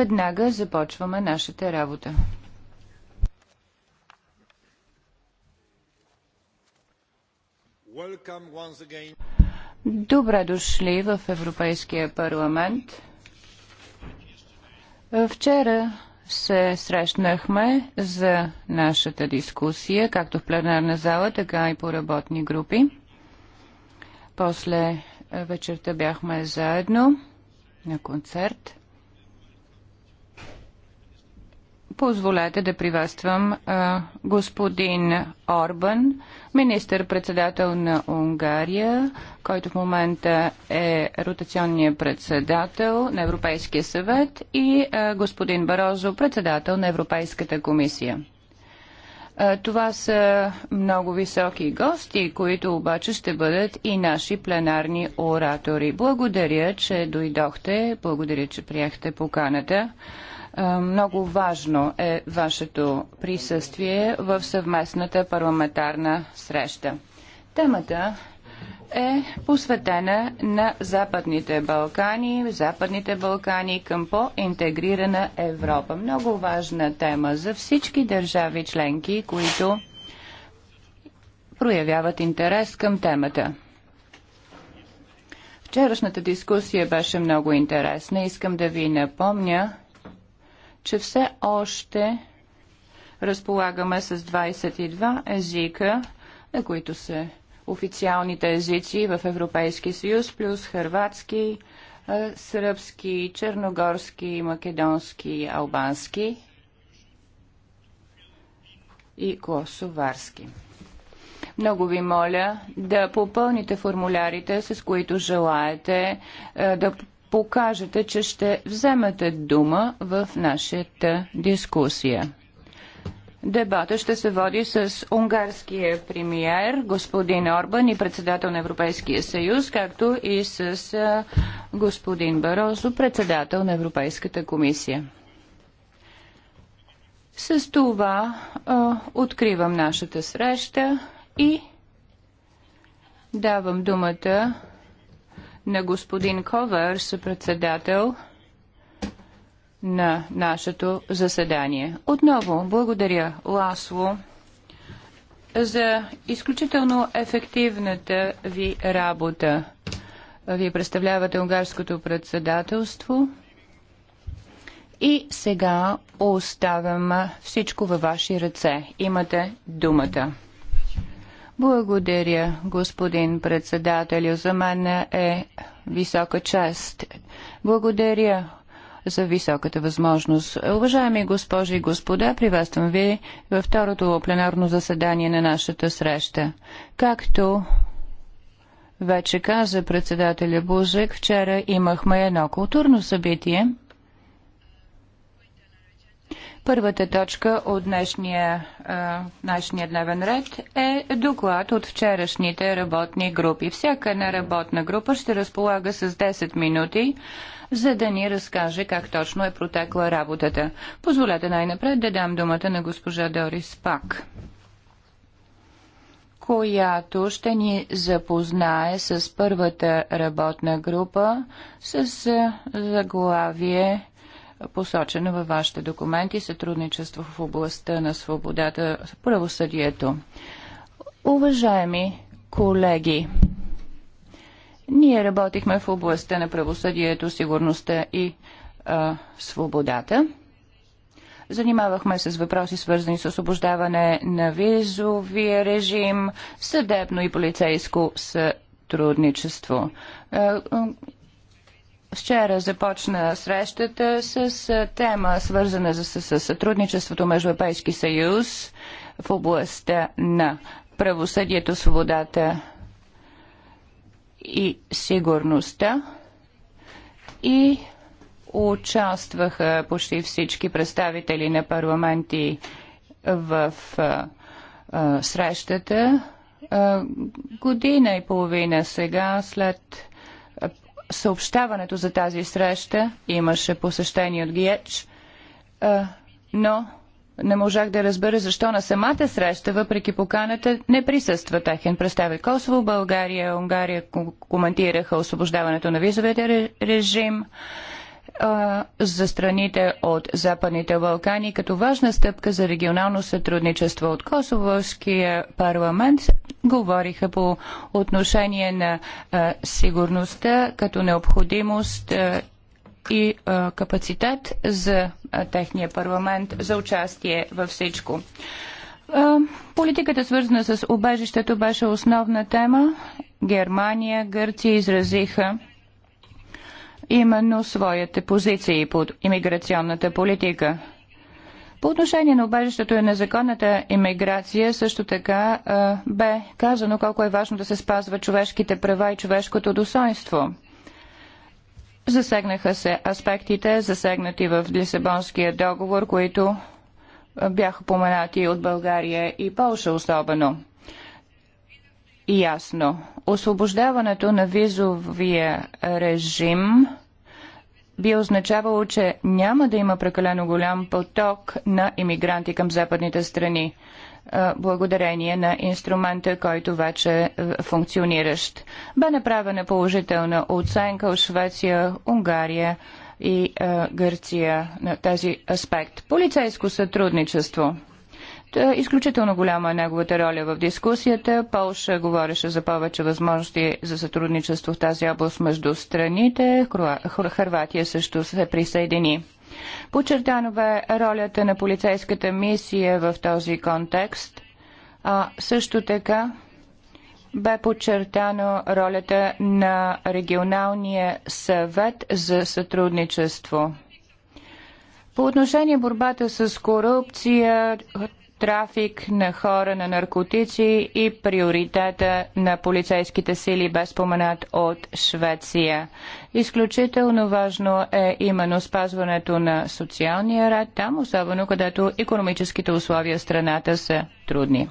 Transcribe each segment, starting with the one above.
Веднага започваме нашата работа. Добре дошли в Европейския парламент. Вчера се срещнахме за нашата дискусия, както в пленарна зала, така и по работни групи. После вечерта бяхме заедно на концерт. Позволете да приветствам а, господин Орбан, министър-председател на Унгария, който в момента е ротационният председател на Европейския съвет и а, господин Барозо, председател на Европейската комисия. А, това са много високи гости, които обаче ще бъдат и наши пленарни оратори. Благодаря, че дойдохте, благодаря, че приехте поканата. Е, много важно е вашето присъствие в съвместната парламентарна среща. Темата е посветена на Западните Балкани, Западните Балкани към по-интегрирана Европа. Много важна тема за всички държави членки, които проявяват интерес към темата. Вчерашната дискусия беше много интересна. Искам да ви напомня, че все още разполагаме с 22 езика, на които са официалните езици в Европейски съюз, плюс хърватски, е, сръбски, черногорски, македонски, албански и косоварски. Много ви моля да попълните формулярите, с които желаете е, да покажете, че ще вземете дума в нашата дискусия. Дебата ще се води с унгарския премиер господин Орбан и председател на Европейския съюз, както и с господин Барозо, председател на Европейската комисия. С това а, откривам нашата среща и давам думата на господин Ковърс, съпредседател на нашето заседание. Отново благодаря Ласло за изключително ефективната ви работа. Вие представлявате унгарското председателство и сега оставям всичко във ваши ръце. Имате думата. Благодаря, господин председателю. За мен е висока чест. Благодаря за високата възможност. Уважаеми госпожи и господа, приветствам ви във второто пленарно заседание на нашата среща. Както вече каза председателя Бузек, вчера имахме едно културно събитие – Първата точка от днешния, а, дневен ред е доклад от вчерашните работни групи. Всяка една работна група ще разполага с 10 минути, за да ни разкаже как точно е протекла работата. Позволете най-напред да дам думата на госпожа Дорис Пак която ще ни запознае с първата работна група с заглавие посочена във вашите документи сътрудничество в областта на свободата, правосъдието. Уважаеми колеги, ние работихме в областта на правосъдието, сигурността и а, свободата. Занимавахме се с въпроси, свързани с освобождаване на визовия режим, съдебно и полицейско сътрудничество. Вчера започна срещата с тема, свързана с сътрудничеството между Европейски съюз в областта на правосъдието, свободата и сигурността. И участваха почти всички представители на парламенти в а, а, срещата. А, година и половина сега след съобщаването за тази среща. Имаше посещение от Гиеч, но не можах да разбера защо на самата среща, въпреки поканата, не присъства техен представител. Косово, България, Унгария коментираха освобождаването на визовете режим за страните от Западните Балкани като важна стъпка за регионално сътрудничество от Косовския парламент говориха по отношение на а, сигурността като необходимост а, и а, капацитет за а, техния парламент за участие във всичко. А, политиката свързана с убежището беше основна тема. Германия, Гърция изразиха именно своите позиции под имиграционната политика. По отношение на убежището и незаконната иммиграция, също така бе казано колко е важно да се спазва човешките права и човешкото достоинство. Засегнаха се аспектите, засегнати в Лисабонския договор, които бяха поменати от България и Полша особено. и Ясно. Освобождаването на визовия режим – би означавало, че няма да има прекалено голям поток на иммигранти към западните страни благодарение на инструмента, който вече е функциониращ. Бе направена положителна оценка от Швеция, Унгария и Гърция на този аспект. Полицейско сътрудничество – е, изключително голяма е неговата роля в дискусията. Полша говореше за повече възможности за сътрудничество в тази област между страните. Харватия също се присъедини. Почертано бе ролята на полицейската мисия в този контекст, а също така бе подчертано ролята на регионалния съвет за сътрудничество. По отношение борбата с корупция, трафик на хора, на наркотици и приоритета на полицейските сили, без споменат от Швеция. Изключително важно е именно спазването на социалния ред, там особено където економическите условия в страната са трудни.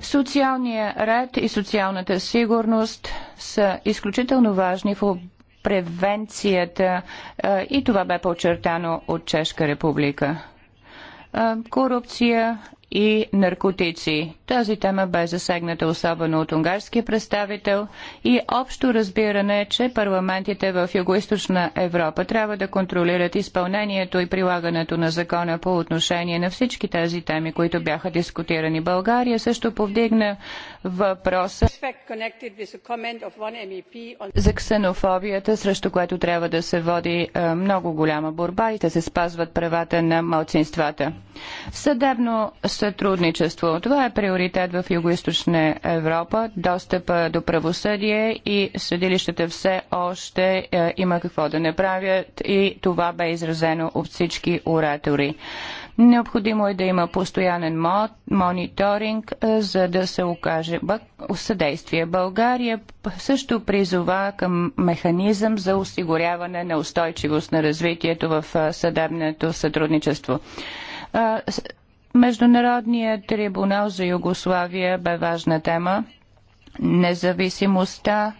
Социалният ред и социалната сигурност са изключително важни в превенцията е, и това бе подчертано от Чешка република корупция, и наркотици. Тази тема бе засегната особено от унгарския представител и общо разбиране, че парламентите в Юго-Источна Европа трябва да контролират изпълнението и прилагането на закона по отношение на всички тези теми, които бяха дискутирани. България също повдигна въпроса за ксенофобията, срещу което трябва да се води е, много голяма борба и да се спазват правата на малцинствата. Съдебно сътрудничество. Това е приоритет в Юго-Источна Европа. Достъпа до правосъдие и съдилищата все още е, има какво да направят и това бе изразено от всички оратори. Необходимо е да има постоянен мониторинг, е, за да се окаже съдействие. България също призова към механизъм за осигуряване на устойчивост на развитието в е, съдебното сътрудничество е, Международният трибунал за Югославия бе важна тема. Независимостта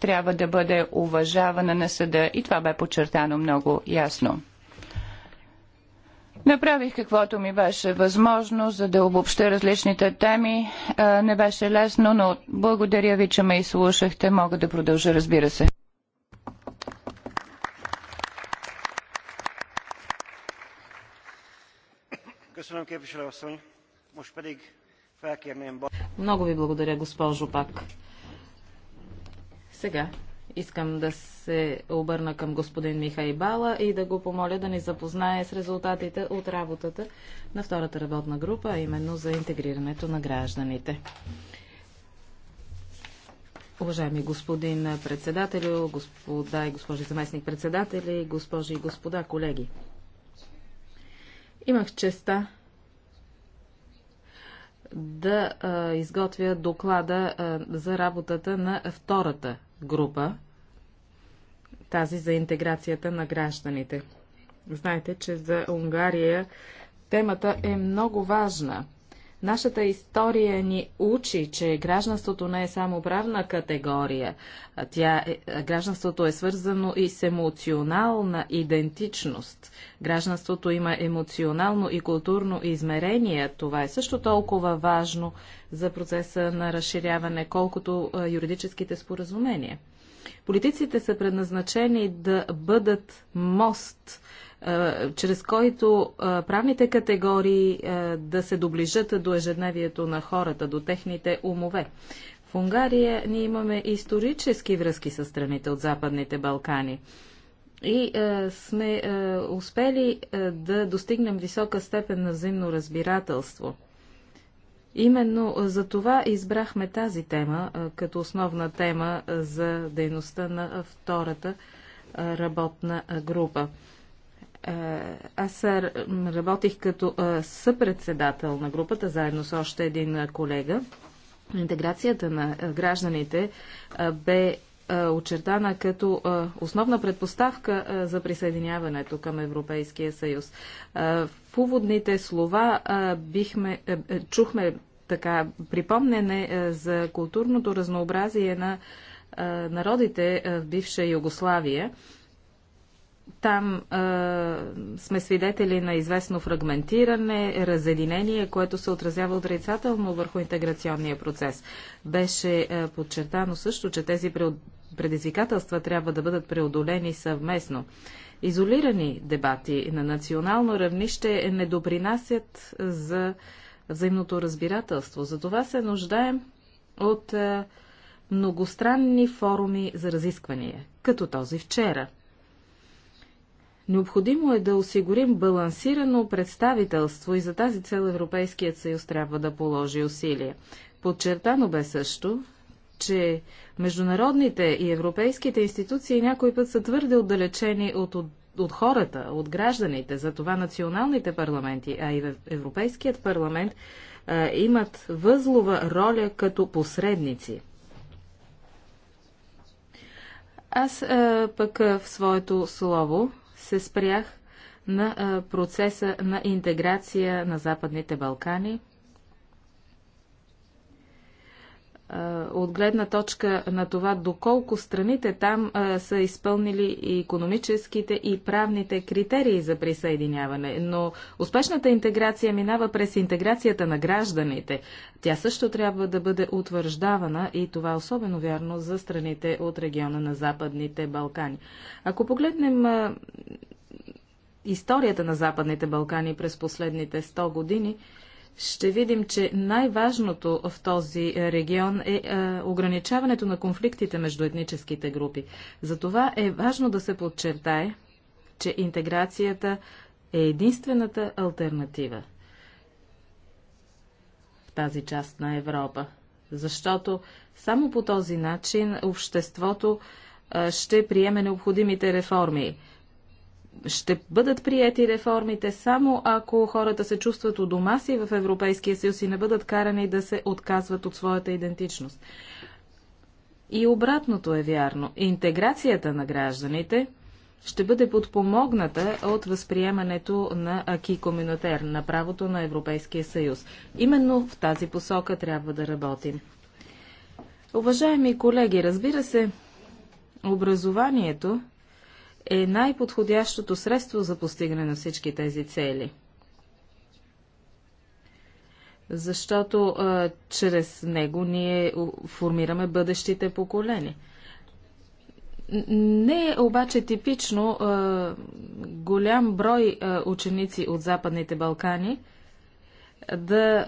трябва да бъде уважавана на съда и това бе подчертано много ясно. Направих каквото ми беше възможно, за да обобща различните теми. Не беше лесно, но благодаря ви, че ме изслушахте. Мога да продължа, разбира се. Много ви благодаря, госпожо Пак. Сега искам да се обърна към господин Михай Бала и да го помоля да ни запознае с резултатите от работата на втората работна група, а именно за интегрирането на гражданите. Уважаеми господин председател, господа и госпожи заместник председатели, госпожи и господа колеги. Имах честа да а, изготвя доклада а, за работата на втората група, тази за интеграцията на гражданите. Знаете, че за Унгария темата е много важна. Нашата история ни учи, че гражданството не е само правна категория. Тя, е, гражданството е свързано и с емоционална идентичност. Гражданството има емоционално и културно измерение. Това е също толкова важно за процеса на разширяване, колкото юридическите споразумения. Политиците са предназначени да бъдат мост, е, чрез който е, правните категории е, да се доближат до ежедневието на хората, до техните умове. В Унгария ние имаме исторически връзки с страните от Западните Балкани и е, сме е, успели е, да достигнем висока степен на взаимно разбирателство – Именно за това избрахме тази тема като основна тема за дейността на втората работна група. Аз работих като съпредседател на групата, заедно с още един колега. Интеграцията на гражданите бе е, очертана като е, основна предпоставка е, за присъединяването към Европейския съюз. В уводните слова бихме, чухме така припомнене за културното разнообразие на народите в бивша Югославия. Там е, сме свидетели на известно фрагментиране, разединение, което се отразява отрицателно върху интеграционния процес. Беше е, подчертано също, че тези предизвикателства трябва да бъдат преодолени съвместно. Изолирани дебати на национално равнище не допринасят за взаимното разбирателство. Затова се нуждаем от многостранни форуми за разисквания, като този вчера. Необходимо е да осигурим балансирано представителство и за тази цел Европейският съюз трябва да положи усилия. Подчертано бе също, че международните и европейските институции някой път са твърде отдалечени от, от, от хората, от гражданите. Затова националните парламенти, а и Европейският парламент а, имат възлова роля като посредници. Аз а, пък а, в своето слово се спрях на а, процеса на интеграция на Западните Балкани – от гледна точка на това доколко страните там а, са изпълнили и економическите и правните критерии за присъединяване. Но успешната интеграция минава през интеграцията на гражданите. Тя също трябва да бъде утвърждавана и това е особено вярно за страните от региона на Западните Балкани. Ако погледнем а, историята на Западните Балкани през последните 100 години, ще видим, че най-важното в този регион е, е ограничаването на конфликтите между етническите групи. Затова е важно да се подчертае, че интеграцията е единствената альтернатива в тази част на Европа. Защото само по този начин обществото е, ще приеме необходимите реформи ще бъдат приети реформите само ако хората се чувстват у дома си в Европейския съюз и не бъдат карани да се отказват от своята идентичност. И обратното е вярно. Интеграцията на гражданите ще бъде подпомогната от възприемането на Аки Коминотер, на правото на Европейския съюз. Именно в тази посока трябва да работим. Уважаеми колеги, разбира се, образованието е най-подходящото средство за постигане на всички тези цели. Защото а, чрез него ние формираме бъдещите поколения. Не е обаче типично а, голям брой а, ученици от Западните Балкани – да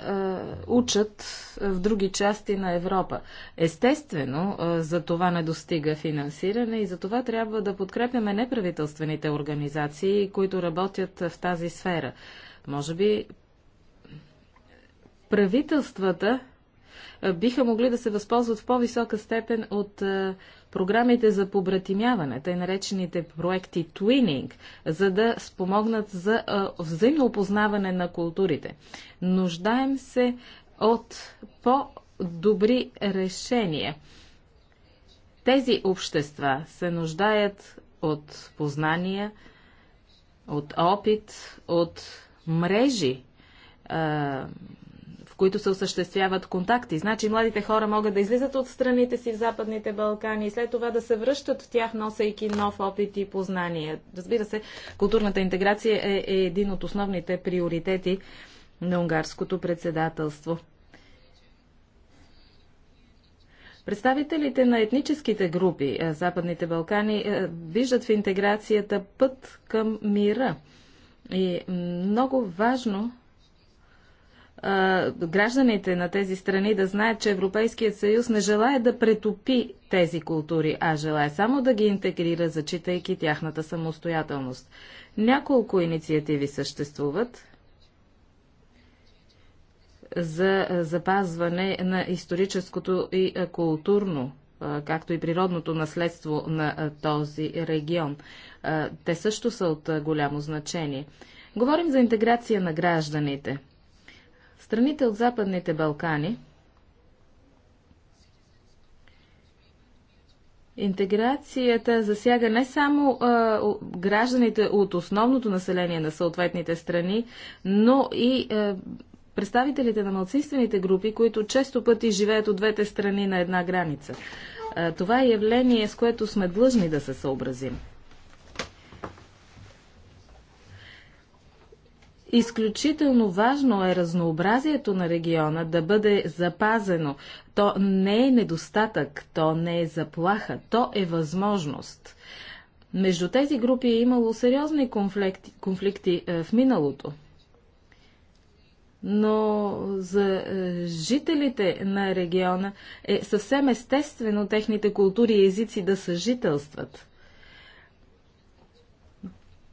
учат в други части на Европа. Естествено, за това не достига финансиране и за това трябва да подкрепяме неправителствените организации, които работят в тази сфера. Може би правителствата биха могли да се възползват в по-висока степен от програмите за побратимяване, тъй наречените проекти Twinning, за да спомогнат за взаимно опознаване на културите. Нуждаем се от по-добри решения. Тези общества се нуждаят от познания, от опит, от мрежи, които се осъществяват контакти. Значи младите хора могат да излизат от страните си в Западните Балкани и след това да се връщат в тях, носейки нов опит и познания. Разбира се, културната интеграция е, е един от основните приоритети на унгарското председателство. Представителите на етническите групи е, Западните Балкани е, виждат в интеграцията път към мира. И много важно гражданите на тези страни да знаят, че Европейският съюз не желая да претопи тези култури, а желая само да ги интегрира, зачитайки тяхната самостоятелност. Няколко инициативи съществуват за запазване на историческото и културно както и природното наследство на този регион. Те също са от голямо значение. Говорим за интеграция на гражданите – Страните от Западните Балкани Интеграцията засяга не само а, гражданите от основното население на съответните страни, но и а, представителите на малцинствените групи, които често пъти живеят от двете страни на една граница. А, това е явление, с което сме длъжни да се съобразим. Изключително важно е разнообразието на региона да бъде запазено. То не е недостатък, то не е заплаха, то е възможност. Между тези групи е имало сериозни конфликти, конфликти е, в миналото. Но за е, жителите на региона е съвсем естествено техните култури и езици да съжителстват.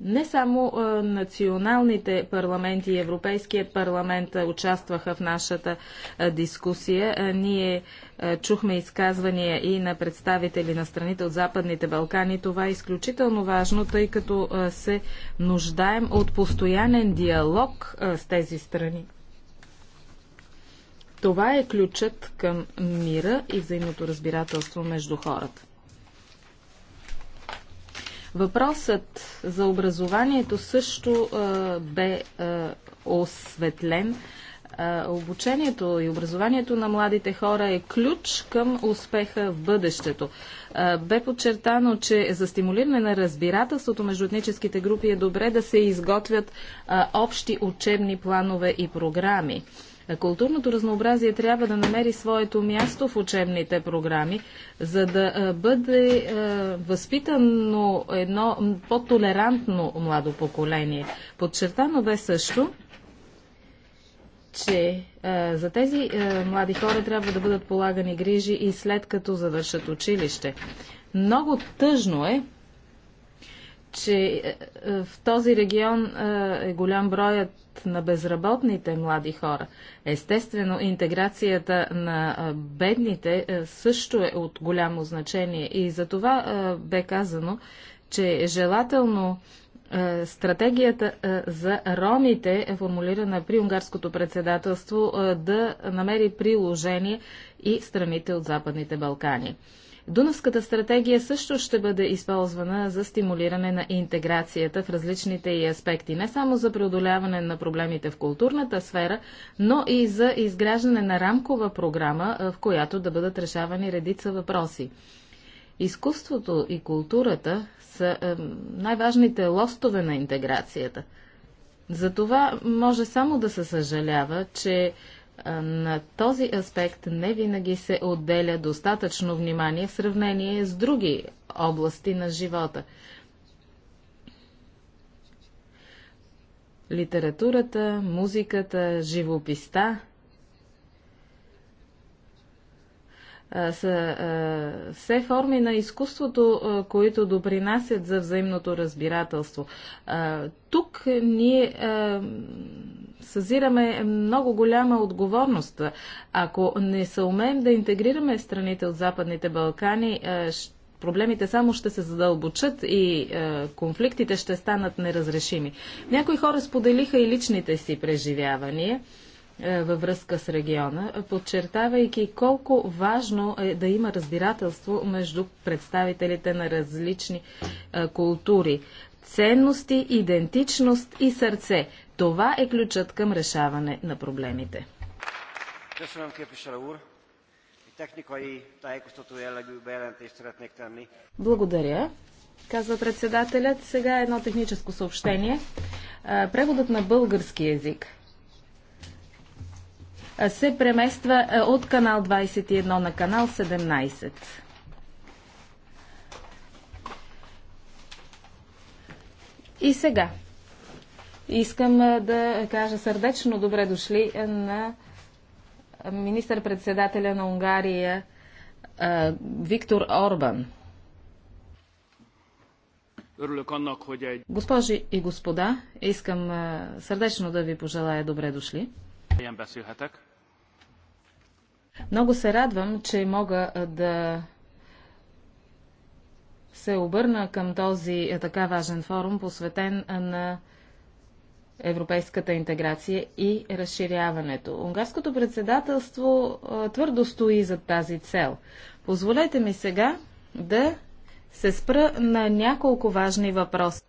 Не само е, националните парламенти и Европейският парламент е, участваха в нашата е, дискусия. Ние чухме изказвания и на представители на страните от Западните Балкани. Това е изключително важно, тъй като се нуждаем от постоянен диалог с тези страни. Това е ключът към мира и взаимното разбирателство между хората. Въпросът за образованието също а, бе а, осветлен. А, обучението и образованието на младите хора е ключ към успеха в бъдещето. А, бе подчертано, че за стимулиране на разбирателството между етническите групи е добре да се изготвят а, общи учебни планове и програми. Културното разнообразие трябва да намери своето място в учебните програми, за да бъде възпитано едно по-толерантно младо поколение. Подчертано бе също, че за тези млади хора трябва да бъдат полагани грижи и след като завършат училище. Много тъжно е, че е, е, в този регион е, е голям броят на безработните млади хора. Естествено, интеграцията на бедните също е от голямо значение и за това бе казано, че желателно стратегията за ромите, е формулирана при унгарското председателство, да намери приложение и страните от Западните Балкани. Дунавската стратегия също ще бъде използвана за стимулиране на интеграцията в различните и аспекти, не само за преодоляване на проблемите в културната сфера, но и за изграждане на рамкова програма, в която да бъдат решавани редица въпроси. Изкуството и културата са е, най-важните лостове на интеграцията. Затова може само да се съжалява, че на този аспект не винаги се отделя достатъчно внимание в сравнение с други области на живота. Литературата, музиката, живописта са все форми на изкуството, които допринасят за взаимното разбирателство. Тук ние съзираме много голяма отговорност. Ако не съумеем да интегрираме страните от Западните Балкани, е, проблемите само ще се задълбочат и е, конфликтите ще станат неразрешими. Някои хора споделиха и личните си преживявания е, във връзка с региона, подчертавайки колко важно е да има разбирателство между представителите на различни култури. Ценности, идентичност и сърце. Това е ключът към решаване на проблемите. Благодаря, казва председателят. Сега едно техническо съобщение. Преводът на български язик се премества от канал 21 на канал 17. И сега Искам да кажа сърдечно добре дошли на министър-председателя на Унгария Виктор Орбан. Госпожи и господа, искам сърдечно да ви пожелая добре дошли. Много се радвам, че мога да се обърна към този така важен форум, посветен на европейската интеграция и разширяването. Унгарското председателство твърдо стои за тази цел. Позволете ми сега да се спра на няколко важни въпроси.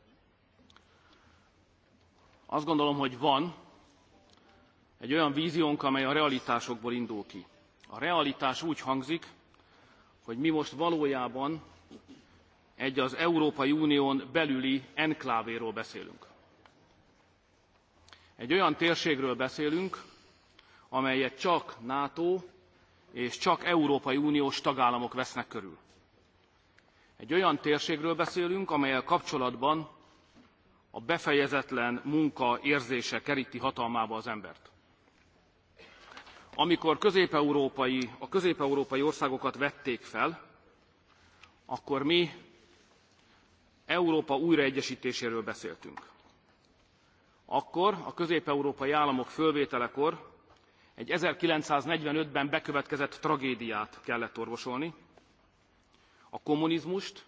Аз гондолам, че вон един олян визионк, амей реалитасокból индул ки. A realitás úgy hangzik, hogy mi most valójában egy az Európai Unión belüli enklávéról beszélünk egy olyan térségről beszélünk amelyet csak nato és csak európai uniós tagállamok vesznek körül. egy olyan térségről beszélünk amellyel kapcsolatban a befejezetlen munka érzése kerti hatalmába az embert. amikor közép -európai, a közép európai országokat vették fel akkor mi európa újraegyestéséről beszéltünk akkor a közép európai államok fölvételekor egy one thousand nine hundred and forty five ben bekövetkezett tragédiát kellett orvosolni a kommunizmust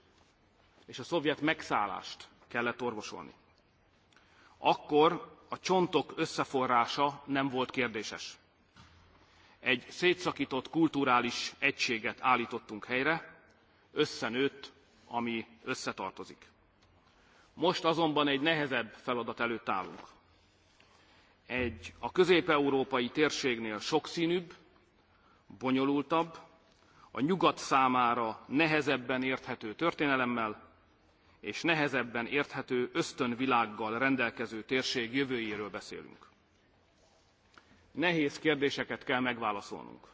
és a szovjet megszállást kellett orvosolni. akkor a csontok összeforrása nem volt kérdéses. Egy szétszakított kulturális egységet állítottunk helyre, összenőtt, ami összetartozik. Most azonban egy nehezebb feladat előtt állunk. Egy a közép-európai térségnél sokszínűbb, bonyolultabb, a nyugat számára nehezebben érthető történelemmel és nehezebben érthető ösztönvilággal rendelkező térség jövőjéről beszélünk. Nehéz kérdéseket kell megválaszolnunk.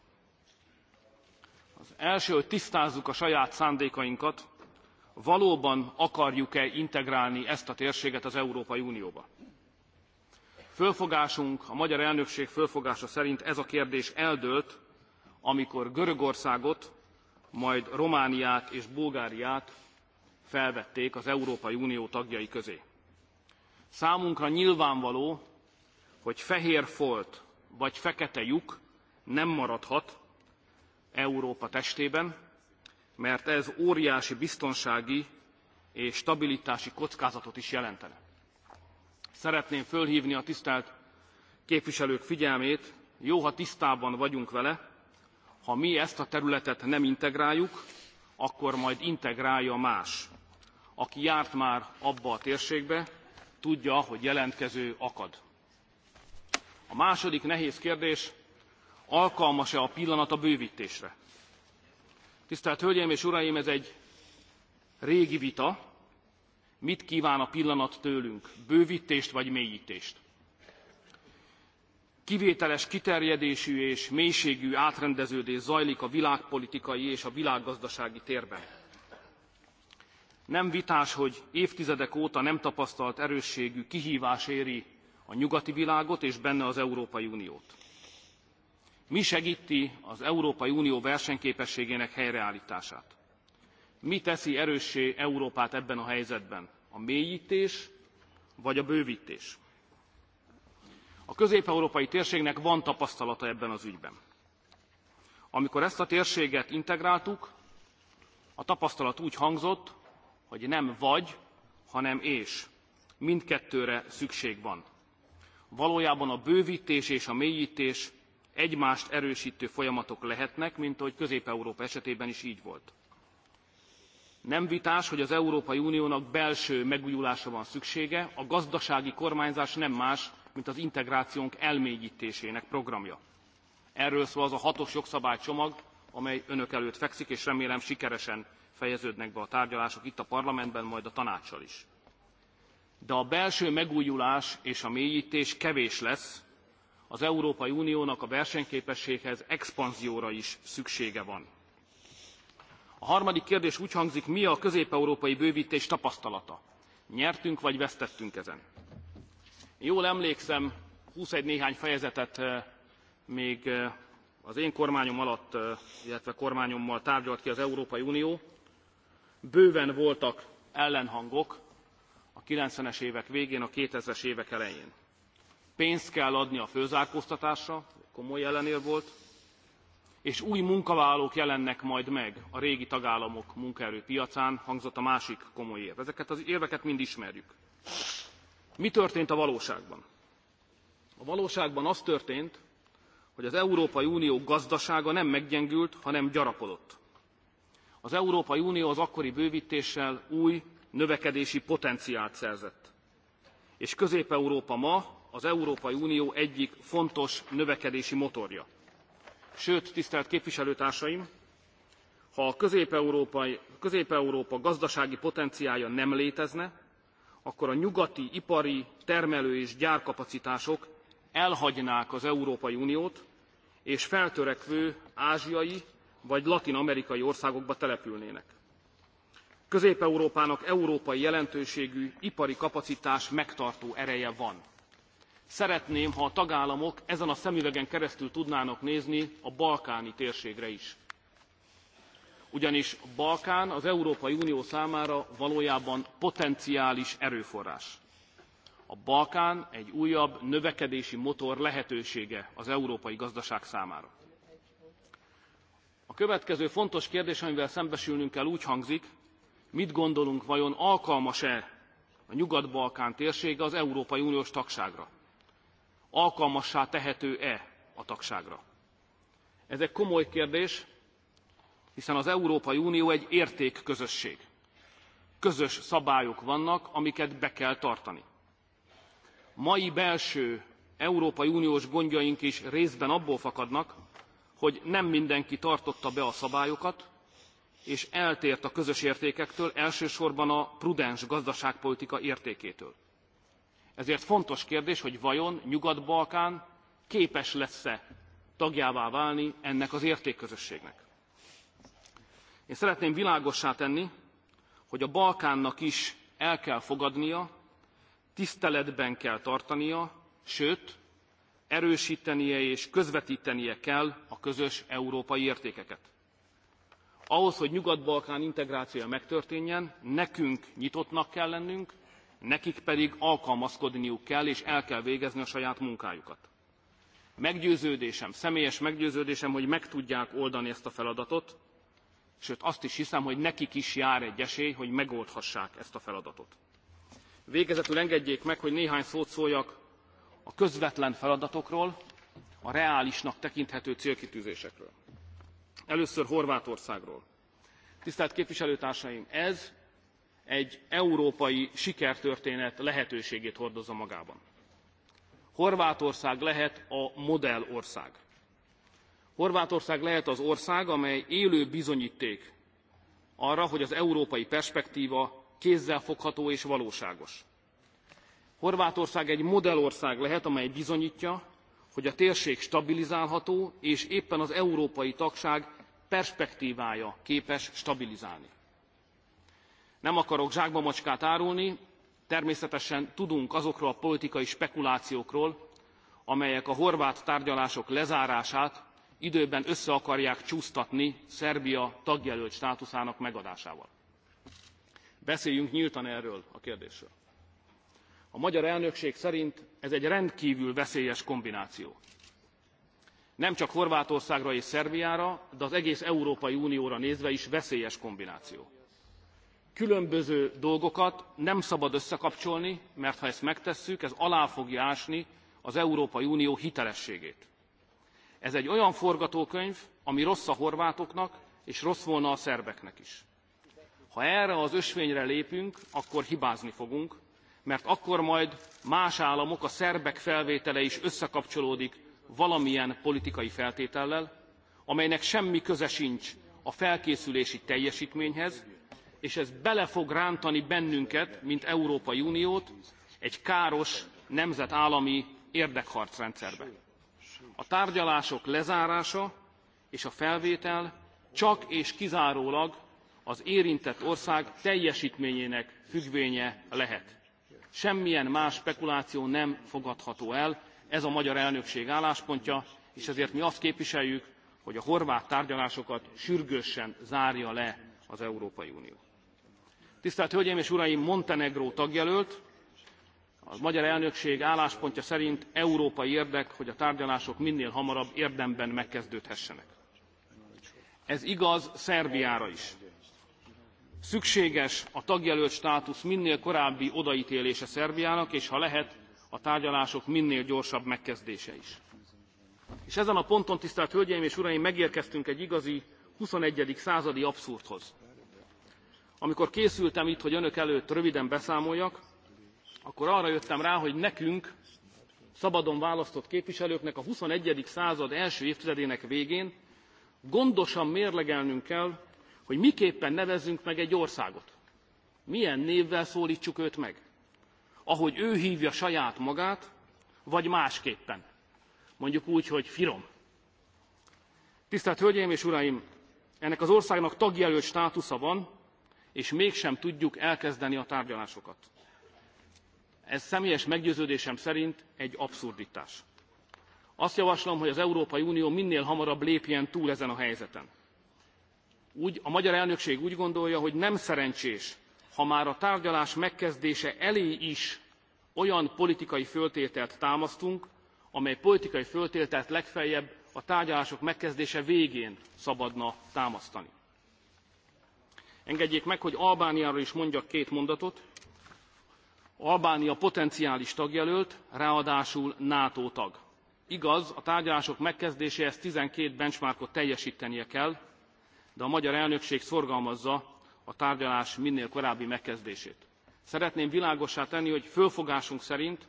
Az első, hogy tisztázzuk a saját szándékainkat, valóban akarjuk e integrálni ezt a térséget az európai unióba. fölfogásunk a magyar elnökség fölfogása szerint ez a kérdés eldőlt amikor görögországot majd romániát és bulgáriát felvették az európai unió tagjai közé. számunkra nyilvánvaló hogy fehér folt vagy fekete lyuk nem maradhat európa testében mert ez óriási biztonsági és stabilitási kockázatot is jelentene. Szeretném fölhívni a tisztelt képviselők figyelmét, jó, ha tisztában vagyunk vele, ha mi ezt a területet nem integráljuk, akkor majd integrálja más. Aki járt már abba a térségbe, tudja, hogy jelentkező akad. A második nehéz kérdés, alkalmas-e a pillanat a bővítésre? tisztelt hölgyeim és uraim ez egy régi vita mit kván a pillanat tőlünk bővtést vagy mélytést? kivételes kiterjedésű és mélységű átrendeződés zajlik a világpolitikai és a világgazdasági térben. nem vitás hogy évtizedek óta nem tapasztalt erősségű kihvás éri a nyugati világot és benne az európai uniót Mi segíti az Európai Unió versenyképességének helyreállítását? Mi teszi erőssé Európát ebben a helyzetben? A mélyítés vagy a bővítés? A közép-európai térségnek van tapasztalata ebben az ügyben. Amikor ezt a térséget integráltuk, a tapasztalat úgy hangzott, hogy nem vagy, hanem és. Mindkettőre szükség van. Valójában a bővítés és a mélyítés egymást erőstő folyamatok lehetnek, mint ahogy Közép-Európa esetében is így volt. Nem vitás, hogy az Európai Uniónak belső megújulása van szüksége, a gazdasági kormányzás nem más, mint az integrációnk elmélyítésének programja. Erről szól az a hatos jogszabálycsomag, amely önök előtt fekszik, és remélem sikeresen fejeződnek be a tárgyalások itt a parlamentben, majd a tanácssal is. De a belső megújulás és a mélyítés kevés lesz, az európai uniónak a versenyképességhez expanzióra is szüksége van. a harmadik kérdés úgy hangzik mi a közép európai bővtés tapasztalata? nyertünk vagy vesztettünk ezen? jól emlékszem húsz egy néhány fejezetet még az én kormányom alatt illetve kormányommal tárgyalt ki az európai unió bőven voltak ellenhangok a ninety es évek végén, a 2000-es évek elején pénzt kell adni a fölzárkóztatásra komoly ellenér volt és új munkavállalók jelennek majd meg a régi tagállamok munkaerőpiacán hangzott a másik komoly érv. ezeket az érveket mind ismerjük. mi történt a valóságban? a valóságban az történt hogy az európai unió gazdasága nem meggyengült hanem gyarapodott. az európai unió az akkori bővítéssel új növekedési potenciált szerzett és közép európa ma az Európai Unió egyik fontos növekedési motorja. Sőt, tisztelt képviselőtársaim, ha a Közép-Európa gazdasági potenciálja nem létezne, akkor a nyugati ipari termelő és gyárkapacitások elhagynák az Európai Uniót, és feltörekvő ázsiai vagy latin amerikai országokba települnének. Közép-Európának európai jelentőségű ipari kapacitás megtartó ereje van szeretném ha a tagállamok ezen a szemüvegen keresztül tudnának nézni a balkáni térségre is ugyanis a balkán az európai unió számára valójában potenciális erőforrás. a balkán egy újabb növekedési motor lehetősége az európai gazdaság számára. a következő fontos kérdés amivel szembesülnünk kell úgy hangzik mit gondolunk vajon alkalmas e a nyugat balkán térsége az európai uniós tagságra? alkalmassá tehető-e a tagságra. Ez egy komoly kérdés, hiszen az Európai Unió egy értékközösség. Közös szabályok vannak, amiket be kell tartani. Mai belső Európai Uniós gondjaink is részben abból fakadnak, hogy nem mindenki tartotta be a szabályokat, és eltért a közös értékektől, elsősorban a prudens gazdaságpolitika értékétől ezért fontos kérdés hogy vajon nyugat balkán képes lesz e tagjává válni ennek az értékközösségnek. én szeretném világossá tenni hogy a balkánnak is el kell fogadnia tiszteletben kell tartania sőt erőstenie és közvettenie kell a közös európai értékeket. ahhoz hogy nyugat balkán integrációja megtörténjen nekünk nyitottnak kell lennünk nekik pedig alkalmazkodniuk kell és el kell végezni a saját munkájukat. Meggyőződésem, személyes meggyőződésem, hogy meg tudják oldani ezt a feladatot, sőt azt is hiszem, hogy nekik is jár egy esély, hogy megoldhassák ezt a feladatot. Végezetül engedjék meg, hogy néhány szót szóljak a közvetlen feladatokról, a reálisnak tekinthető célkitűzésekről. Először Horvátországról. Tisztelt képviselőtársaim, ez egy európai sikertörténet lehetőségét hordozza magában. Horvátország lehet a modellország. Horvátország lehet az ország, amely élő bizonyíték arra, hogy az európai perspektíva kézzelfogható és valóságos. Horvátország egy modellország lehet, amely bizonyítja, hogy a térség stabilizálható, és éppen az európai tagság perspektívája képes stabilizálni nem akarok zsákbamacskát árulni természetesen tudunk azokról a politikai spekulációkról amelyek a horvát tárgyalások lezárását időben össze akarják csúsztatni szerbia tagjelölt státuszának megadásával. beszéljünk nyltan erről a kérdésről. a magyar elnökség szerint ez egy rendkvül veszélyes kombináció nem csak horvátországra és szerbiára de az egész európai unióra nézve is veszélyes kombináció különböző dolgokat nem szabad összekapcsolni mert ha ezt megtesszük ez alá fogja ásni az európai unió hitelességét. ez egy olyan forgatókönyv ami rossz a horvátoknak és rossz volna a szerbeknek is. ha erre az ösvényre lépünk akkor hibázni fogunk mert akkor majd más államok a szerbek felvétele is összekapcsolódik valamilyen politikai feltétellel amelynek semmi köze sincs a felkészülési teljestményhez és ez bele fog rántani bennünket, mint Európai Uniót, egy káros nemzetállami érdekharcrendszerbe. A tárgyalások lezárása és a felvétel csak és kizárólag az érintett ország teljesítményének függvénye lehet. Semmilyen más spekuláció nem fogadható el, ez a magyar elnökség álláspontja, és ezért mi azt képviseljük, hogy a horvát tárgyalásokat sürgősen zárja le az Európai Unió tisztelt hölgyeim és uraim montenegró tagjelölt a magyar elnökség álláspontja szerint európai érdek hogy a tárgyalások minél hamarabb érdemben megkezdődhessenek. ez igaz szerbiára is. szükséges a tagjelölt státusz minél korábbi odatélése szerbiának és ha lehet a tárgyalások minél gyorsabb megkezdése is. és ezen a ponton tisztelt hölgyeim és uraim megérkeztünk egy igazi xxi. századi abszurdhoz Amikor készültem itt, hogy önök előtt röviden beszámoljak, akkor arra jöttem rá, hogy nekünk, szabadon választott képviselőknek a XXI. század első évtizedének végén gondosan mérlegelnünk kell, hogy miképpen nevezzünk meg egy országot. Milyen névvel szólítsuk őt meg? Ahogy ő hívja saját magát, vagy másképpen. Mondjuk úgy, hogy firom. Tisztelt Hölgyeim és Uraim! Ennek az országnak tagjelölt státusza van, és mégsem tudjuk elkezdeni a tárgyalásokat. Ez személyes meggyőződésem szerint egy abszurditás. Azt javaslom, hogy az Európai Unió minél hamarabb lépjen túl ezen a helyzeten. Úgy, a magyar elnökség úgy gondolja, hogy nem szerencsés, ha már a tárgyalás megkezdése elé is olyan politikai föltételt támasztunk, amely politikai föltételt legfeljebb a tárgyalások megkezdése végén szabadna támasztani engedjék meg hogy albániáról is mondjak két mondatot albánia potenciális tagjelölt ráadásul nato tag. igaz a tárgyalások megkezdéséhez twelve benchmarkot teljestenie kell de a magyar elnökség szorgalmazza a tárgyalás minél korábbi megkezdését. szeretném világossá tenni hogy fölfogásunk szerint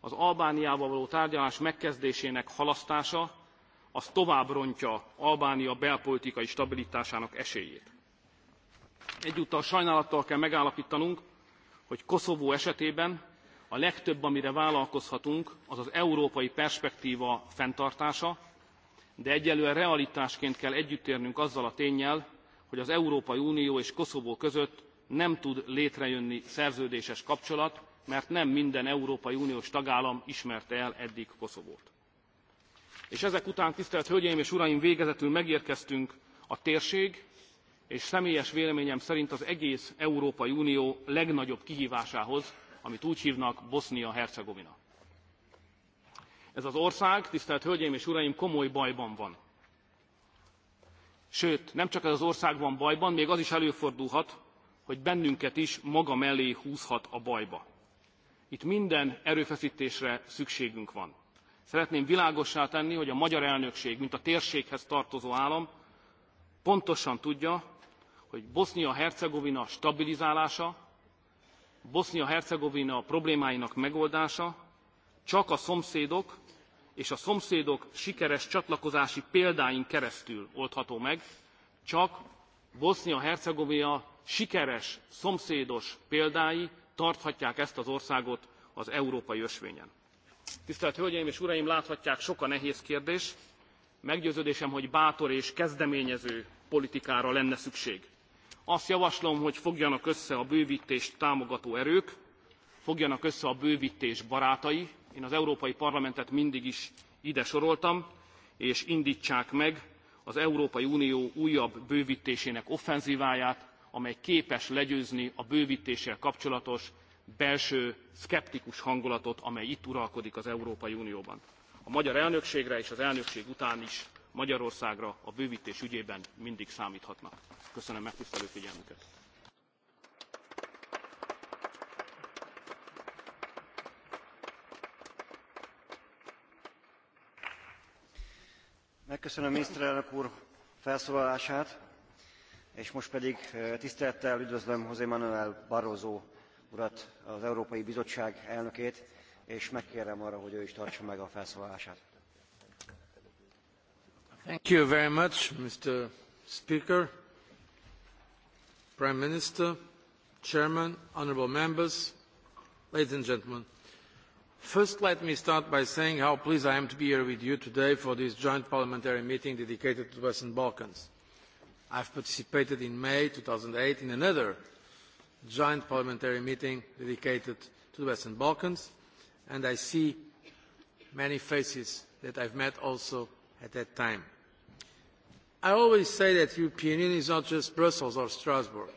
az albániával való tárgyalás megkezdésének halasztása az tovább rontja albánia belpolitikai stabilitásának esélyét egyúttal sajnálattal kell megállaptanunk hogy koszovó esetében a legtöbb amire vállalkozhatunk az az európai perspektva fenntartása de egyelőre realitásként kell együttérnünk azzal a ténnyel hogy az európai unió és koszovó között nem tud létrejönni szerződéses kapcsolat mert nem minden európai uniós tagállam ismerte el eddig koszovót. és ezek után tisztelt hölgyeim és uraim végezetül megérkeztünk a térség és személyes véleményem szerint az egész európai unió legnagyobb kihvásához amit úgy hívnak bosznia hercegovina. ez az ország tisztelt hölgyeim és uraim komoly bajban van. sőt nem csak ez az ország van bajban még az is előfordulhat hogy bennünket is maga mellé húzhat a bajba. itt minden erőfesztésre szükségünk van. szeretném világossá tenni hogy a magyar elnökség mint a térséghez tartozó állam pontosan tudja hogy Bosznia-Hercegovina stabilizálása, Bosznia-Hercegovina problémáinak megoldása csak a szomszédok és a szomszédok sikeres csatlakozási példáin keresztül oldható meg, csak Bosznia-Hercegovina sikeres szomszédos példái tarthatják ezt az országot az európai ösvényen. Tisztelt Hölgyeim és Uraim, láthatják, sok a nehéz kérdés. Meggyőződésem, hogy bátor és kezdeményező politikára lenne szükség azt javaslom hogy fogjanak össze a bővtést támogató erők fogjanak össze a bővtés barátai én az európai parlamentet mindig is ide soroltam és indtsák meg az európai unió újabb bővtésének offenzíváját amely képes legyőzni a bővtéssel kapcsolatos belső szkeptikus hangulatot amely itt uralkodik az európai unióban. a magyar elnökségre és az elnökség után is Magyarországra a bővítés ügyében mindig számíthatnak. Köszönöm megtisztelő figyelmüket. Megköszönöm miniszterelnök úr felszólalását, és most pedig tisztelettel üdvözlöm José Manuel Barroso urat, az Európai Bizottság elnökét, és megkérem arra, hogy ő is tartsa meg a felszólalását. Thank you very much, Mr. Speaker, Prime Minister, Chairman, honourable members, ladies and gentlemen. First, let me start by saying how pleased I am to be here with you today for this joint parliamentary meeting dedicated to the Western Balkans. I have participated in May two thousand eight in another joint parliamentary meeting dedicated to the Western Balkans, and I see many faces that I have met also at that time. I always say that the European Union is not just Brussels or Strasbourg.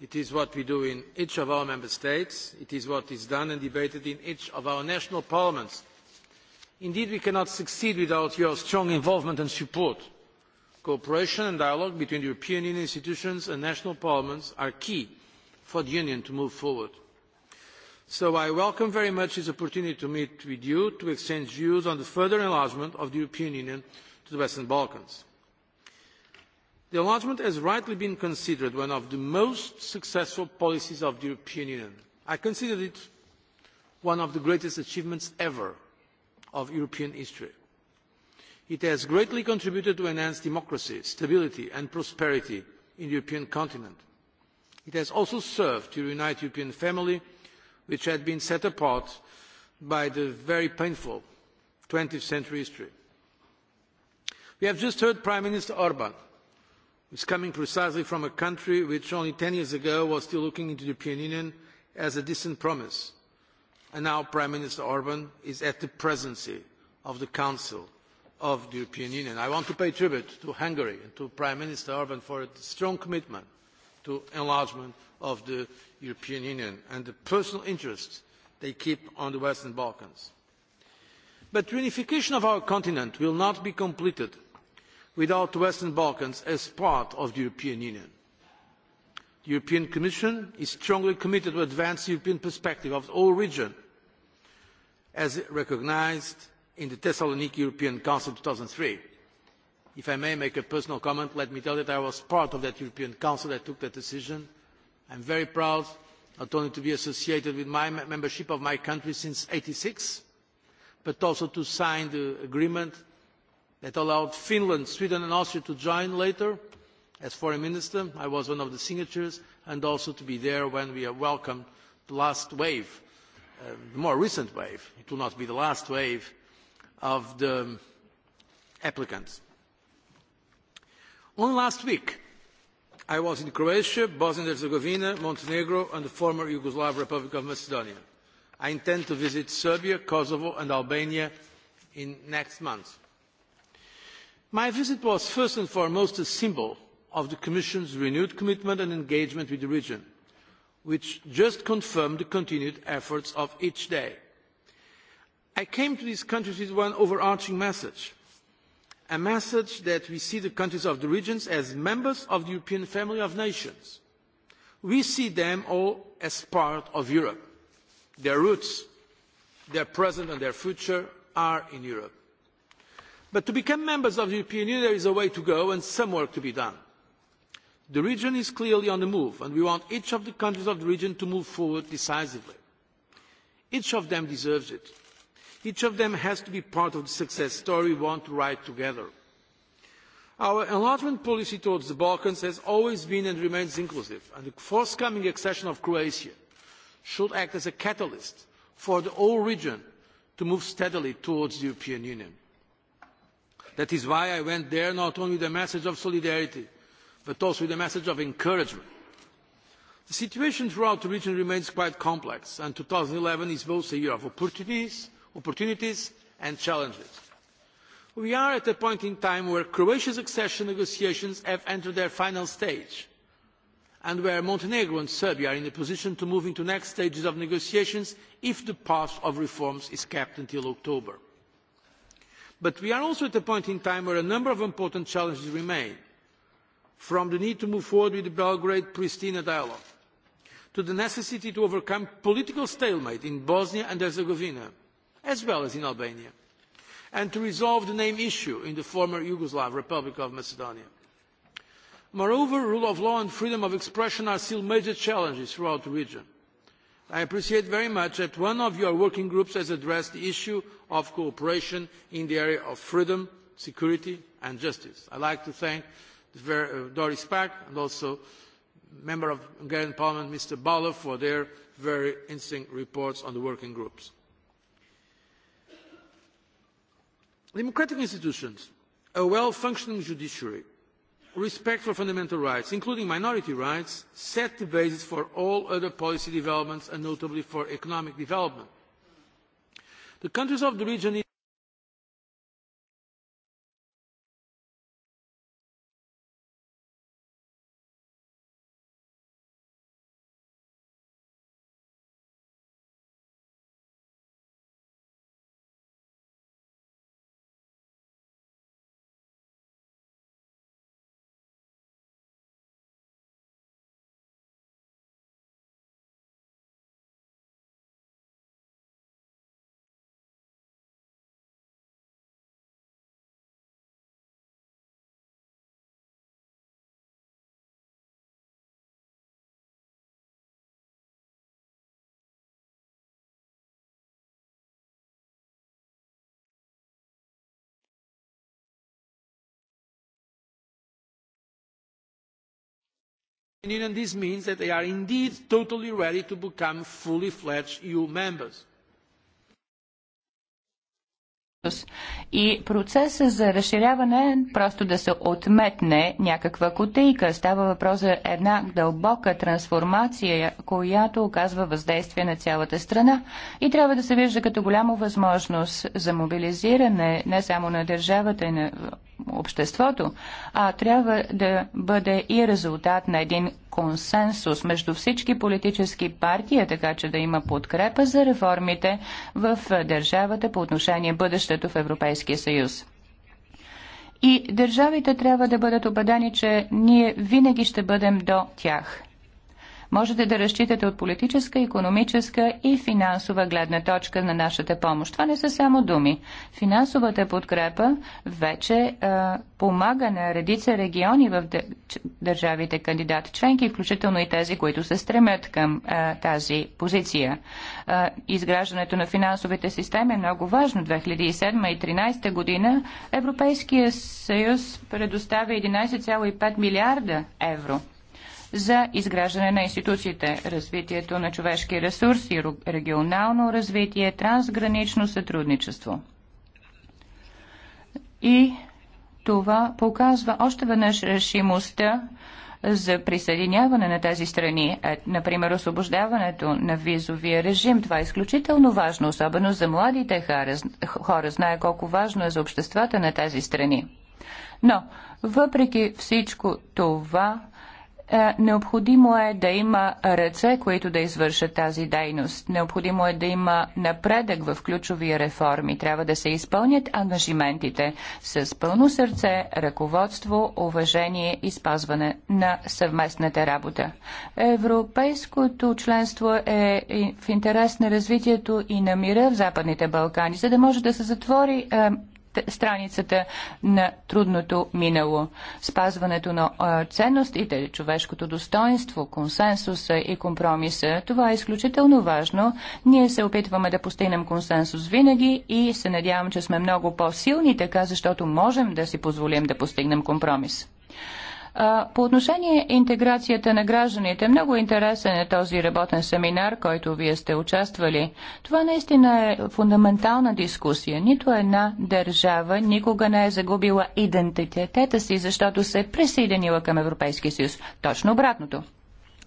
It is what we do in each of our member states. It is what is done and debated in each of our national parliaments. Indeed, we cannot succeed without your strong involvement and support. Cooperation and dialogue between the European Union institutions and national parliaments are key for the Union to move forward. So I welcome very much this opportunity to meet with you to exchange views on the further enlargement of the European Union to the Western Balkans the enlargement has rightly been considered one of the most successful policies of the european union. i consider it one of the greatest achievements ever of european history. it has greatly contributed to enhance democracy stability and prosperity in the european continent. it has also served to reunite the european family which had been set apart by the very painful twentieth century history. we have just heard prime minister is coming precisely from a country which only ten years ago was still looking into the European Union as a distant promise. And now Prime Minister Orban is at the presidency of the Council of the European Union. I want to pay tribute to Hungary and to Prime Minister Orban for its strong commitment to enlargement of the European Union and the personal interest they keep on the Western Balkans. But reunification of our continent will not be completed without the western balkans as part of the european union. the european commission is strongly committed to advancing the european perspective of the whole region as recognised in the thessaloniki european council two thousand and three if i may make a personal comment let me tell you that i was part of that european council that took that decision. i am very proud not only to be associated with my membership of my country since one thousand nine hundred and eighty six but also to sign the agreement that allowed Finland, Sweden and Austria to join later. As foreign minister, I was one of the signatures and also to be there when we welcomed the last wave, the more recent wave, it will not be the last wave, of the applicants. Only last week, I was in Croatia, Bosnia and Herzegovina, Montenegro and the former Yugoslav Republic of Macedonia. I intend to visit Serbia, Kosovo and Albania in next month my visit was first and foremost a symbol of the commission's renewed commitment and engagement with the region which just confirmed the continued efforts of each day. i came to these countries with one overarching message a message that we see the countries of the region as members of the european family of nations. we see them all as part of europe. their roots their present and their future are in europe. But to become members of the European Union, there is a way to go and some work to be done. The region is clearly on the move, and we want each of the countries of the region to move forward decisively. Each of them deserves it. Each of them has to be part of the success story we want to write together. Our enlargement policy towards the Balkans has always been and remains inclusive, and the forthcoming accession of Croatia should act as a catalyst for the whole region to move steadily towards the European Union. That is why I went there not only with a message of solidarity, but also with a message of encouragement. The situation throughout the region remains quite complex, and eleven is both a year of opportunities and challenges. We are at a point in time where Croatia's accession negotiations have entered their final stage, and where Montenegro and Serbia are in a position to move into the next stages of negotiations if the path of reforms is kept until October But we are also at a point in time where a number of important challenges remain, from the need to move forward with the Belgrade-Pristina dialogue, to the necessity to overcome political stalemate in Bosnia and Herzegovina, as well as in Albania, and to resolve the name issue in the former Yugoslav Republic of Macedonia. Moreover, rule of law and freedom of expression are still major challenges throughout the region I appreciate very much that one of your working groups has addressed the issue of cooperation in the area of freedom, security and justice. I would like to thank Doris Pack and also Member of the Hungarian Parliament, Mr. Bauer, for their very interesting reports on the working groups. Democratic institutions, a well-functioning judiciary, respect for fundamental rights, including minority rights, set the basis for all other policy developments and notably for economic development. The countries of the region union this means that they are indeed totally ready to become fully fledged eu members съюз. И процесът за разширяване е просто да се отметне някаква котейка. Става въпрос за една дълбока трансформация, която оказва въздействие на цялата страна и трябва да се вижда като голяма възможност за мобилизиране не само на държавата и на обществото, а трябва да бъде и резултат на един консенсус между всички политически партии, е така че да има подкрепа за реформите в държавата по отношение бъдещето в Европейския съюз. И държавите трябва да бъдат убедени, че ние винаги ще бъдем до тях можете да разчитате от политическа, економическа и финансова гледна точка на нашата помощ. Това не са само думи. Финансовата подкрепа вече а, помага на редица региони в държавите кандидат членки, включително и тези, които се стремят към а, тази позиция. А, изграждането на финансовите системи е много важно. 2007 и 2013 година Европейския съюз предоставя 11,5 милиарда евро за изграждане на институциите, развитието на човешки ресурси, регионално развитие, трансгранично сътрудничество. И това показва още веднъж решимостта за присъединяване на тези страни, например освобождаването на визовия режим. Това е изключително важно, особено за младите хора. хора знае колко важно е за обществата на тези страни. Но, въпреки всичко това, е, необходимо е да има ръце, които да извършат тази дейност. Необходимо е да има напредък в ключови реформи. Трябва да се изпълнят ангажиментите с пълно сърце, ръководство, уважение и спазване на съвместната работа. Европейското членство е в интерес на развитието и на мира в Западните Балкани, за да може да се затвори е, страницата на трудното минало. Спазването на ценностите, човешкото достоинство, консенсуса и компромиса, това е изключително важно. Ние се опитваме да постигнем консенсус винаги и се надявам, че сме много по-силни така, защото можем да си позволим да постигнем компромис. По отношение интеграцията на гражданите, много интересен е този работен семинар, който вие сте участвали. Това наистина е фундаментална дискусия. Нито една държава никога не е загубила идентитета си, защото се е присъединила към Европейския съюз. Точно обратното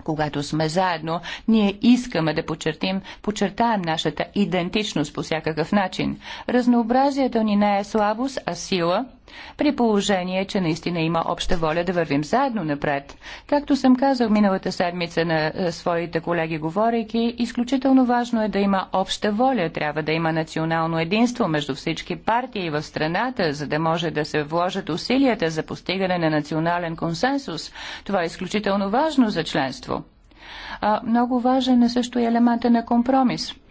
когато сме заедно, ние искаме да почертим, почертаем нашата идентичност по всякакъв начин. Разнообразието ни не е слабост, а сила – при положение, че наистина има обща воля да вървим заедно напред. Както съм казал миналата седмица на е, своите колеги, говорейки, изключително важно е да има обща воля. Трябва да има национално единство между всички партии в страната, за да може да се вложат усилията за постигане на национален консенсус. Това е изключително важно за членство. А, много важен е също и елемента на компромис –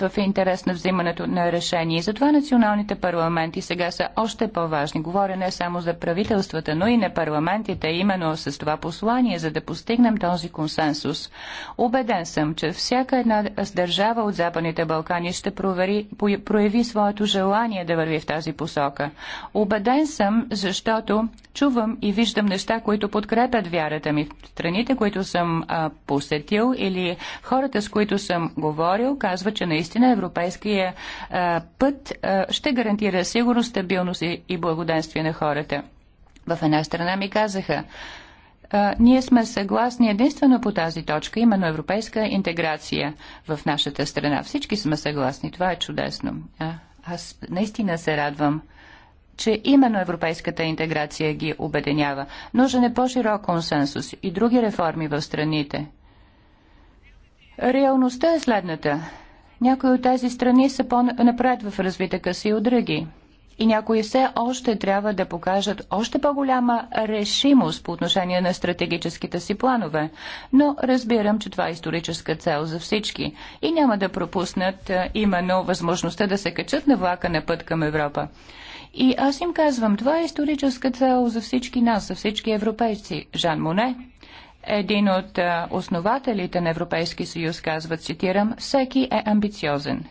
в интерес на взимането на решение. И затова националните парламенти сега са още по-важни. Говоря не само за правителствата, но и на парламентите, именно с това послание, за да постигнем този консенсус. Обеден съм, че всяка една държава от Западните Балкани ще провери, прояви своето желание да върви в тази посока. Обеден съм, защото чувам и виждам неща, които подкрепят вярата ми. Страните, които съм а, посетил или хората, с които съм говорил, казват, че не наистина европейския е, път е, ще гарантира сигурност, стабилност и благоденствие на хората. В една страна ми казаха, е, ние сме съгласни единствено по тази точка, именно европейска интеграция в нашата страна. Всички сме съгласни. Това е чудесно. А, аз наистина се радвам че именно европейската интеграция ги обединява. Нужен е по-широк консенсус и други реформи в страните. Реалността е следната. Някои от тези страни са по-напред в развитъка си от други. И някои все още трябва да покажат още по-голяма решимост по отношение на стратегическите си планове. Но разбирам, че това е историческа цел за всички. И няма да пропуснат именно възможността да се качат на влака на път към Европа. И аз им казвам, това е историческа цел за всички нас, за всички европейци. Жан Моне, един от е, основателите на Европейски съюз казва, цитирам, всеки е амбициозен.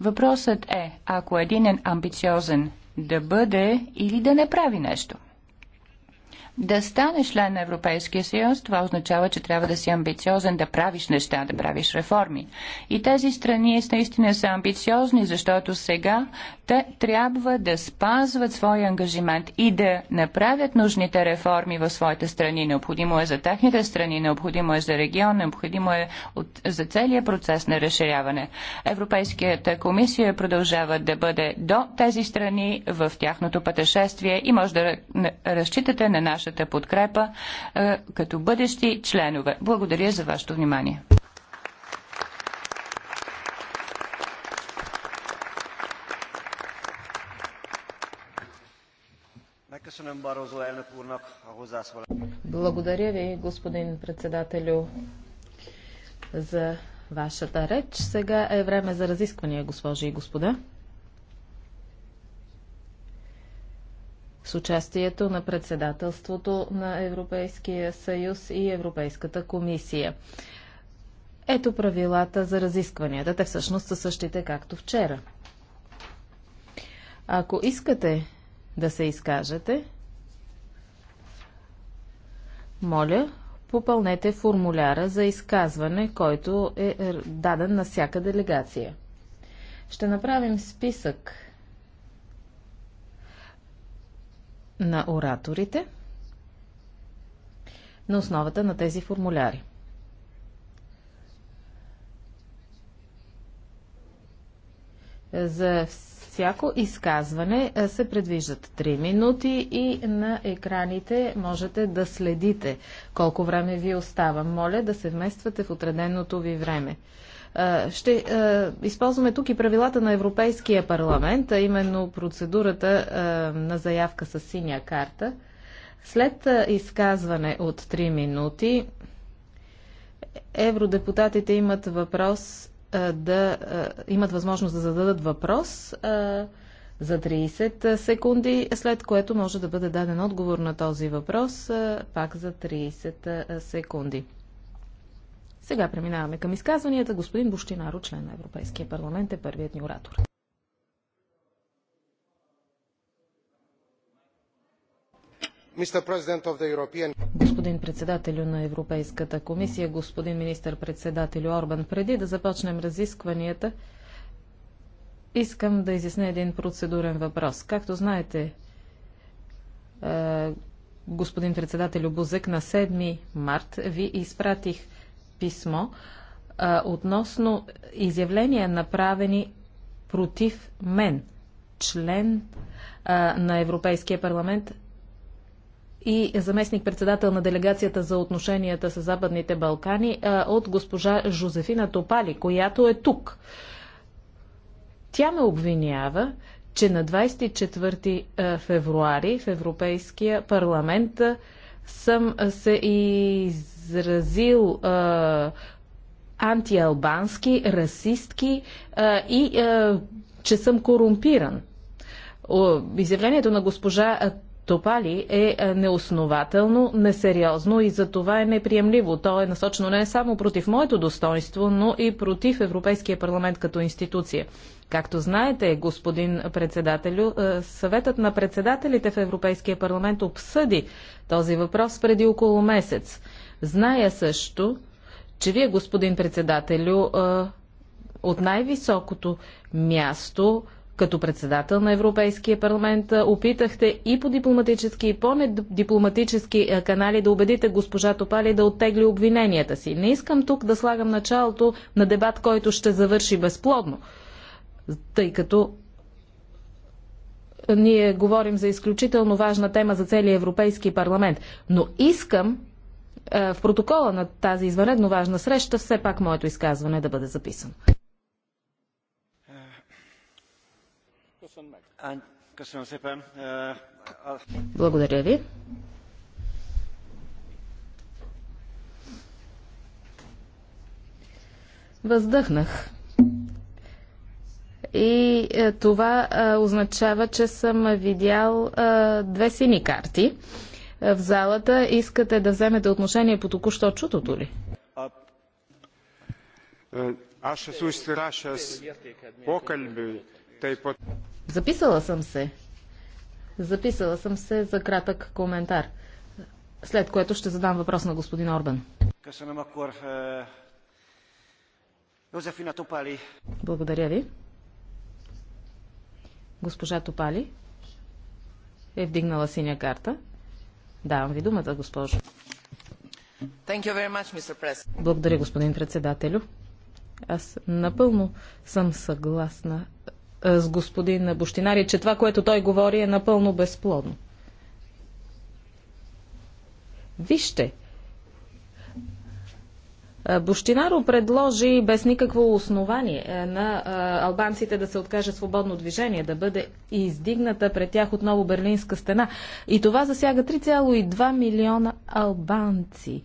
Въпросът е, ако един е амбициозен, да бъде или да не прави нещо – да станеш член на Европейския съюз, това означава, че трябва да си амбициозен, да правиш неща, да правиш реформи. И тези страни наистина са амбициозни, защото сега те трябва да спазват своя ангажимент и да направят нужните реформи в своите страни. Необходимо е за техните страни, необходимо е за регион, необходимо е от, за целият процес на разширяване. Европейската комисия продължава да бъде до тези страни в тяхното пътешествие и може да разчитате на наша вашата подкрепа е, като бъдещи членове. Благодаря за вашето внимание. Благодаря ви, господин председателю, за вашата реч. Сега е време за разисквания, госпожи и господа. с участието на председателството на Европейския съюз и Европейската комисия. Ето правилата за разискванията. Те всъщност са същите както вчера. Ако искате да се изкажете, моля, попълнете формуляра за изказване, който е даден на всяка делегация. Ще направим списък на ораторите на основата на тези формуляри. За всяко изказване е, се предвиждат 3 минути и на екраните можете да следите колко време ви остава. Моля да се вмествате в отреденото ви време. Е, ще е, използваме тук и правилата на Европейския парламент, а именно процедурата е, на заявка с синя карта. След изказване от 3 минути, евродепутатите имат въпрос да имат възможност да зададат въпрос за 30 секунди, след което може да бъде даден отговор на този въпрос пак за 30 секунди. Сега преминаваме към изказванията. Господин Бущинаро, член на Европейския парламент, е първият ни оратор. Господин председателю на Европейската комисия, господин министър-председателю Орбан, преди да започнем разискванията, искам да изясня един процедурен въпрос. Както знаете, е, господин председателю Бузък, на 7 март ви изпратих писмо а, относно изявления направени против мен, член а, на Европейския парламент и заместник-председател на делегацията за отношенията с Западните Балкани а, от госпожа Жозефина Топали, която е тук. Тя ме обвинява, че на 24 февруари в Европейския парламент съм се изразил а, антиалбански, расистки а, и а, че съм корумпиран. Изявлението на госпожа топали е, е неоснователно, несериозно и за това е неприемливо. То е насочено не само против моето достоинство, но и против Европейския парламент като институция. Както знаете, господин председателю, е, съветът на председателите в Европейския парламент обсъди този въпрос преди около месец. Зная също, че вие, господин председателю, е, от най-високото място като председател на Европейския парламент опитахте и по дипломатически и по недипломатически канали да убедите госпожа Топали да оттегли обвиненията си. Не искам тук да слагам началото на дебат, който ще завърши безплодно, тъй като ние говорим за изключително важна тема за целия Европейски парламент. Но искам в протокола на тази извънредно важна среща все пак моето изказване да бъде записано. Благодаря ви. Въздъхнах. И е, това е, означава, че съм видял е, две сини карти в залата. Искате да вземете отношение по току-що чутото ли? Аз ще слушах с покълби, Записала съм се. Записала съм се за кратък коментар, след което ще задам въпрос на господин Орбан. Е, Благодаря ви. Госпожа Топали е вдигнала синя карта. Давам ви думата, госпожо. Much, Благодаря, господин председателю. Аз напълно съм съгласна с господин Бощинари, че това, което той говори, е напълно безплодно. Вижте, Бощинаро предложи без никакво основание на албанците да се откаже свободно движение, да бъде издигната пред тях отново Берлинска стена. И това засяга 3,2 милиона албанци.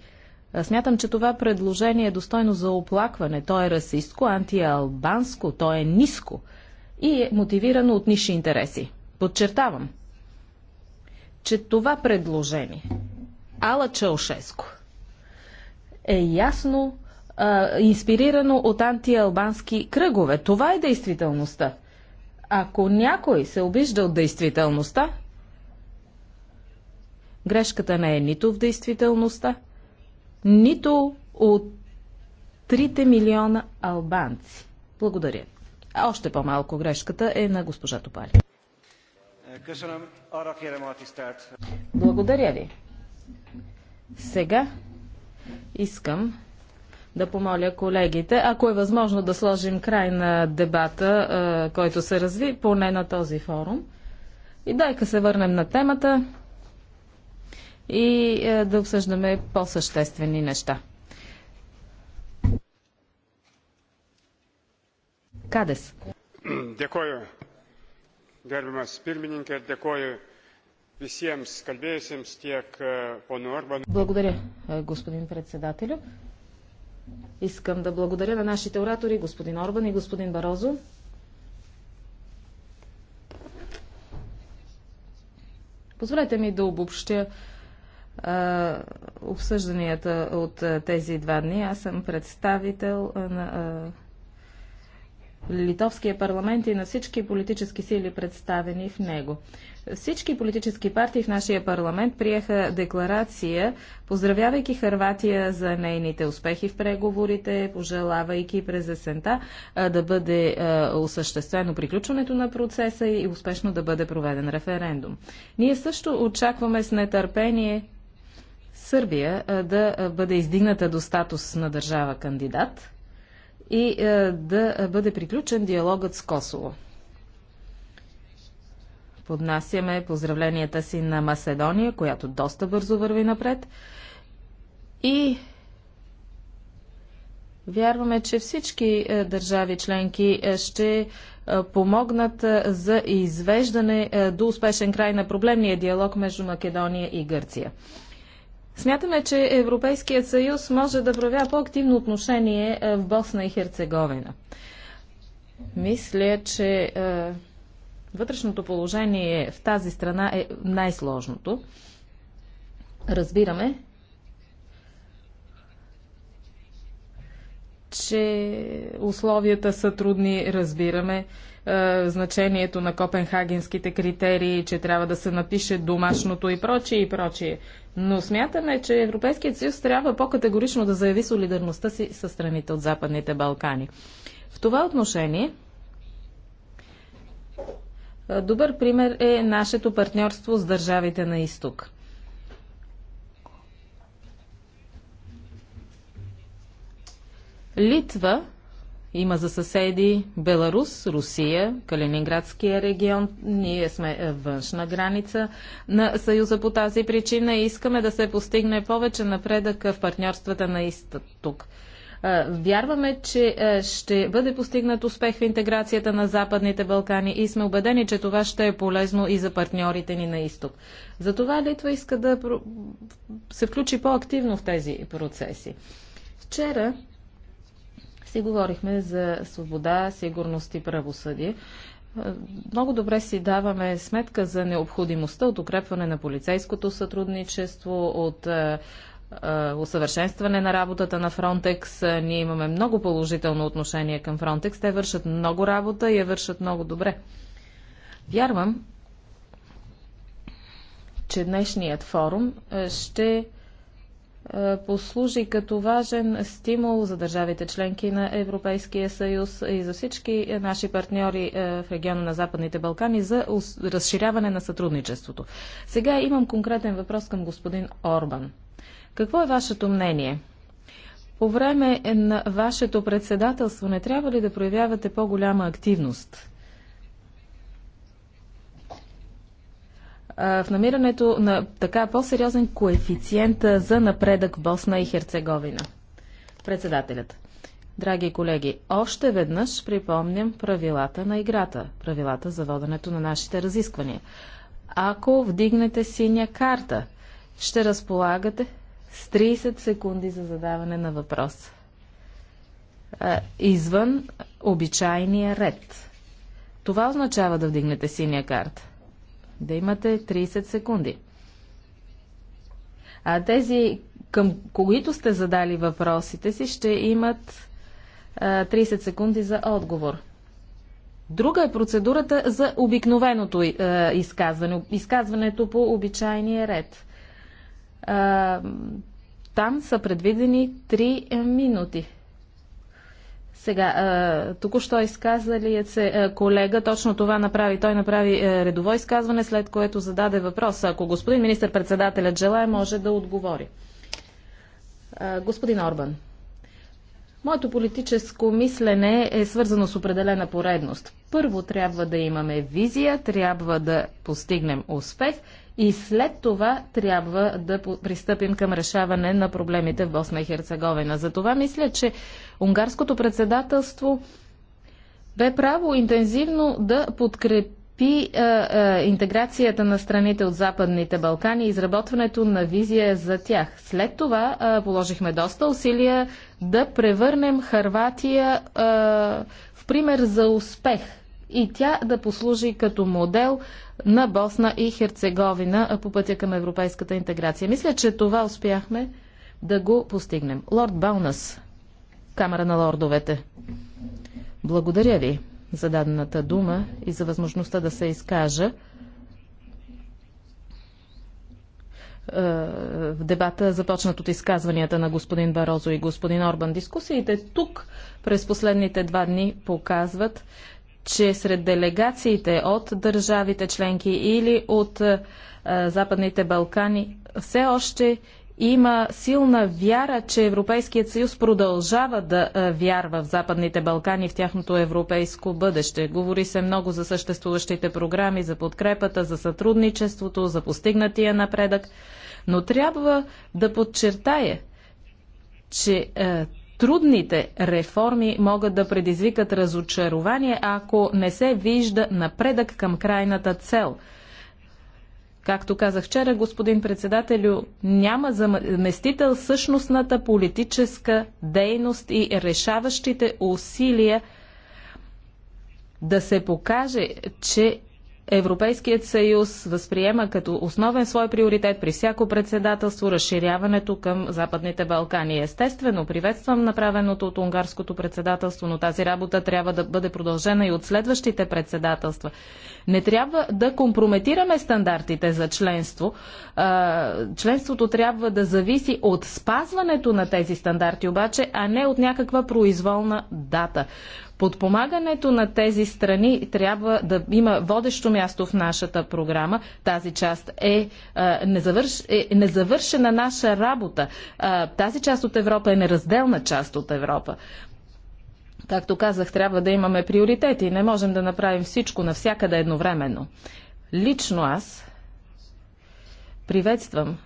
Смятам, че това предложение е достойно за оплакване. То е расистско, антиалбанско, то е ниско и е мотивирано от ниши интереси. Подчертавам, че това предложение Ала Чаушеско е ясно а, инспирирано от антиалбански кръгове. Това е действителността. Ако някой се обижда от действителността, грешката не е нито в действителността, нито от 3 милиона албанци. Благодаря. Още по-малко грешката е на госпожа Топали. Благодаря ви. Сега искам да помоля колегите, ако е възможно да сложим край на дебата, който се разви, поне на този форум. И дайка се върнем на темата и да обсъждаме по-съществени неща. Kades. Dėkuoju, gerbiamas pirmininkė, dėkuoju visiems kalbėjusiems tiek ponu Orbanu. Благодаря, е, господин председателю. Искам да благодаря на нашите оратори, господин Орбан и господин Барозо. Позволете ми да обобщя е, обсъжданията от е, тези два дни. Аз съм представител а, на Литовския парламент и на всички политически сили представени в него. Всички политически партии в нашия парламент приеха декларация, поздравявайки Харватия за нейните успехи в преговорите, пожелавайки през есента да бъде осъществено приключването на процеса и успешно да бъде проведен референдум. Ние също очакваме с нетърпение Сърбия да бъде издигната до статус на държава кандидат – и е, да бъде приключен диалогът с Косово. Поднасяме поздравленията си на Маседония, която доста бързо върви напред. И вярваме, че всички е, държави членки е, ще помогнат за извеждане до успешен край на проблемния диалог между Македония и Гърция. Смятаме, че Европейският съюз може да правя по-активно отношение е, в Босна и Херцеговина. Мисля, че е, вътрешното положение в тази страна е най-сложното. Разбираме, че условията са трудни, разбираме, е, значението на копенхагенските критерии, че трябва да се напише домашното и прочие и прочие. Но смятаме, че Европейският съюз трябва по-категорично да заяви солидарността си с страните от Западните Балкани. В това отношение е, добър пример е нашето партньорство с държавите на изток. Литва има за съседи Беларус, Русия, Калининградския регион. Ние сме е, външна граница на Съюза по тази причина и искаме да се постигне повече напредък в партньорствата на тук. Е, вярваме, че е, ще бъде постигнат успех в интеграцията на Западните Балкани и сме убедени, че това ще е полезно и за партньорите ни на изток. Затова Литва иска да се включи по-активно в тези процеси. Вчера си говорихме за свобода, сигурност и правосъдие. Много добре си даваме сметка за необходимостта от укрепване на полицейското сътрудничество, от е, е, усъвършенстване на работата на Фронтекс. Ние имаме много положително отношение към Фронтекс. Те вършат много работа и я вършат много добре. Вярвам, че днешният форум е, ще е, послужи като важен стимул за държавите членки на Европейския съюз и за всички наши партньори е, в региона на Западните Балкани за разширяване на сътрудничеството. Сега имам конкретен въпрос към господин Орбан. Какво е вашето мнение? По време на вашето председателство не трябва ли да проявявате по-голяма активност? в намирането на така по-сериозен коефициент за напредък в Босна и Херцеговина. Председателят. Драги колеги, още веднъж припомням правилата на играта, правилата за воденето на нашите разисквания. Ако вдигнете синя карта, ще разполагате с 30 секунди за задаване на въпрос. Извън обичайния ред. Това означава да вдигнете синя карта да имате 30 секунди. А тези, към които сте задали въпросите си, ще имат 30 секунди за отговор. Друга е процедурата за обикновеното изказване, изказването по обичайния ред. Там са предвидени 3 минути. Сега, току-що изказалият се колега, точно това направи. Той направи е, редово изказване, след което зададе въпрос. Ако господин министр-председателят желая, може да отговори. Господин Орбан, моето политическо мислене е свързано с определена поредност. Първо трябва да имаме визия, трябва да постигнем успех и след това трябва да пристъпим към решаване на проблемите в Босна и Херцеговина. Затова мисля, че унгарското председателство бе право интензивно да подкрепи а, е, а, е, интеграцията на страните от Западните Балкани и изработването на визия за тях. След това а, е, положихме доста усилия да превърнем Харватия в пример за успех – и тя да послужи като модел на Босна и Херцеговина по пътя към европейската интеграция. Мисля, че това успяхме да го постигнем. Лорд Баунас, Камера на лордовете. Благодаря ви за дадената дума и за възможността да се изкажа е, в дебата, започнат от изказванията на господин Барозо и господин Орбан. Дискусиите тук през последните два дни показват, че сред делегациите от държавите членки или от е, Западните Балкани все още има силна вяра, че Европейският съюз продължава да е, вярва в Западните Балкани, в тяхното европейско бъдеще. Говори се много за съществуващите програми, за подкрепата, за сътрудничеството, за постигнатия напредък, но трябва да подчертая, че е, трудните реформи могат да предизвикат разочарование, ако не се вижда напредък към крайната цел. Както казах вчера, господин председателю, няма заместител същностната политическа дейност и решаващите усилия да се покаже, че Европейският съюз възприема като основен свой приоритет при всяко председателство разширяването към Западните Балкани. Естествено, приветствам направеното от унгарското председателство, но тази работа трябва да бъде продължена и от следващите председателства. Не трябва да компрометираме стандартите за членство. Членството трябва да зависи от спазването на тези стандарти, обаче, а не от някаква произволна дата. Подпомагането на тези страни трябва да има водещо място в нашата програма. Тази част е, е, незавърш, е незавършена наша работа. тази част от Европа е неразделна част от Европа. Както казах, трябва да имаме приоритети. Не можем да направим всичко навсякъде едновременно. Лично аз приветствам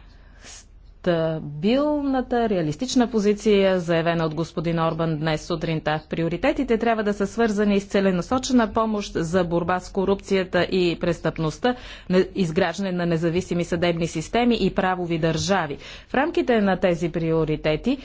стабилната, реалистична позиция, заявена от господин Орбан днес сутринта. Приоритетите трябва да са свързани с целенасочена помощ за борба с корупцията и престъпността, изграждане на независими съдебни системи и правови държави. В рамките на тези приоритети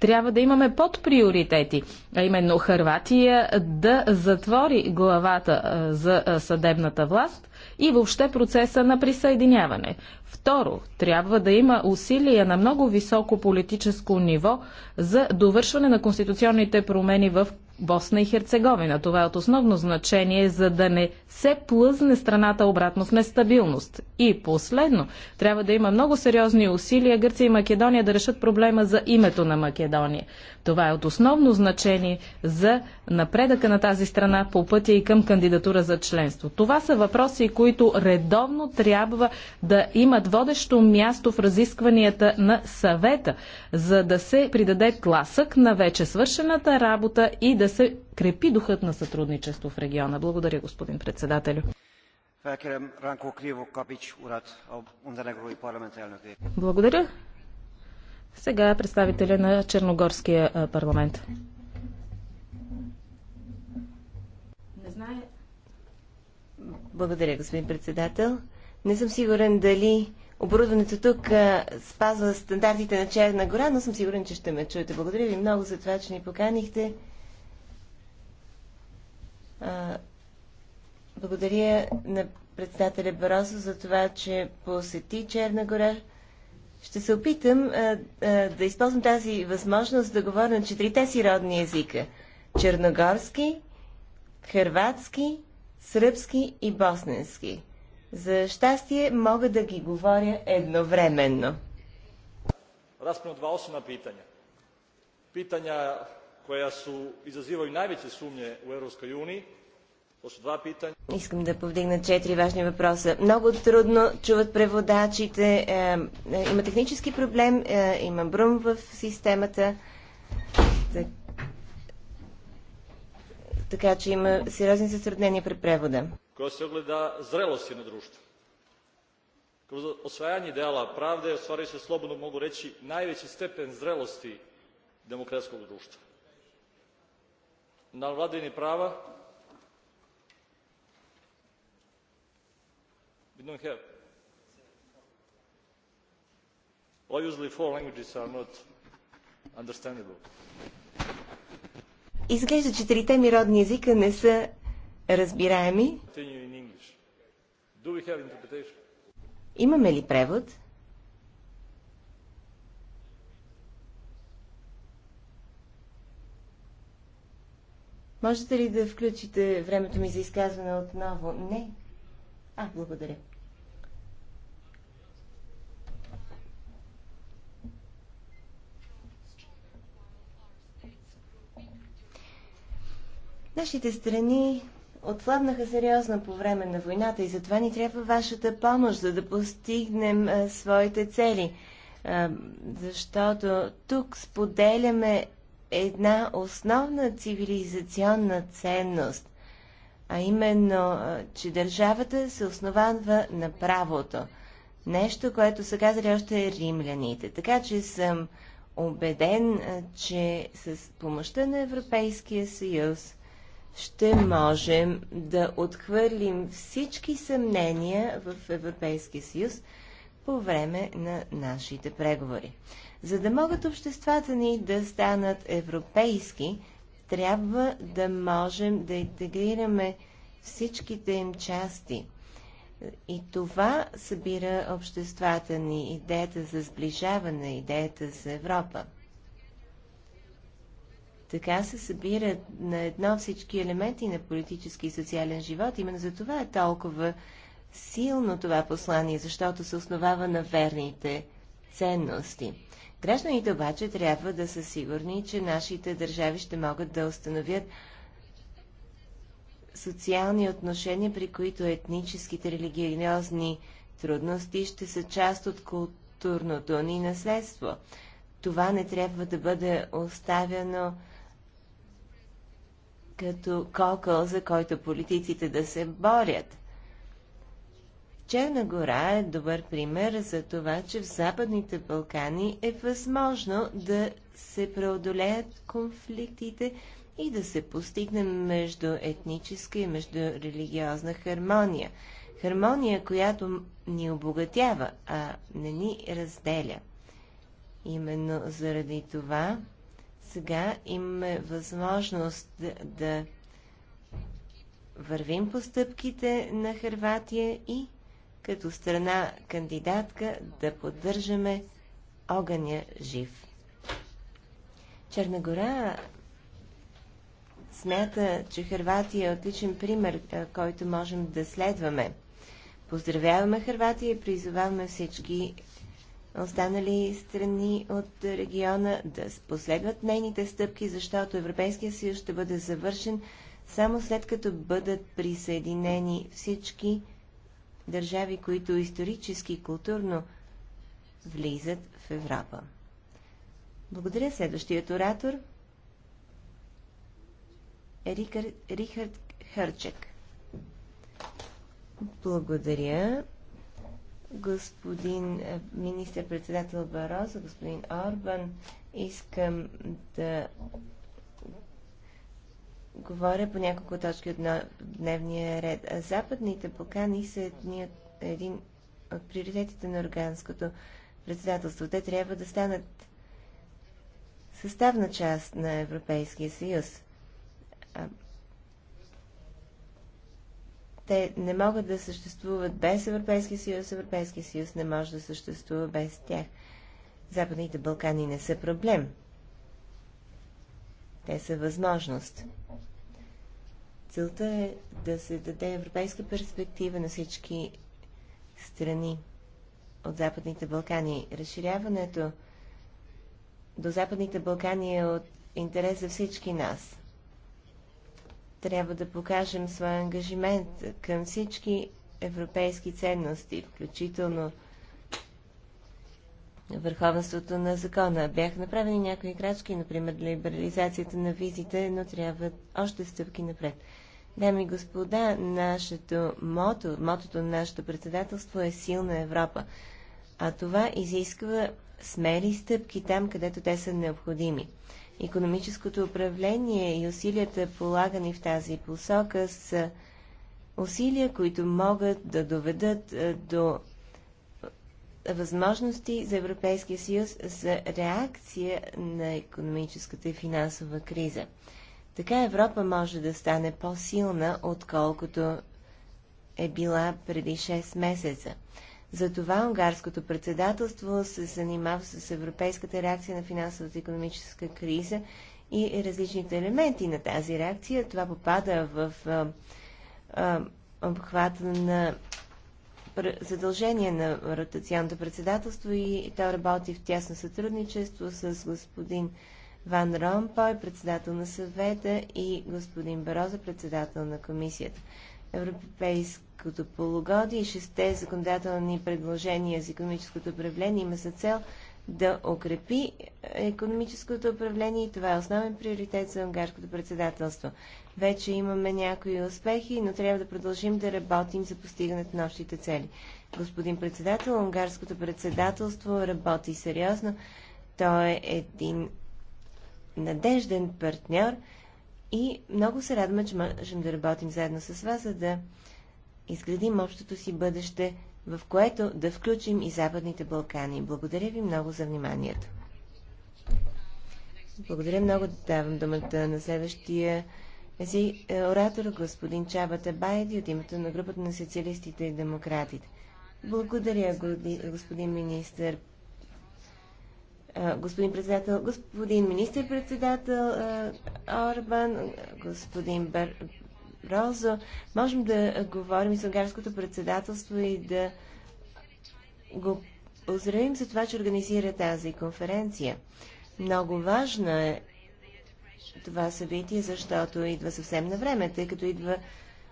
трябва да имаме подприоритети, а именно Харватия да затвори главата за съдебната власт – и въобще процеса на присъединяване. Второ, трябва да има усилия на много високо политическо ниво за довършване на конституционните промени в Босна и Херцеговина. Това е от основно значение, за да не се плъзне страната обратно в нестабилност. И последно, трябва да има много сериозни усилия Гърция и Македония да решат проблема за името на Македония. Това е от основно значение за напредъка на тази страна по пътя и към кандидатура за членство. Това са въпроси, които редовно трябва да имат водещо място в разискванията на съвета, за да се придаде класък на вече свършената работа и да се крепи духът на сътрудничество в региона. Благодаря, господин председателю. Благодаря. Сега е представителя на Черногорския парламент. Не знае. Благодаря, господин председател. Не съм сигурен дали оборудването тук спазва стандартите на Черна гора, но съм сигурен, че ще ме чуете. Благодаря ви много за това, че ни поканихте. благодаря на председателя Баросо за това, че посети Черна гора. Ще се опитам а, а, да използвам тази възможност да говоря на четирите си родни езика. Черногорски, хрватски, сръбски и босненски. За щастие мога да ги говоря едновременно. два осма питания. Питания, Pitanja koja изазивали най вече сумне в Европейска Юния, Искам да повдигна четири важни въпроса. Много трудно чуват преводачите. Е, е, има технически проблем, е, има брум в системата. Така че има сериозни затруднения при превода. Koja се огледа зрелости на društvu. Kroz osvajanje ideala pravde ostvaruje se, slobodno mogu reći, najveći степен зрелости demokratskog društva. На владени права We don't have. usually four languages are not understandable. Изглежда, че трите ми родни езика не са разбираеми. Имаме ли превод? Можете ли да включите времето ми за изказване отново? Не. А, благодаря. Нашите страни отслабнаха сериозно по време на войната и затова ни трябва вашата помощ, за да постигнем а, своите цели. А, защото тук споделяме една основна цивилизационна ценност, а именно, а, че държавата се основанва на правото. Нещо, което са казали още римляните. Така че съм убеден, че с помощта на Европейския съюз ще можем да отхвърлим всички съмнения в Европейския съюз по време на нашите преговори. За да могат обществата ни да станат европейски, трябва да можем да интегрираме всичките им части. И това събира обществата ни, идеята за сближаване, идеята за Европа. Така се събират на едно всички елементи на политически и социален живот. Именно за това е толкова силно това послание, защото се основава на верните ценности. Гражданите обаче трябва да са сигурни, че нашите държави ще могат да установят социални отношения, при които етническите религиозни трудности ще са част от културното ни наследство. Това не трябва да бъде оставяно като кокъл, за който политиците да се борят. Черна гора е добър пример за това, че в Западните Балкани е възможно да се преодолеят конфликтите и да се постигне между етническа и между религиозна хармония. Хармония, която ни обогатява, а не ни разделя. Именно заради това сега имаме възможност да, да вървим по стъпките на Харватия и като страна кандидатка да поддържаме огъня жив. Черна гора смята, че Харватия е отличен пример, който можем да следваме. Поздравяваме Харватия и призоваваме всички останали страни от региона да последват нейните стъпки, защото Европейския съюз ще бъде завършен само след като бъдат присъединени всички държави, които исторически и културно влизат в Европа. Благодаря следващият оратор. Е Рихард Хърчек. Благодаря господин е, министър-председател Бароза, господин Орбан, искам да говоря по няколко точки от дневния ред. Западните покани са едни от, един от приоритетите на органското председателство. Те трябва да станат съставна част на Европейския съюз. Те не могат да съществуват без Европейския съюз, Европейския съюз не може да съществува без тях. Западните Балкани не са проблем. Те са възможност. Целта е да се даде европейска перспектива на всички страни от Западните Балкани. Разширяването до Западните Балкани е от интерес за всички нас трябва да покажем своя ангажимент към всички европейски ценности, включително върховенството на закона. Бяха направени някои крачки, например либерализацията на визите, но трябва още стъпки напред. Дами и господа, нашето мото, мотото на нашето председателство е силна Европа. А това изисква смели стъпки там, където те са необходими. Економическото управление и усилията полагани в тази посока са усилия, които могат да доведат е, до възможности за Европейския съюз за реакция на економическата и финансова криза. Така Европа може да стане по-силна, отколкото е била преди 6 месеца. Затова унгарското председателство се занимава с европейската реакция на финансовата и економическа криза и различните елементи на тази реакция. Това попада в а, а, обхвата на задължение на ротационното председателство и то работи в тясно сътрудничество с господин Ван Ромпой, председател на съвета и господин Бароза, председател на комисията европейското полугодие и шесте законодателни предложения за економическото управление има за цел да укрепи економическото управление и това е основен приоритет за унгарското председателство. Вече имаме някои успехи, но трябва да продължим да работим за постигането на общите цели. Господин председател, унгарското председателство работи сериозно. Той е един надежден партньор – и много се радваме, че можем да работим заедно с вас, за да изградим общото си бъдеще, в което да включим и Западните Балкани. Благодаря ви много за вниманието. Благодаря много. да Давам думата на следващия ези, е, оратор, господин Чабата Байди, от името на групата на социалистите и демократите. Благодаря, господин министър господин председател, господин министр-председател Орбан, господин Розо, Можем да говорим с унгарското председателство и да го поздравим за това, че организира тази конференция. Много важно е това събитие, защото идва съвсем на време, тъй като идва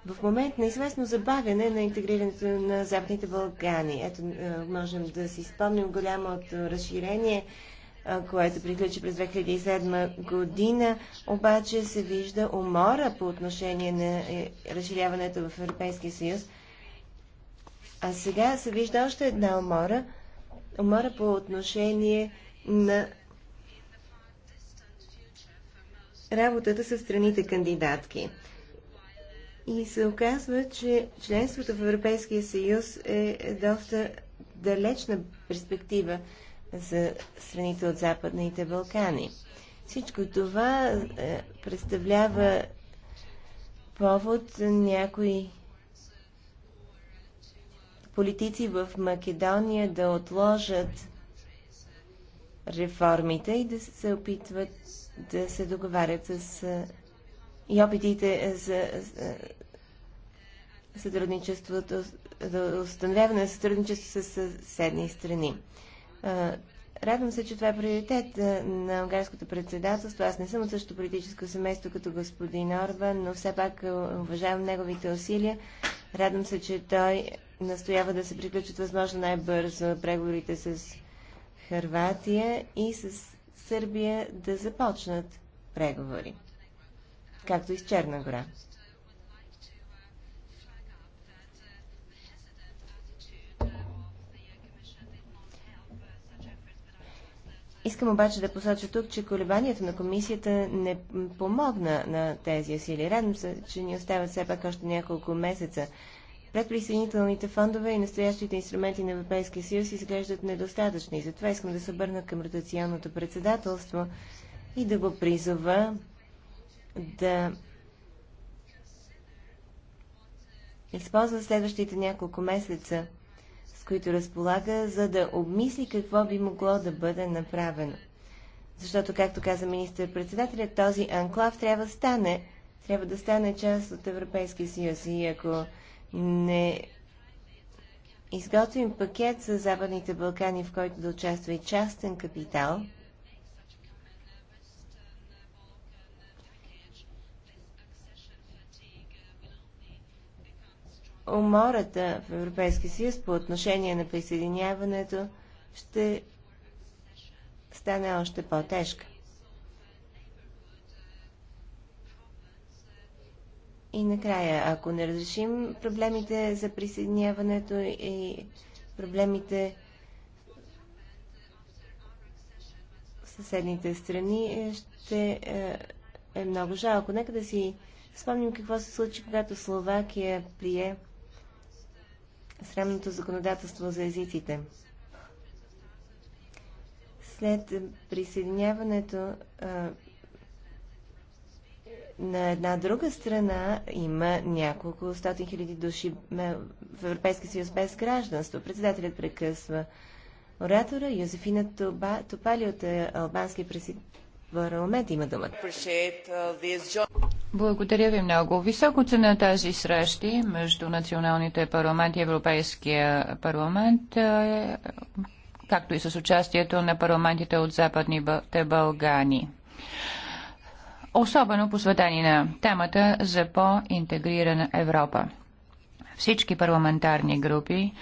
в момент на известно забавяне на интегрирането на Западните Балкани. Ето, можем да си спомним голямото разширение което приключи през 2007 година, обаче се вижда умора по отношение на е, разширяването в Европейския съюз. А сега се вижда още една умора, умора по отношение на работата с страните кандидатки. И се оказва, че членството в Европейския съюз е, е доста далечна перспектива за страните от Западните Балкани. Всичко това е, представлява повод някои политици в Македония да отложат реформите и да се опитват да се договарят с е, и опитите за е, сътрудничеството, за установяване на сътрудничество с съседни страни. Радвам се, че това е приоритет на унгарското председателство. Аз не съм от същото политическо семейство като господин Орбан, но все пак уважавам неговите усилия. Радвам се, че той настоява да се приключат възможно най-бързо преговорите с Харватия и с Сърбия да започнат преговори, както и с Черна гора. Искам обаче да посоча тук, че колебанието на комисията не помогна на тези усилия. Радвам се, че ни остават все пак още няколко месеца. Предприсъединителните фондове и настоящите инструменти на Европейския съюз изглеждат недостатъчни. Затова искам да се обърна към ротационното председателство и да го призова да използва следващите няколко месеца които разполага, за да обмисли какво би могло да бъде направено. Защото, както каза министър-председателят, този анклав трябва, стане, трябва да стане част от Европейския съюз. И ако не изготвим пакет за Западните Балкани, в който да участва и частен капитал – умората в Европейския съюз по отношение на присъединяването ще стане още по-тежка. И накрая, ако не разрешим проблемите за присъединяването и проблемите в съседните страни, е, ще е, е много жалко. Нека да си спомним какво се случи, когато Словакия прие срамното законодателство за езиците. След присъединяването а, на една друга страна има няколко стотин хиляди души в Европейския съюз без гражданство. Председателят прекъсва оратора. Йозефина Топали от е, албански парламент има думата. Благодаря ви много. Високо цена тази срещи между националните парламенти и Европейския парламент, е, както и с участието на парламентите от Западните Балгани. Особено посветени на темата за по-интегрирана Европа. Всички парламентарни групи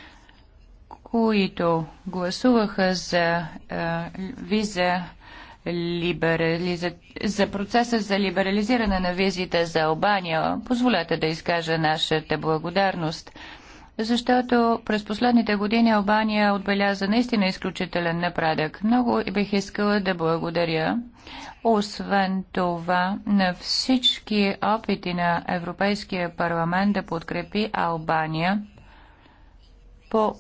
които гласуваха за е, виза либерализа... за процеса за либерализиране на визите за Албания, позволете да изкажа нашата благодарност, защото през последните години Албания отбеляза наистина изключителен напредък. Много бих искала да благодаря, освен това, на всички опити на Европейския парламент да подкрепи Албания по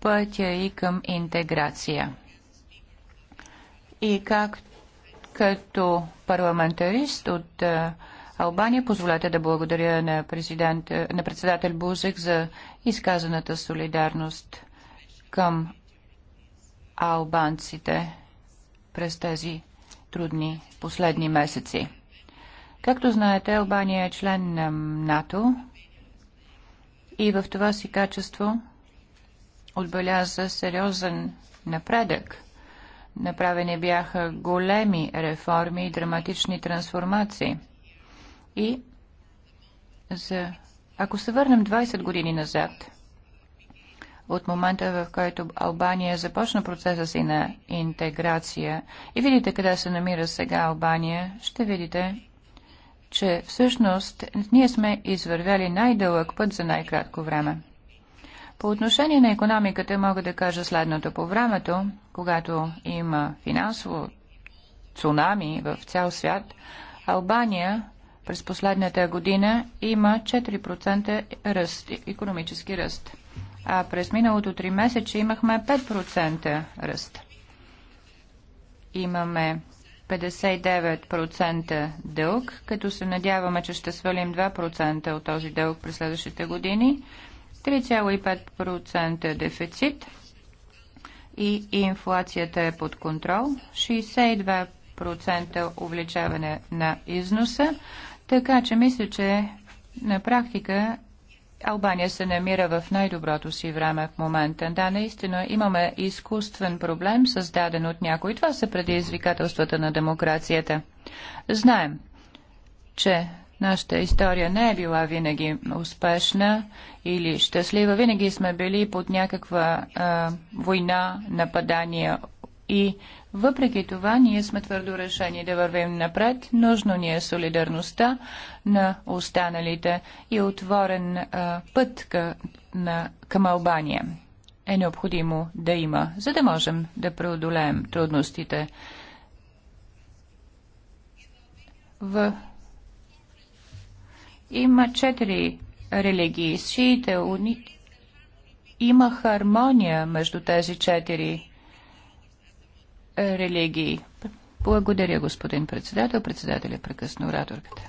пътя и към интеграция. И как като парламентарист от Албания, позволете да благодаря на, президент, на председател Бузек за изказаната солидарност към албанците през тези трудни последни месеци. Както знаете, Албания е член на НАТО и в това си качество отбеляза сериозен напредък – Направени бяха големи реформи и драматични трансформации. И за... ако се върнем 20 години назад, от момента, в който Албания започна процеса си на интеграция и видите къде се намира сега Албания, ще видите, че всъщност ние сме извървяли най-дълъг път за най-кратко време. По отношение на економиката мога да кажа следното. По времето, когато има финансово цунами в цял свят, Албания през последната година има 4% ръст, економически ръст. А през миналото 3 месече имахме 5% ръст. Имаме 59% дълг, като се надяваме, че ще свалим 2% от този дълг през следващите години. 3,5% е дефицит и инфлацията е под контрол. 62% увеличаване на износа. Така че мисля, че на практика Албания се намира в най-доброто си време в момента. Да, наистина имаме изкуствен проблем, създаден от някой. Това са предизвикателствата на демокрацията. Знаем, че Нашата история не е била винаги успешна или щастлива. Винаги сме били под някаква а, война, нападания и въпреки това ние сме твърдо решени да вървим напред. Нужно ни е солидарността на останалите и отворен а, път къ, на, към Албания е необходимо да има, за да можем да преодолеем трудностите. В има четири религии. Шиите, уни... Има хармония между тези четири религии. Благодаря, господин председател. председател е прекъсна ораторката.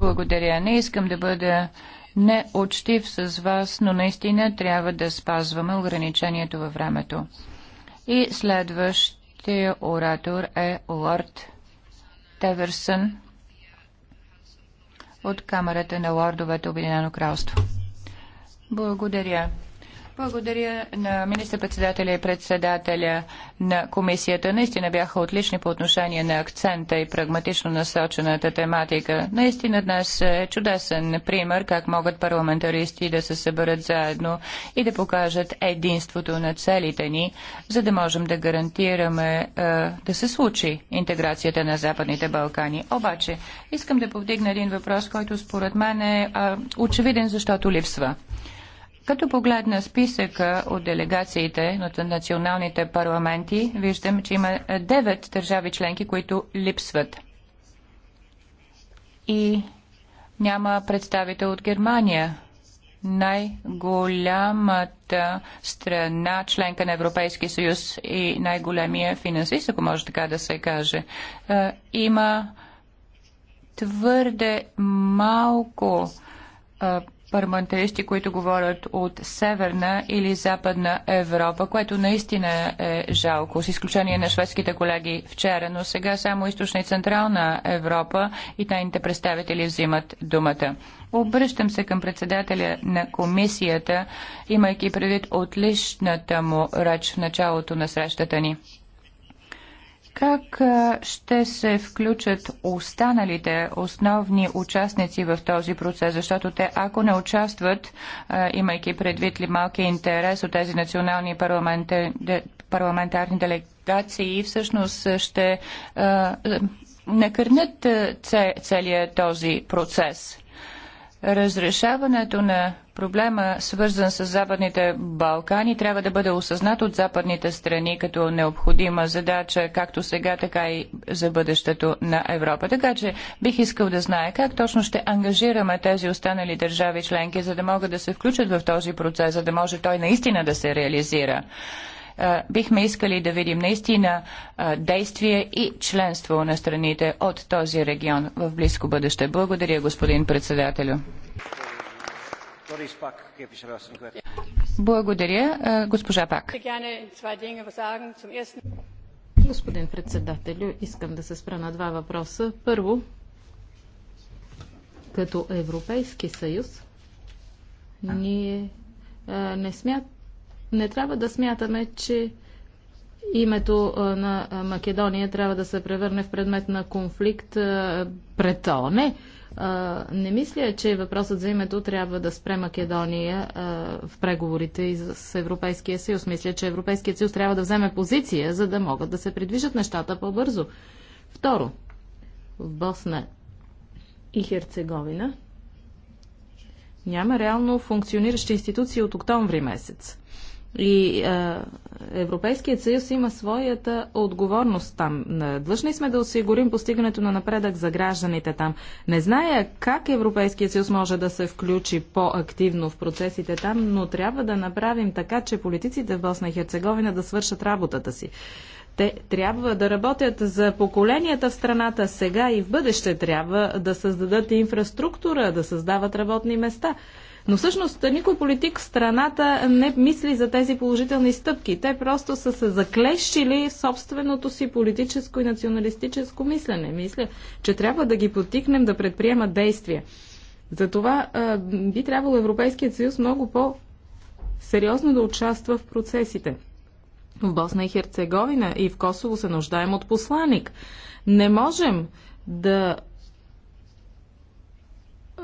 Благодаря. Не искам да бъда неочтив с вас, но наистина трябва да спазваме ограничението във времето. И следващ Следващия оратор е Лорд Теверсън от Камерата на лордовете Обединено кралство. Благодаря. Благодаря на министър-председателя и председателя на комисията. Наистина бяха отлични по отношение на акцента и прагматично насочената тематика. Наистина днес е чудесен пример как могат парламентаристи да се съберат заедно и да покажат единството на целите ни, за да можем да гарантираме е, да се случи интеграцията на Западните Балкани. Обаче, искам да повдигна един въпрос, който според мен е, е очевиден, защото липсва. Като погледна списъка от делегациите от националните парламенти, виждам, че има 9 държави членки, които липсват. И няма представител от Германия най-голямата страна, членка на Европейския съюз и най-големия финансист, ако може така да се каже. Е, има твърде малко е, парламентаристи, които говорят от Северна или Западна Европа, което наистина е жалко, с изключение на шведските колеги вчера, но сега само източна и централна Европа и тайните представители взимат думата. Обръщам се към председателя на комисията, имайки предвид отличната му реч в началото на срещата ни. Как ще се включат останалите основни участници в този процес? Защото те, ако не участват, имайки предвид ли малки интерес от тези национални парламентарни делегации, всъщност ще накърнят целият този процес. Разрешаването на проблема, свързан с Западните Балкани, трябва да бъде осъзнат от западните страни като необходима задача, както сега, така и за бъдещето на Европа. Така че бих искал да знае как точно ще ангажираме тези останали държави членки, за да могат да се включат в този процес, за да може той наистина да се реализира. Е, бихме искали да видим наистина е, действие и членство на страните от този регион в близко бъдеще. Благодаря, господин председателю. Благодаря, е, госпожа Пак. Господин председателю, искам да се спра на два въпроса. Първо, като Европейски съюз, ние а, не смятаме, не трябва да смятаме, че името на Македония трябва да се превърне в предмет на конфликт пред ОНЕ. Не мисля, че въпросът за името трябва да спре Македония в преговорите и с Европейския съюз. Мисля, че Европейският съюз трябва да вземе позиция, за да могат да се придвижат нещата по-бързо. Второ, в Босна и Херцеговина няма реално функциониращи институции от октомври месец. И а, Европейският съюз има своята отговорност там. Длъжни сме да осигурим постигането на напредък за гражданите там. Не зная как Европейският съюз може да се включи по-активно в процесите там, но трябва да направим така, че политиците в Босна и Херцеговина да свършат работата си. Те трябва да работят за поколенията в страната сега и в бъдеще. Трябва да създадат инфраструктура, да създават работни места. Но всъщност никой политик в страната не мисли за тези положителни стъпки. Те просто са се заклещили в собственото си политическо и националистическо мислене. Мисля, че трябва да ги потикнем да предприемат действия. Затова а, би трябвало Европейският съюз много по-сериозно да участва в процесите. В Босна и Херцеговина и в Косово се нуждаем от посланик. Не можем да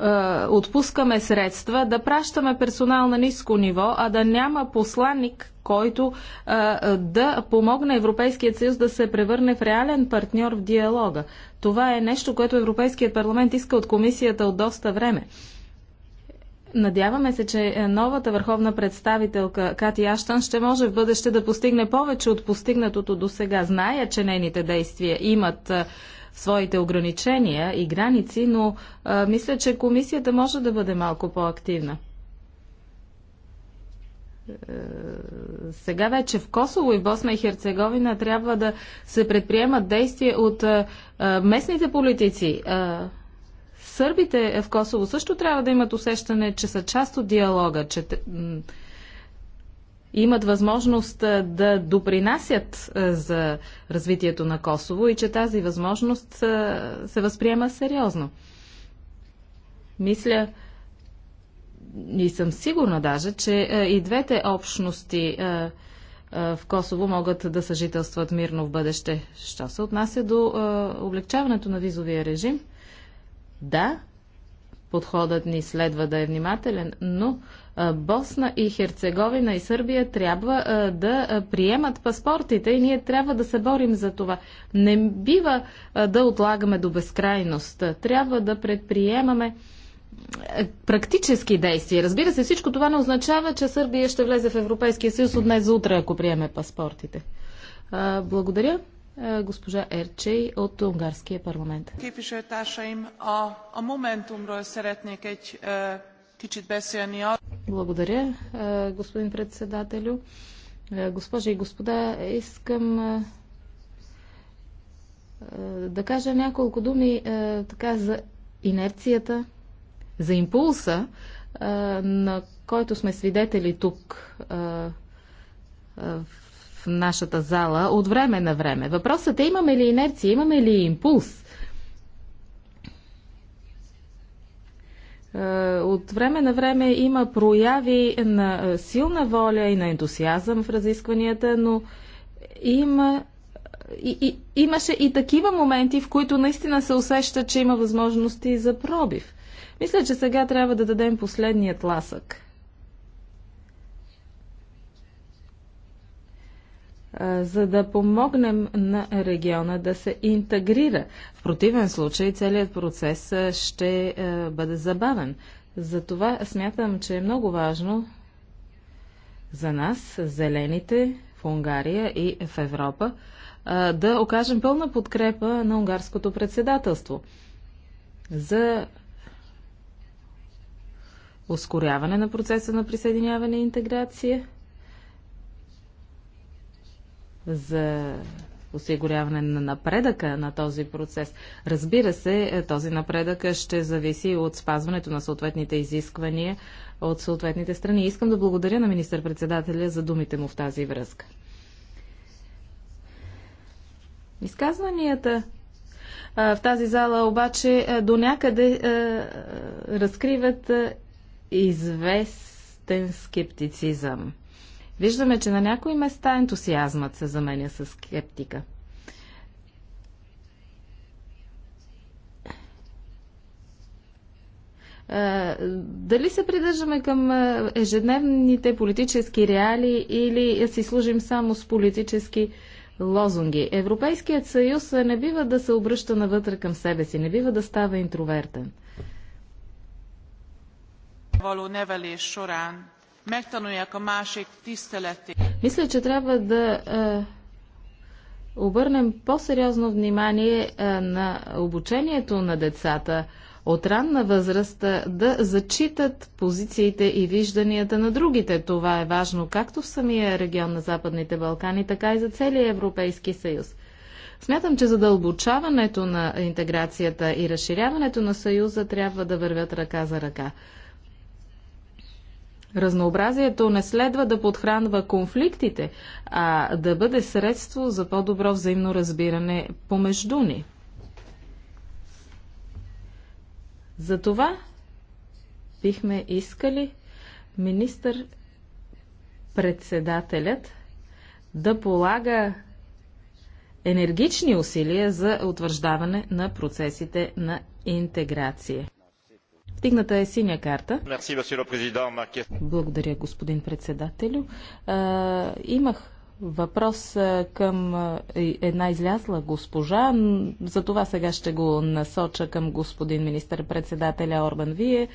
е, отпускаме средства, да пращаме персонал на ниско ниво, а да няма посланник, който а, е, да помогне Европейският съюз да се превърне в реален партньор в диалога. Това е нещо, което Европейският парламент иска от комисията от доста време. Надяваме се, че новата върховна представителка Кати Аштан ще може в бъдеще да постигне повече от постигнатото до сега. Зная, че нейните действия имат е, своите ограничения и граници, но а, мисля, че комисията може да бъде малко по-активна. Е, сега вече в Косово и Босна и Херцеговина трябва да се предприемат действия от а, местните политици. А, сърбите в Косово също трябва да имат усещане, че са част от диалога, че имат възможност да допринасят за развитието на Косово и че тази възможност се възприема сериозно. Мисля, и съм сигурна даже, че и двете общности в Косово могат да съжителстват мирно в бъдеще. Що се отнася до облегчаването на визовия режим? Да, подходът ни следва да е внимателен, но Босна и Херцеговина и Сърбия трябва да приемат паспортите и ние трябва да се борим за това. Не бива да отлагаме до безкрайност. Трябва да предприемаме практически действия. Разбира се, всичко това не означава, че Сърбия ще влезе в Европейския съюз от днес за утре, ако приеме паспортите. Благодаря. Госпожа Ерчей от Унгарския парламент. a, a Momentumról szeretnék egy благодаря, господин председателю. Госпожи и господа, искам да кажа няколко думи така за инерцията, за импулса, на който сме свидетели тук в нашата зала от време на време. Въпросът е имаме ли инерция, имаме ли импулс – Е, от време на време има прояви на е, силна воля и на ентусиазъм в разискванията, но има и, и, имаше и такива моменти, в които наистина се усеща, че има възможности за пробив. Мисля, че сега трябва да дадем последният ласък за да помогнем на региона да се интегрира. В противен случай целият процес ще бъде забавен. Затова смятам, че е много важно за нас, зелените в Унгария и в Европа, да окажем пълна подкрепа на унгарското председателство за ускоряване на процеса на присъединяване и интеграция за осигуряване на напредъка на този процес. Разбира се, е, този напредък ще зависи от спазването на съответните изисквания от съответните страни. Искам да благодаря на министър-председателя за думите му в тази връзка. Изказванията в тази зала обаче до някъде разкриват известен скептицизъм. Виждаме, че на някои места ентусиазмът се заменя с скептика. Е, дали се придържаме към е, ежедневните политически реали или си служим само с политически лозунги? Европейският съюз не бива да се обръща навътре към себе си, не бива да става интровертен. Мисля, че трябва да е, обърнем по-сериозно внимание е, на обучението на децата от ранна възраст е, да зачитат позициите и вижданията на другите. Това е важно както в самия регион на Западните Балкани, така и за целия Европейски съюз. Смятам, че задълбочаването на интеграцията и разширяването на съюза трябва да вървят ръка за ръка. Разнообразието не следва да подхранва конфликтите, а да бъде средство за по-добро взаимно разбиране помежду ни. Затова бихме искали министър-председателят да полага енергични усилия за утвърждаване на процесите на интеграция. Дигната е синя карта. Благодаря, господин председателю. Имах въпрос към една излязла госпожа. За това сега ще го насоча към господин министър-председателя Орбан. Вие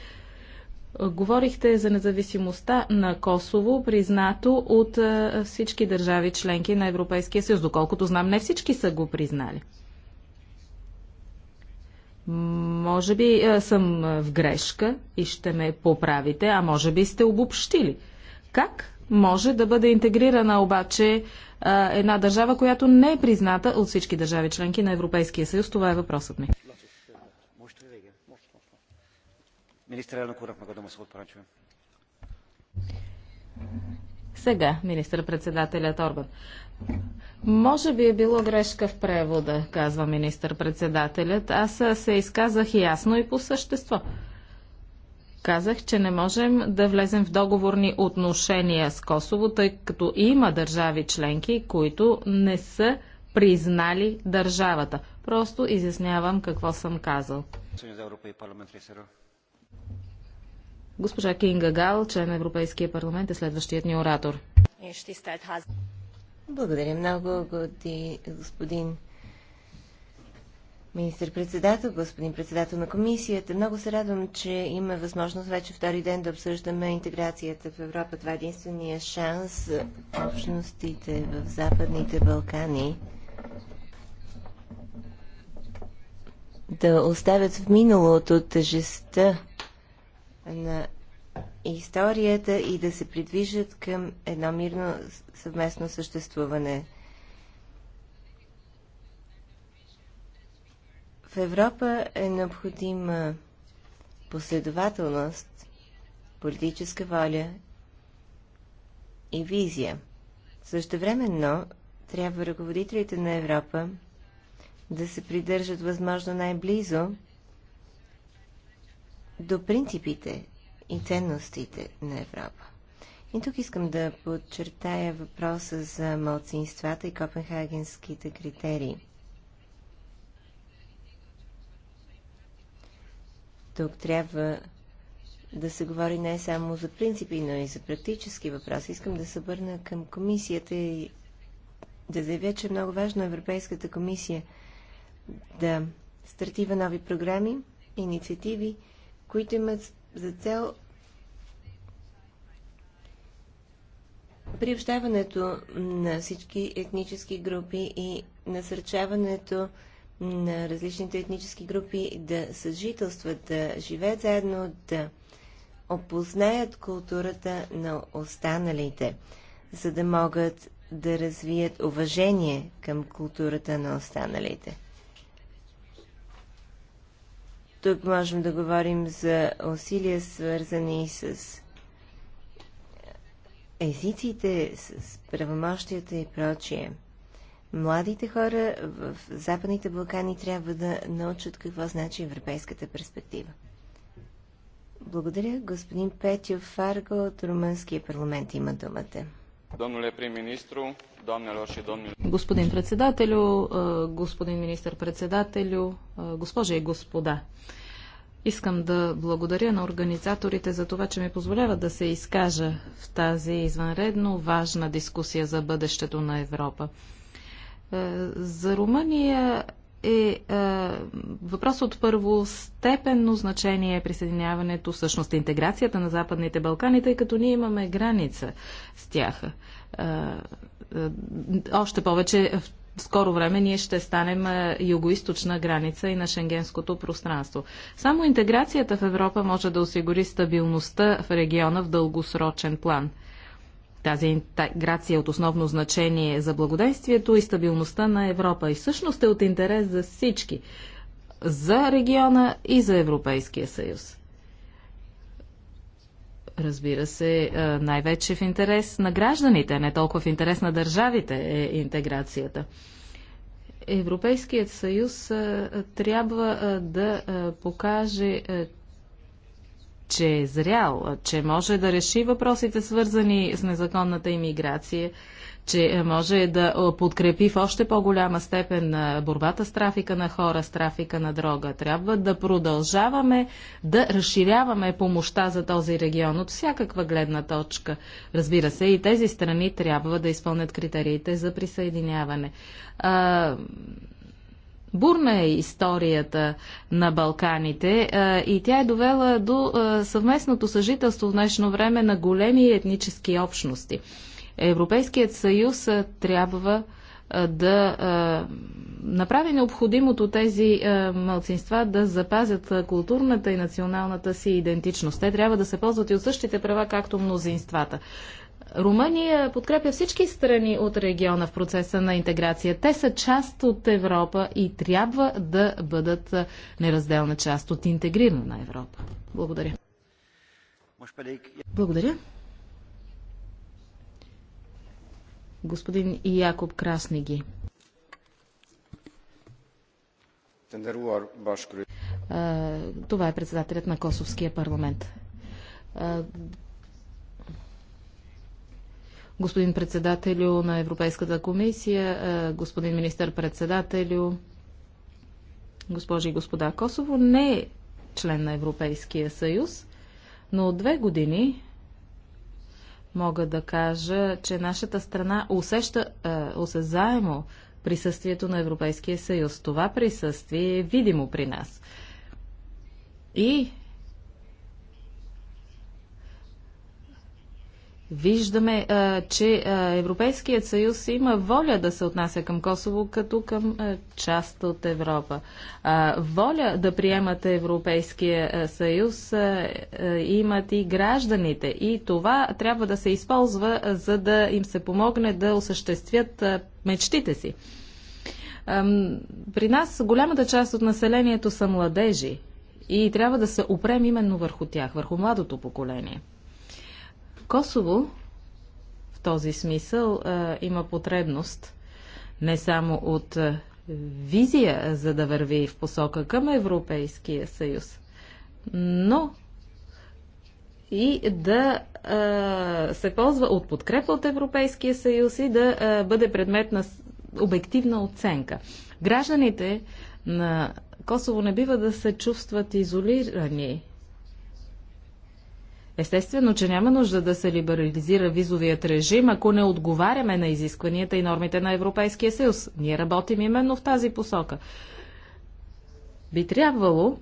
говорихте за независимостта на Косово, признато от всички държави членки на Европейския съюз. Доколкото знам, не всички са го признали. Може би е, съм е, в грешка и ще ме поправите, а може би сте обобщили. Как може да бъде интегрирана обаче е, една държава, която не е призната от всички държави членки на Европейския съюз? Това е въпросът ми. Сега, министър-председателят Орбан. Може би е било грешка в превода, казва министър-председателят. Аз се изказах ясно и по същество. Казах, че не можем да влезем в договорни отношения с Косово, тъй като има държави членки, които не са признали държавата. Просто изяснявам какво съм казал. Госпожа Кинга Гал, член на Европейския парламент, е следващият ни оратор. Благодаря много, господин министр-председател, господин председател на комисията. Много се радвам, че има възможност вече втори ден да обсъждаме интеграцията в Европа. Това е единствения шанс общностите в Западните Балкани да оставят в миналото тъжестта на историята и да се придвижат към едно мирно съвместно съществуване. В Европа е необходима последователност, политическа воля и визия. Същевременно трябва ръководителите на Европа да се придържат възможно най-близо до принципите, и ценностите на Европа. И тук искам да подчертая въпроса за малцинствата и копенхагенските критерии. Тук трябва да се говори не само за принципи, но и за практически въпроси. Искам да се върна към комисията и да заявя, че е много важно Европейската комисия да стартива нови програми, инициативи, които имат за цел приобщаването на всички етнически групи и насърчаването на различните етнически групи да съжителстват, да живеят заедно, да опознаят културата на останалите, за да могат да развият уважение към културата на останалите. Тук можем да говорим за усилия, свързани с езиците, с правомощията и прочие. Младите хора в Западните Балкани трябва да научат какво значи европейската перспектива. Благодаря. Господин Петю Фарго от Румънския парламент има думата. Господин председателю, господин министър-председателю, госпожи и господа. Искам да благодаря на организаторите за това, че ми позволяват да се изкажа в тази извънредно важна дискусия за бъдещето на Европа. За Румъния е, е въпрос от първостепенно значение е присъединяването, всъщност интеграцията на Западните Балкани, тъй като ние имаме граница с тях. Е, е, още повече в скоро време ние ще станем е, югоисточна граница и на шенгенското пространство. Само интеграцията в Европа може да осигури стабилността в региона в дългосрочен план – тази интеграция е от основно значение за благоденствието и стабилността на Европа и всъщност е от интерес за всички, за региона и за Европейския съюз. Разбира се, най-вече в интерес на гражданите, не толкова в интерес на държавите е интеграцията. Европейският съюз трябва да покаже, че е зрял, че може да реши въпросите свързани с незаконната иммиграция, че може да подкрепи в още по-голяма степен борбата с трафика на хора, с трафика на дрога. Трябва да продължаваме да разширяваме помощта за този регион от всякаква гледна точка. Разбира се, и тези страни трябва да изпълнят критериите за присъединяване. Бурна е историята на Балканите и тя е довела до съвместното съжителство в днешно време на големи етнически общности. Европейският съюз трябва да направи необходимото тези малцинства да запазят културната и националната си идентичност. Те трябва да се ползват и от същите права, както мнозинствата. Румъния подкрепя всички страни от региона в процеса на интеграция. Те са част от Европа и трябва да бъдат неразделна част от интегрирана Европа. Благодаря. Благодаря. Господин Якоб Краснеги. Това е председателят на Косовския парламент господин председателю на Европейската комисия, е, господин министър-председателю, госпожи и господа. Косово не е член на Европейския съюз, но от две години мога да кажа, че нашата страна усеща е, осезаемо присъствието на Европейския съюз. Това присъствие е видимо при нас. И Виждаме, че Европейският съюз има воля да се отнася към Косово като към част от Европа. Воля да приемат Европейския съюз имат и гражданите. И това трябва да се използва, за да им се помогне да осъществят мечтите си. При нас голямата част от населението са младежи и трябва да се опрем именно върху тях, върху младото поколение. Косово в този смисъл има потребност не само от визия, за да върви в посока към Европейския съюз, но и да а, се ползва от подкрепа от Европейския съюз и да а, бъде предмет на обективна оценка. Гражданите на Косово не бива да се чувстват изолирани Естествено, че няма нужда да се либерализира визовият режим, ако не отговаряме на изискванията и нормите на Европейския съюз. Ние работим именно в тази посока. Би трябвало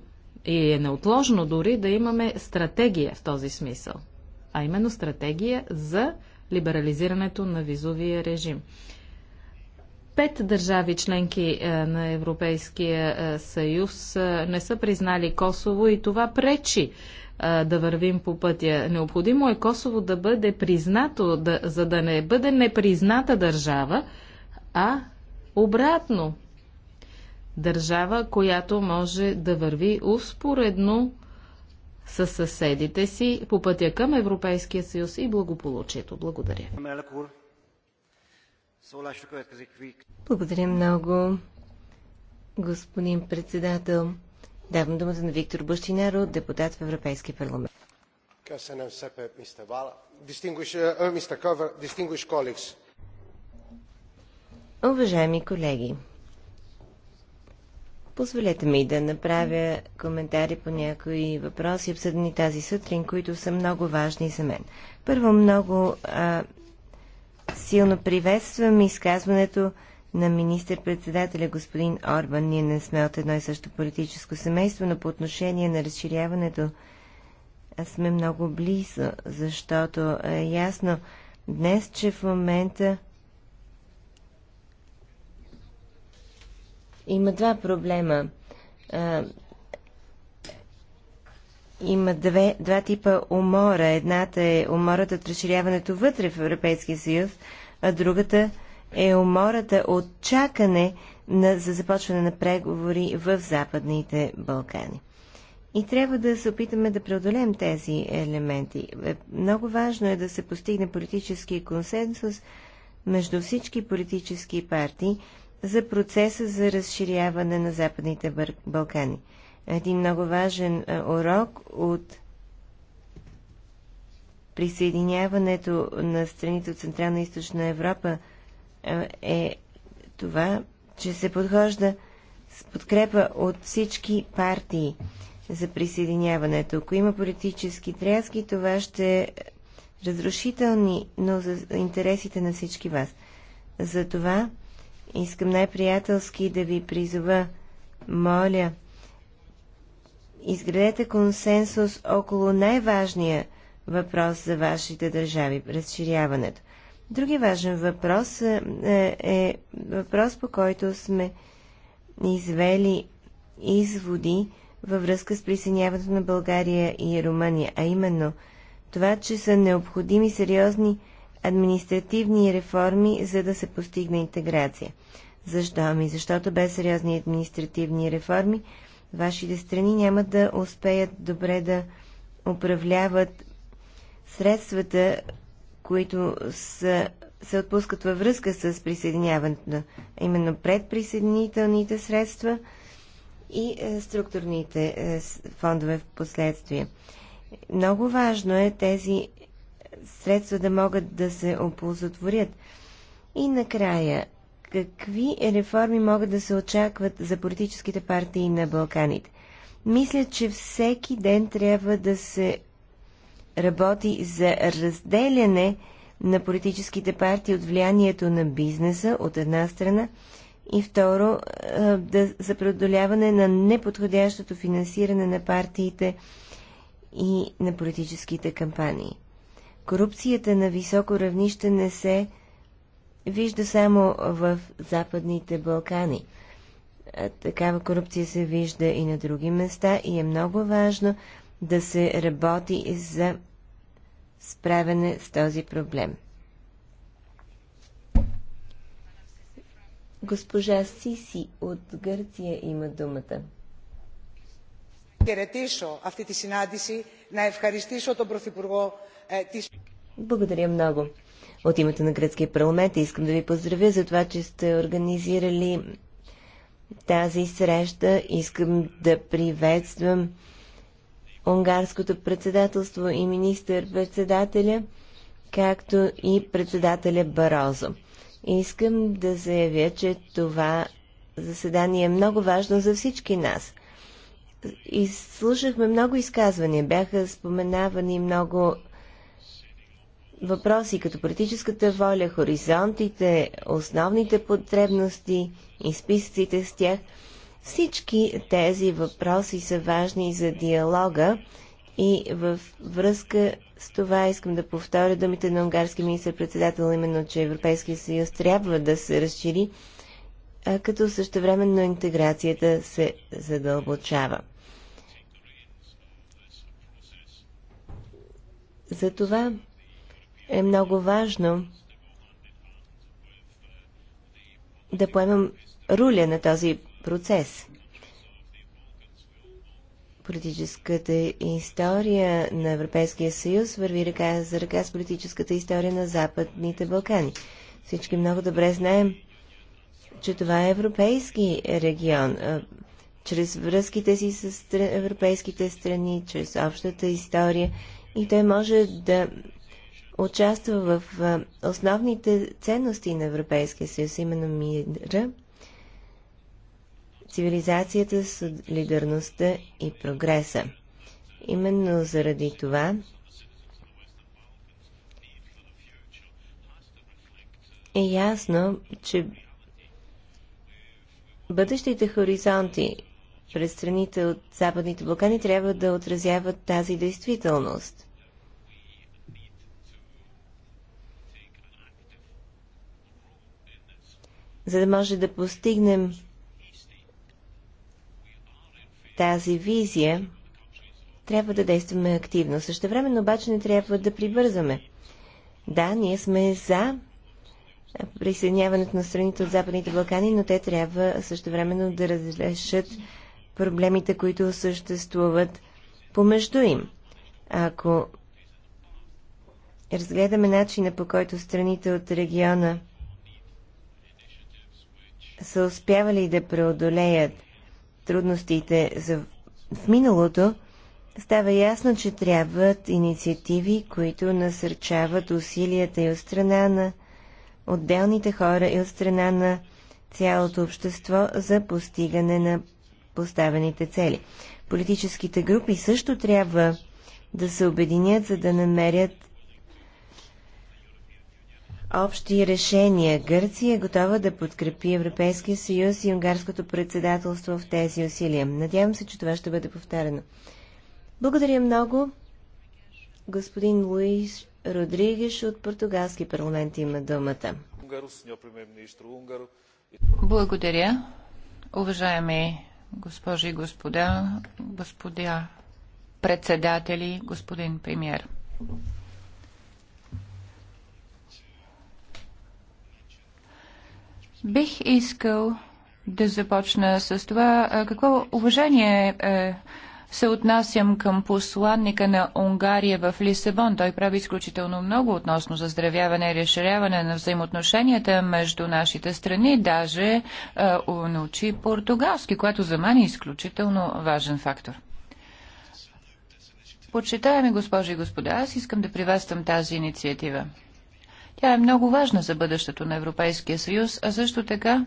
и е неотложно дори да имаме стратегия в този смисъл, а именно стратегия за либерализирането на визовия режим. Пет държави членки е, на Европейския е, съюз е, не са признали Косово и това пречи а, да вървим по пътя. Необходимо е Косово да бъде признато, да, за да не бъде непризната държава, а обратно. Държава, която може да върви успоредно с съседите си по пътя към Европейския съюз и благополучието. Благодаря. Благодаря много, господин председател. Давам думата на Виктор Бущинаро, депутат в Европейски парламент. Е, е, Уважаеми колеги, позволете ми да направя коментари по някои въпроси, обсъдени тази сутрин, които са много важни за мен. Първо, много а, силно приветствам изказването на министър-председателя господин Орбан. Ние не сме от едно и също политическо семейство, но по отношение на разширяването сме много близо, защото е ясно днес, че в момента има два проблема. има две, два типа умора. Едната е умората от разширяването вътре в Европейския съюз, а другата – е е умората от чакане на, за започване на преговори в Западните Балкани. И трябва да се опитаме да преодолеем тези елементи. Е, много важно е да се постигне политически консенсус между всички политически партии за процеса за разширяване на Западните Балкани. Един много важен е, урок от присъединяването на страните от Централна и Източна Европа – е, е това, че се подхожда с подкрепа от всички партии за присъединяването. Ако има политически тряски, това ще е разрушителни, но за интересите на всички вас. Затова искам най-приятелски да ви призова, моля, изградете консенсус около най-важния въпрос за вашите държави – разширяването. Други важен въпрос е, е, е въпрос, по който сме извели изводи във връзка с присъединяването на България и Румъния, а именно това, че са необходими сериозни административни реформи, за да се постигне интеграция. Защо? Ами защото без сериозни административни реформи вашите страни няма да успеят добре да управляват средствата, които са, се отпускат във връзка с присъединяването, именно предприсъединителните средства и е, структурните е, фондове в последствие. Много важно е тези средства да могат да се оползотворят. И накрая, какви реформи могат да се очакват за политическите партии на Балканите? Мисля, че всеки ден трябва да се работи за разделяне на политическите партии от влиянието на бизнеса от една страна и второ да, за преодоляване на неподходящото финансиране на партиите и на политическите кампании. Корупцията на високо равнище не се вижда само в Западните Балкани. Такава корупция се вижда и на други места и е много важно да се работи за справяне с този проблем. Госпожа Сиси от Гърция има думата. Е, Благодаря много. От името на Гръцкия парламент искам да ви поздравя за това, че сте организирали тази среща. Искам да приветствам унгарското председателство и министър-председателя, както и председателя Барозо. Искам да заявя, че това заседание е много важно за всички нас. И слушахме много изказвания, бяха споменавани много въпроси, като политическата воля, хоризонтите, основните потребности и списъците с тях – всички тези въпроси са важни за диалога и в връзка с това искам да повторя думите на унгарски министр-председател, именно, че Европейския съюз трябва да се разшири, а като същевременно интеграцията се задълбочава. Затова е много важно да поемам руля на този процес. Политическата история на Европейския съюз върви ръка за ръка с политическата история на Западните Балкани. Всички много добре знаем, че това е европейски регион. Чрез връзките си с европейските страни, чрез общата история и той може да участва в основните ценности на Европейския съюз, именно мира, цивилизацията, солидарността и прогреса. Именно заради това е ясно, че бъдещите хоризонти през страните от Западните Балкани трябва да отразяват тази действителност. За да може да постигнем тази визия, трябва да действаме активно. Също време, обаче не трябва да прибързаме. Да, ние сме за присъединяването на страните от Западните Балкани, но те трябва също да разрешат проблемите, които съществуват помежду им. Ако разгледаме начина по който страните от региона са успявали да преодолеят трудностите за в миналото, става ясно, че трябват инициативи, които насърчават усилията и от страна на отделните хора и от страна на цялото общество за постигане на поставените цели. Политическите групи също трябва да се обединят, за да намерят общи решения. Гърция е готова да подкрепи Европейския съюз и унгарското председателство в тези усилия. Надявам се, че това ще бъде повтарено. Благодаря много. Господин Луис Родригеш от Португалски парламент има думата. Благодаря. Уважаеми госпожи и господа, господа председатели, господин премьер. Бих искал да започна с това какво уважение е, се отнасям към посланника на Унгария в Лисабон. Той прави изключително много относно заздравяване и разширяване на взаимоотношенията между нашите страни. Даже е, научи португалски, което за мен е изключително важен фактор. Почитаеми госпожи и господа, аз искам да приветствам тази инициатива. Тя е много важна за бъдещето на Европейския съюз, а също така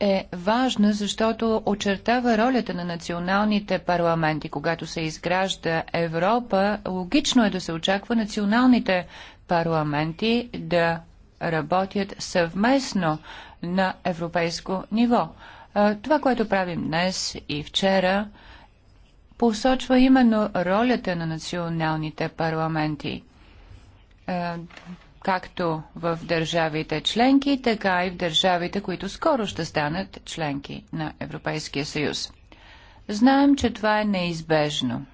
е важна, защото очертава ролята на националните парламенти. Когато се изгражда Европа, логично е да се очаква националните парламенти да работят съвместно на европейско ниво. Това, което правим днес и вчера, посочва именно ролята на националните парламенти както в държавите членки, така и в държавите, които скоро ще станат членки на Европейския съюз. Знаем, че това е неизбежно.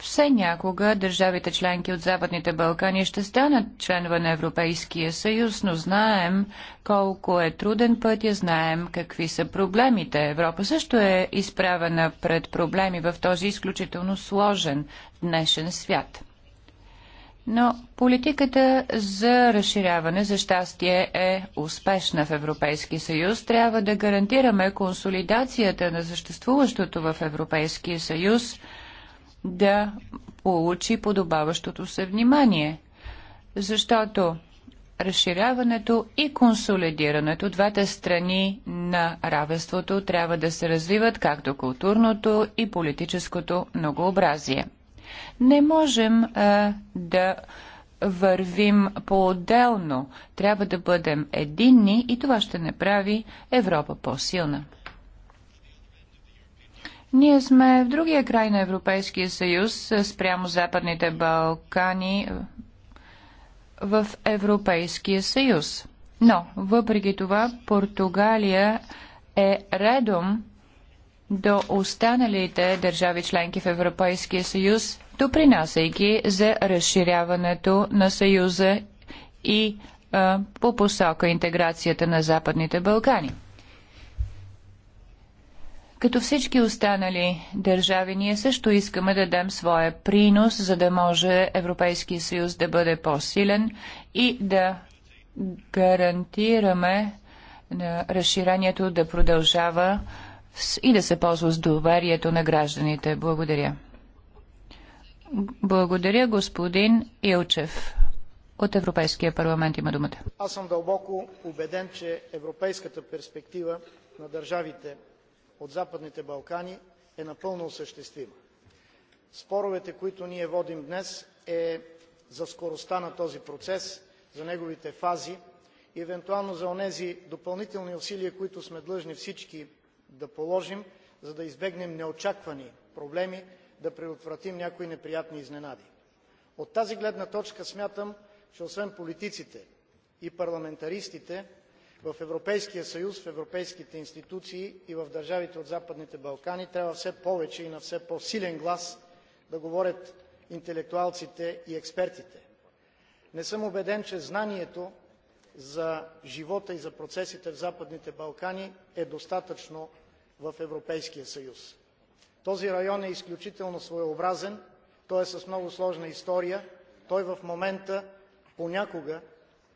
Все някога държавите членки от Западните Балкани ще станат членове на Европейския съюз, но знаем колко е труден път и знаем какви са проблемите. Европа също е изправена пред проблеми в този изключително сложен днешен свят. Но политиката за разширяване за щастие е успешна в Европейския съюз. Трябва да гарантираме консолидацията на съществуващото в Европейския съюз да получи подобаващото се внимание. Защото разширяването и консолидирането, двете страни на равенството трябва да се развиват както културното и политическото многообразие. Не можем а, да вървим по-отделно. Трябва да бъдем единни и това ще направи Европа по-силна. Ние сме в другия край на Европейския съюз, спрямо Западните Балкани в Европейския съюз. Но, въпреки това, Португалия е редом до останалите държави членки в Европейския съюз, допринасяйки за разширяването на съюза и а, по посока интеграцията на Западните Балкани. Като всички останали държави, ние също искаме да дадем своя принос, за да може Европейския съюз да бъде по-силен и да гарантираме разширението да продължава и да се ползва с доверието на гражданите. Благодаря. Благодаря, господин Илчев. От Европейския парламент има думата. Аз съм дълбоко убеден, че европейската перспектива на държавите от Западните Балкани е напълно осъществима. Споровете, които ние водим днес, е за скоростта на този процес, за неговите фази и евентуално за онези допълнителни усилия, които сме длъжни всички да положим, за да избегнем неочаквани проблеми, да предотвратим някои неприятни изненади. От тази гледна точка смятам, че освен политиците и парламентаристите в Европейския съюз, в европейските институции и в държавите от Западните Балкани трябва все повече и на все по-силен глас да говорят интелектуалците и експертите. Не съм убеден, че знанието за живота и за процесите в Западните Балкани е достатъчно в Европейския съюз. Този район е изключително своеобразен, той е с много сложна история, той в момента понякога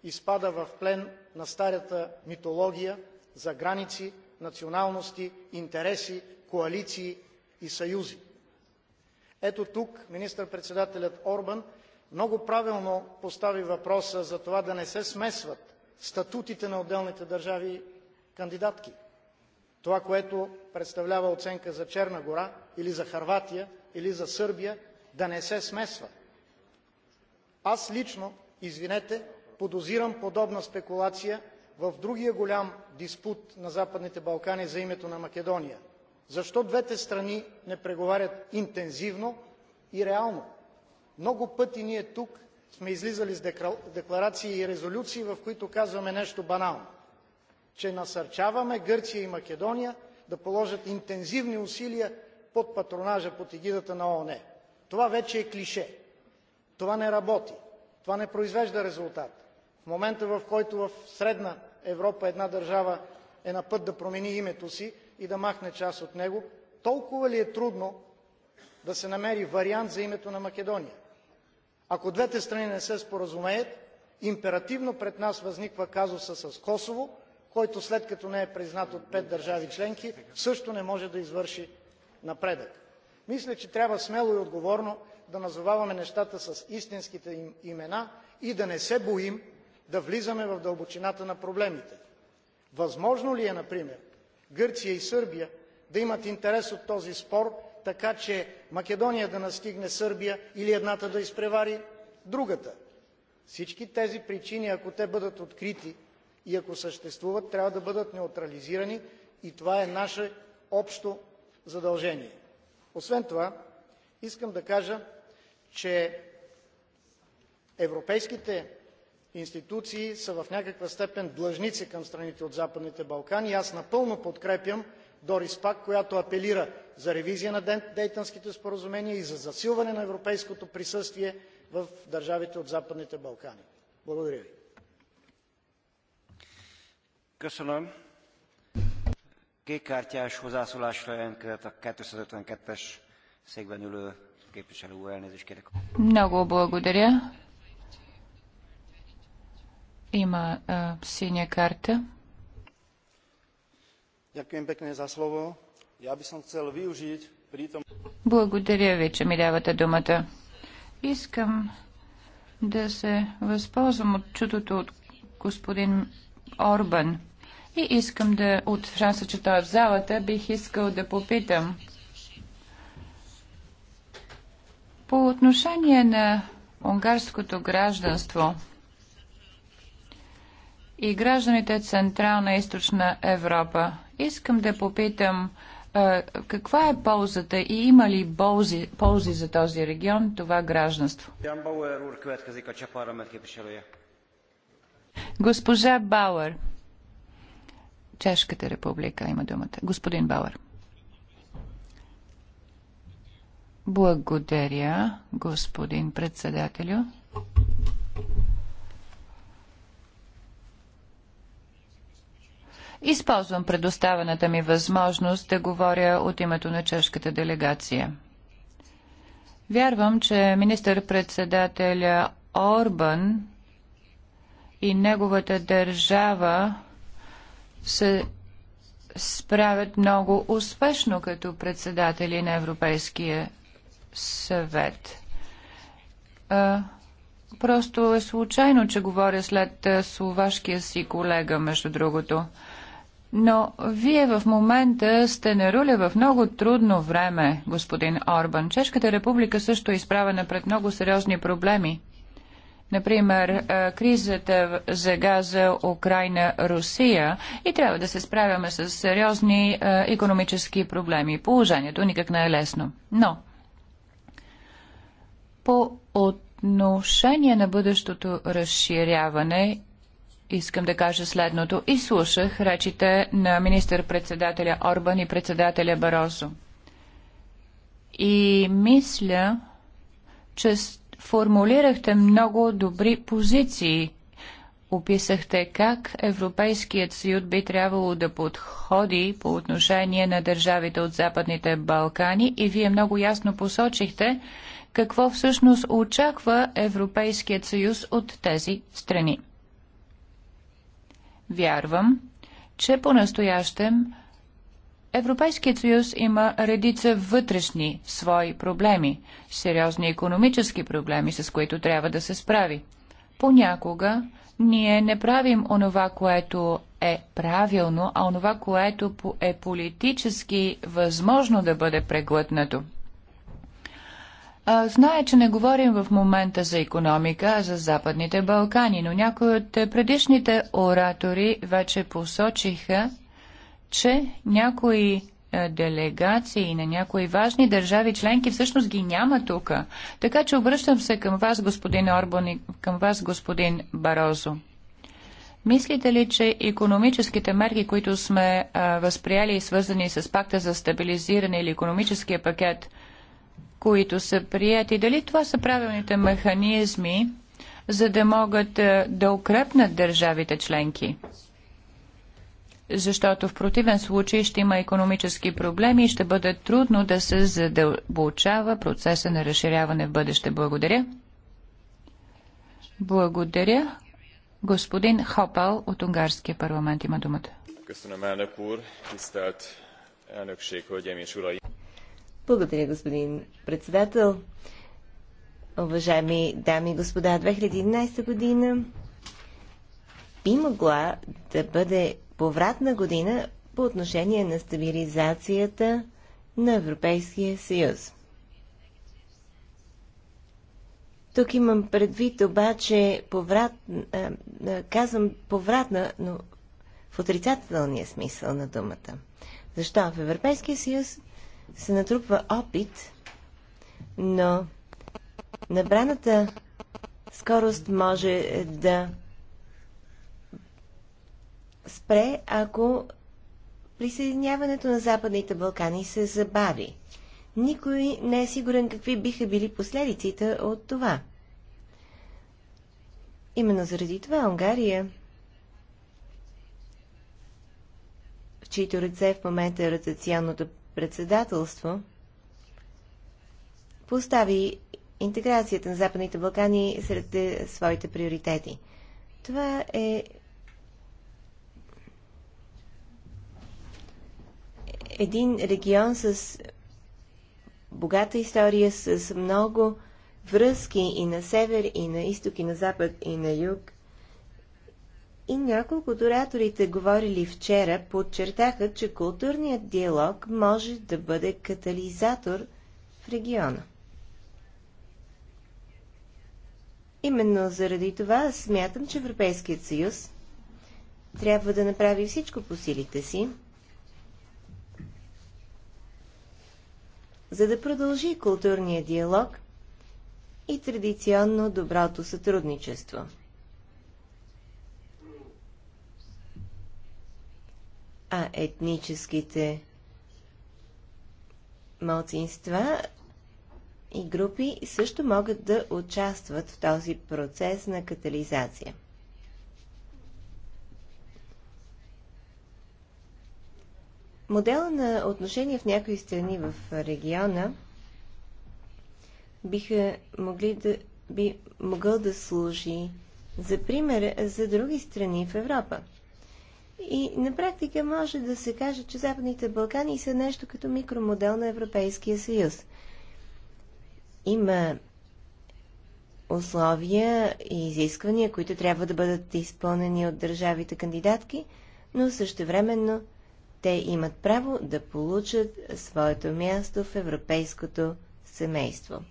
изпада в плен на старата митология за граници, националности, интереси, коалиции и съюзи. Ето тук министър-председателят Орбан много правилно постави въпроса за това да не се смесват статутите на отделните държави кандидатки това, което представлява оценка за Черна гора или за Харватия или за Сърбия, да не се смесва. Аз лично, извинете, подозирам подобна спекулация в другия голям диспут на Западните Балкани за името на Македония. Защо двете страни не преговарят интензивно и реално? Много пъти ние тук сме излизали с декларации и резолюции, в които казваме нещо банално че насърчаваме Гърция и Македония да положат интензивни усилия под патронажа, под егидата на ООН. Това вече е клише. Това не работи. Това не произвежда резултат. В момента, в който в Средна Европа една държава е на път да промени името си и да махне част от него, толкова ли е трудно да се намери вариант за името на Македония? Ако двете страни не се споразумеят, императивно пред нас възниква казусът с Косово, който след като не е признат от пет държави членки, също не може да извърши напредък. Мисля, че трябва смело и отговорно да назоваваме нещата с истинските им имена и да не се боим да влизаме в дълбочината на проблемите. Възможно ли е, например, Гърция и Сърбия да имат интерес от този спор, така че Македония да настигне Сърбия или едната да изпревари другата? Всички тези причини, ако те бъдат открити и ако съществуват, трябва да бъдат неутрализирани и това е наше общо задължение. Освен това искам да кажа, че европейските институции са в някаква степен длъжници към страните от Западните Балкани. Аз напълно подкрепям Дорис Пак, която апелира за ревизия на Дейтънските споразумения и за засилване на европейското присъствие в държавите от Западните Балкани. Благодаря ви. Köszönöm. Kékkártyás hozzászólásra jelentkezett a 252-es székben ülő képviselő úr, elnézést kérek. Nagó благодаря. Има а, синя карта. Ďakujem pekne za slovo. Ja by som chcel využiť pritom... Благодаря ви, че ми давате думата. Искам да се възползвам от чудото от господин Орбан. И искам да, от шанса, че той е в залата, бих искал да попитам. По отношение на унгарското гражданство и гражданите Централна и Източна Европа, искам да попитам каква е ползата и има ли ползи, ползи за този регион това гражданство? Госпожа Бауър. Чешката република има думата. Господин Бауър. Благодаря, господин председателю. Използвам предоставената ми възможност да говоря от името на чешката делегация. Вярвам, че министър-председателя Орбан и неговата държава се справят много успешно като председатели на Европейския съвет. А, просто е случайно, че говоря след словашкия си колега, между другото. Но вие в момента сте на руля в много трудно време, господин Орбан. Чешката република също е изправена пред много сериозни проблеми например, кризата за газа Украина-Русия и трябва да се справяме с сериозни економически проблеми. Положението никак не е лесно. Но по отношение на бъдещото разширяване искам да кажа следното. И слушах речите на министър-председателя Орбан и председателя Барозо. И мисля, че формулирахте много добри позиции. Описахте как Европейският съюз би трябвало да подходи по отношение на държавите от Западните Балкани и вие много ясно посочихте какво всъщност очаква Европейският съюз от тези страни. Вярвам, че по-настоящем Европейският съюз има редица вътрешни свои проблеми, сериозни економически проблеми, с които трябва да се справи. Понякога ние не правим онова, което е правилно, а онова, което е политически възможно да бъде преглътнато. Знае, че не говорим в момента за економика, а за Западните Балкани, но някои от предишните оратори вече посочиха, че някои е, делегации на някои важни държави членки всъщност ги няма тук. Така че обръщам се към вас, господин Орбан и към вас, господин Барозо. Мислите ли, че економическите мерки, които сме а, е, възприяли и свързани с пакта за стабилизиране или економическия пакет, които са прияти, дали това са правилните механизми, за да могат а, е, да укрепнат държавите членки? защото в противен случай ще има економически проблеми и ще бъде трудно да се задълбочава процеса на разширяване в бъдеще. Благодаря. Благодаря. Господин Хопал от Унгарския парламент има думата. Благодаря, господин председател. Уважаеми дами и господа, 2011 година би могла да бъде повратна година по отношение на стабилизацията на Европейския съюз. Тук имам предвид обаче поврат, а, а, казвам повратна, но в отрицателния смисъл на думата. Защо? В Европейския съюз се натрупва опит, но набраната скорост може да спре, ако присъединяването на Западните Балкани се забави. Никой не е сигурен какви биха били последиците от това. Именно заради това Унгария, в чието ръце в момента е ротационното председателство, постави интеграцията на Западните Балкани сред е, своите приоритети. Това е един регион с богата история, с много връзки и на север, и на изток, и на запад, и на юг. И няколко от ораторите, говорили вчера, подчертаха, че културният диалог може да бъде катализатор в региона. Именно заради това смятам, че Европейският съюз трябва да направи всичко по силите си, за да продължи културния диалог и традиционно доброто сътрудничество. А етническите малцинства и групи също могат да участват в този процес на катализация. Модела на отношения в някои страни в региона биха могли да, би могъл да служи за пример за други страни в Европа. И на практика може да се каже, че Западните Балкани са нещо като микромодел на Европейския съюз. Има условия и изисквания, които трябва да бъдат изпълнени от държавите кандидатки, но същевременно времено те имат право да получат своето място в европейското семейство.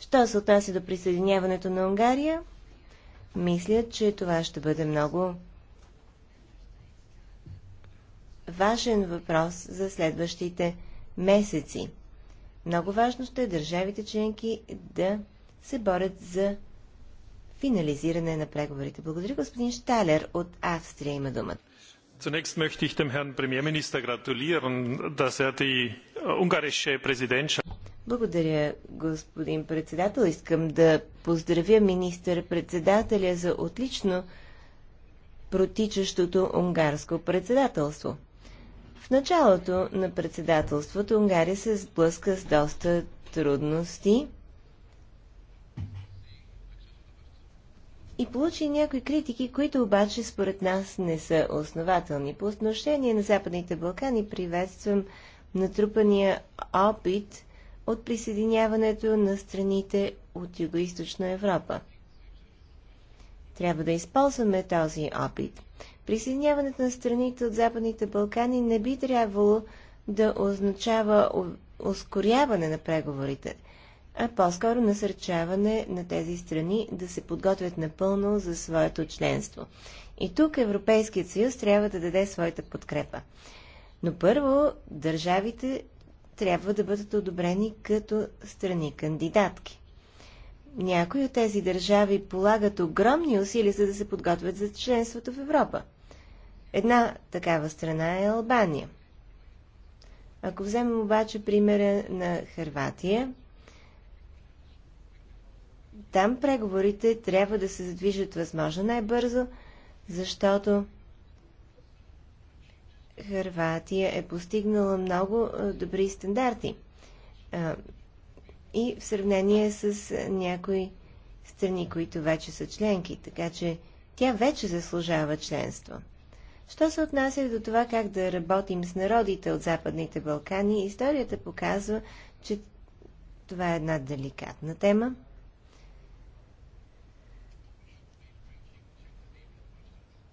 Що се отнася до присъединяването на Унгария? Мисля, че това ще бъде много важен въпрос за следващите месеци. Много важно ще е държавите членки да се борят за финализиране на преговорите. Благодаря, господин Шталер от Австрия има думата. Zunächst möchte ich dem Herrn Premierminister gratulieren, dass er die äh, ungarische Präsidentschaft. Благодаря, господин председател. Искам да поздравя министър-председателя за отлично протичащото унгарско председателство. В началото на председателството Унгария се сблъска с доста трудности. и получи някои критики, които обаче според нас не са основателни. По отношение на Западните Балкани приветствам натрупания опит от присъединяването на страните от Юго-Источна Европа. Трябва да използваме този опит. Присъединяването на страните от Западните Балкани не би трябвало да означава ускоряване на преговорите – а по-скоро насърчаване на тези страни да се подготвят напълно за своето членство. И тук Европейският съюз трябва да даде своята подкрепа. Но първо държавите трябва да бъдат одобрени като страни кандидатки. Някои от тези държави полагат огромни усилия, за да се подготвят за членството в Европа. Една такава страна е Албания. Ако вземем обаче примера на Харватия, там преговорите трябва да се задвижат възможно най-бързо, защото Харватия е постигнала много добри стандарти. И в сравнение с някои страни, които вече са членки, така че тя вече заслужава членство. Що се отнася до това как да работим с народите от Западните Балкани, историята показва, че това е една деликатна тема.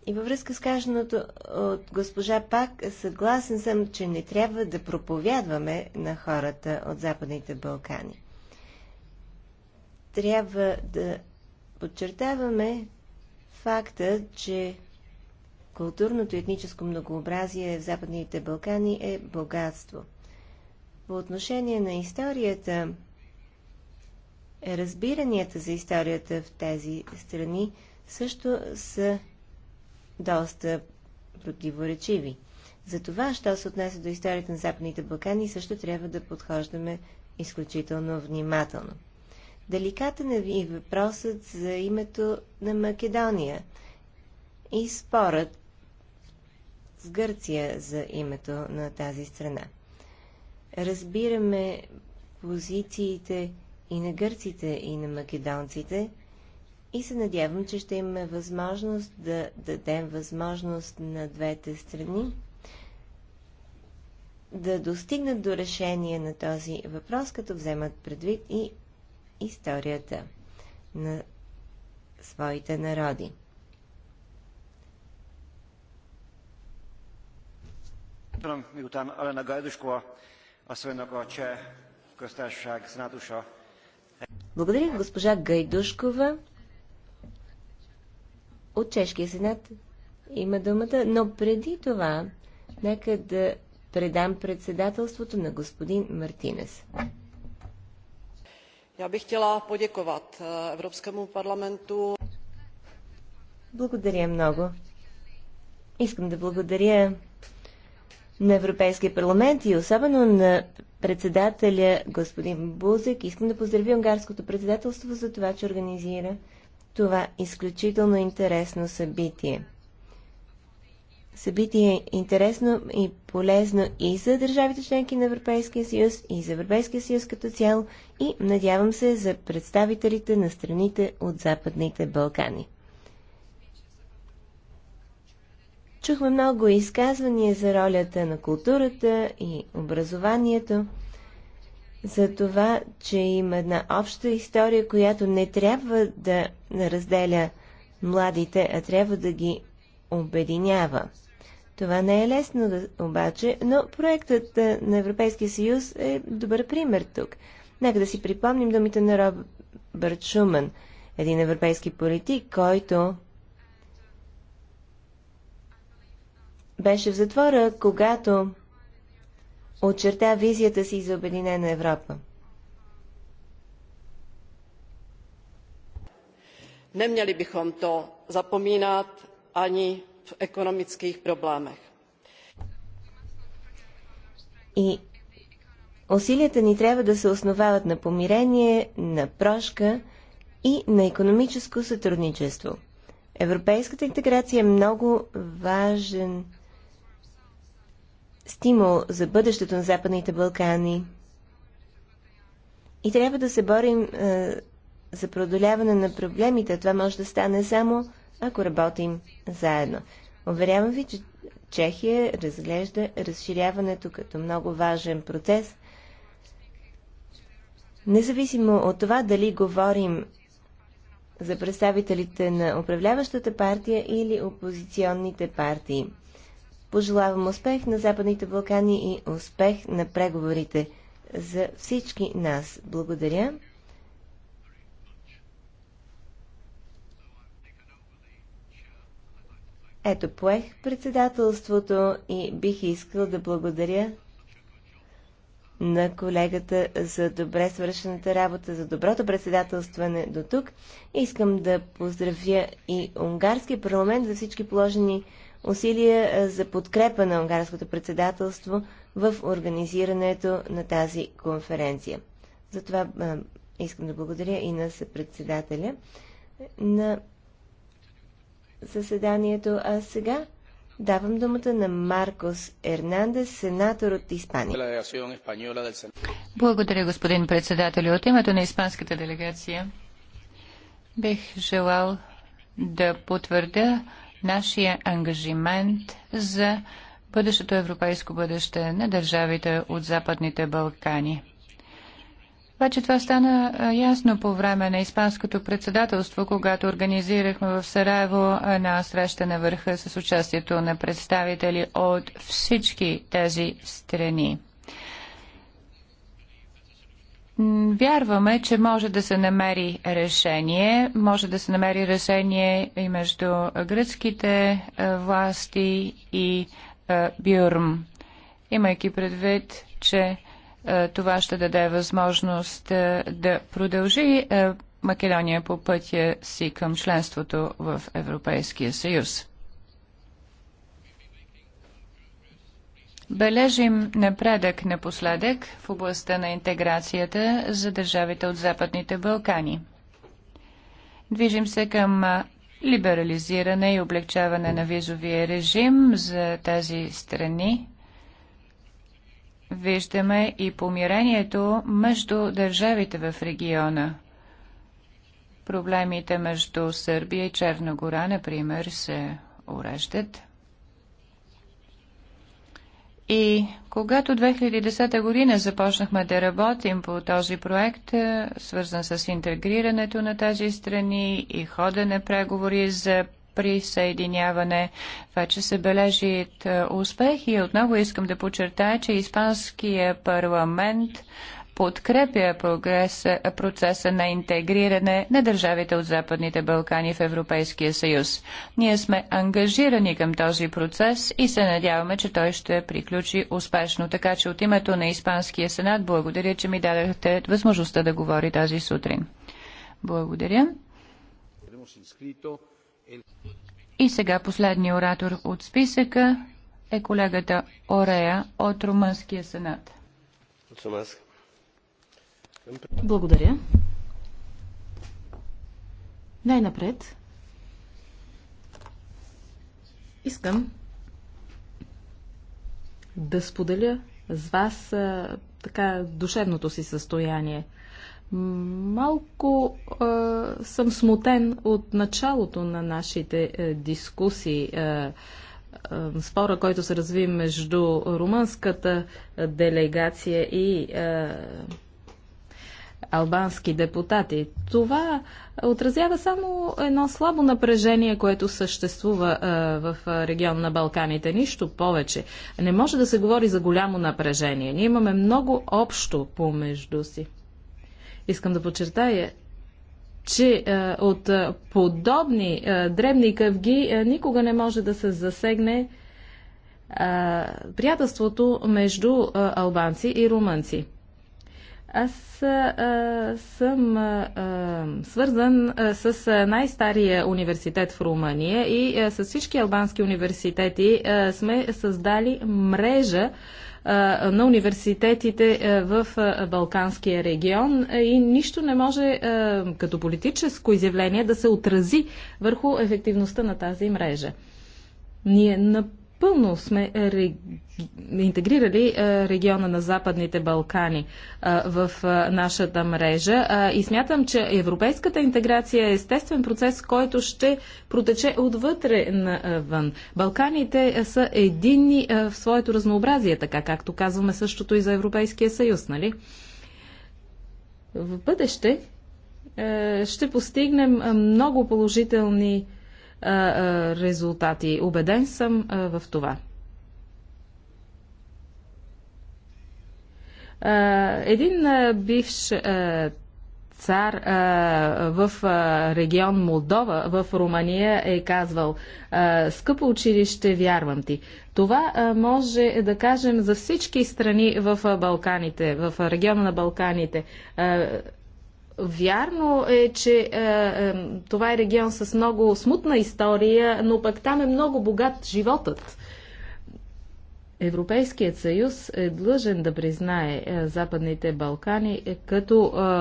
И във връзка с казаното от госпожа Пак, съгласен съм, че не трябва да проповядваме на хората от Западните Балкани. Трябва да подчертаваме факта, че културното и етническо многообразие в Западните Балкани е богатство. По отношение на историята, разбиранията за историята в тези страни също са доста противоречиви. Затова, що се отнесе до историята на Западните Балкани, също трябва да подхождаме изключително внимателно. Деликатен е и въпросът за името на Македония и спорът с Гърция за името на тази страна. Разбираме позициите и на гърците, и на македонците, и се надявам, че ще имаме възможност да дадем възможност на двете страни да достигнат до решение на този въпрос, като вземат предвид и историята на своите народи. Miután Elena Gajduskova, asszonynak a Cseh köztársaság szenátusa. Благодаря, госпожа Гайдушкова от Чешкия сенат има думата, но преди това нека да предам председателството на господин Мартинес. Я бих хотела подяковат е, Европскому парламенту. Благодаря много. Искам да благодаря на Европейския парламент и особено на председателя господин Бузек. Искам да поздравя унгарското председателство за това, че организира това изключително интересно събитие. Събитие е интересно и полезно и за държавите членки на Европейския съюз, и за Европейския съюз като цяло, и надявам се за представителите на страните от Западните Балкани. Чухме много изказвания за ролята на културата и образованието за това, че има една обща история, която не трябва да разделя младите, а трябва да ги обединява. Това не е лесно да, обаче, но проектът на Европейския съюз е добър пример тук. Нека да си припомним думите на Робърт Шуман, един европейски политик, който беше в затвора, когато очерта визията си за Обединена Европа. Neměli bychom to zapomínat ani v ekonomických problémech. И усилията ни трябва да се основават на помирение, на прошка и на економическо сътрудничество. Европейската интеграция е много важен стимул за бъдещето на Западните Балкани. И трябва да се борим е, за преодоляване на проблемите. Това може да стане само ако работим заедно. Уверявам ви, че Чехия разглежда разширяването като много важен процес. Независимо от това дали говорим за представителите на управляващата партия или опозиционните партии. Пожелавам успех на Западните Балкани и успех на преговорите за всички нас. Благодаря. Ето поех председателството и бих искал да благодаря на колегата за добре свършената работа, за доброто председателстване до тук. Искам да поздравя и унгарския парламент за всички положени усилия е, за подкрепа на унгарското председателство в организирането на тази конференция. Затова е, искам да благодаря и на съпредседателя на заседанието. А сега Давам думата на Маркос Ернандес, сенатор от Испания. Благодаря, господин председател. От името на испанската делегация бих желал да потвърда нашия ангажимент за бъдещето европейско бъдеще на държавите от Западните Балкани. Обаче това стана ясно по време на Испанското председателство, когато организирахме в Сараево на среща на върха с участието на представители от всички тези страни. Вярваме, че може да се намери решение. Може да се намери решение и между гръцките е, власти и е, Бюрм. Имайки предвид, че е, това ще даде възможност да продължи Македония по пътя си към членството в Европейския съюз. Бележим напредък напоследък в областта на интеграцията за държавите от Западните Балкани. Движим се към либерализиране и облегчаване на визовия режим за тези страни. Виждаме и помирението между държавите в региона. Проблемите между Сърбия и Черна гора, например, се уреждат. И когато 2010 година започнахме да работим по този проект, е, свързан с интегрирането на тези страни и хода на преговори за присъединяване, вече се е, успех, и Отново искам да подчертая, че Испанския парламент подкрепя процеса на интегриране на държавите от Западните Балкани в Европейския съюз. Ние сме ангажирани към този процес и се надяваме, че той ще приключи успешно. Така че от името на Испанския сенат благодаря, че ми дадахте възможността да говори тази сутрин. Благодаря. И сега последния оратор от списъка е колегата Орея от Румънския сенат. Mulțumesc. Благодаря. Най-напред искам да споделя с вас а, така душевното си състояние. Малко а, съм смутен от началото на нашите е, а, дискусии. А, спора, който се разви между румънската делегация и а, албански депутати. Това отразява само едно слабо напрежение, което съществува в регион на Балканите. Нищо повече. Не може да се говори за голямо напрежение. Ние имаме много общо помежду си. Искам да подчертая, че от подобни дребни къвги никога не може да се засегне приятелството между албанци и румънци. Аз а, съм а, свързан а, с най-стария университет в Румъния и а, с всички албански университети а, сме създали мрежа а, на университетите а, в а, Балканския регион и нищо не може а, като политическо изявление да се отрази върху ефективността на тази мрежа. Ние на напълно сме е, реги... интегрирали е, региона на Западните Балкани е, в нашата мрежа и смятам, че европейската интеграция е естествен процес, който ще протече отвътре навън. Балканите са единни в своето разнообразие, така както казваме същото и за Европейския съюз, нали? В бъдеще ще постигнем много положителни резултати. Обеден съм в това. Един бивш цар в регион Молдова, в Румъния, е казвал Скъпо училище, вярвам ти. Това може да кажем за всички страни в Балканите, в региона на Балканите. Вярно е, че е, е, това е регион с много смутна история, но пък там е много богат животът. Европейският съюз е длъжен да признае е, Западните Балкани е, като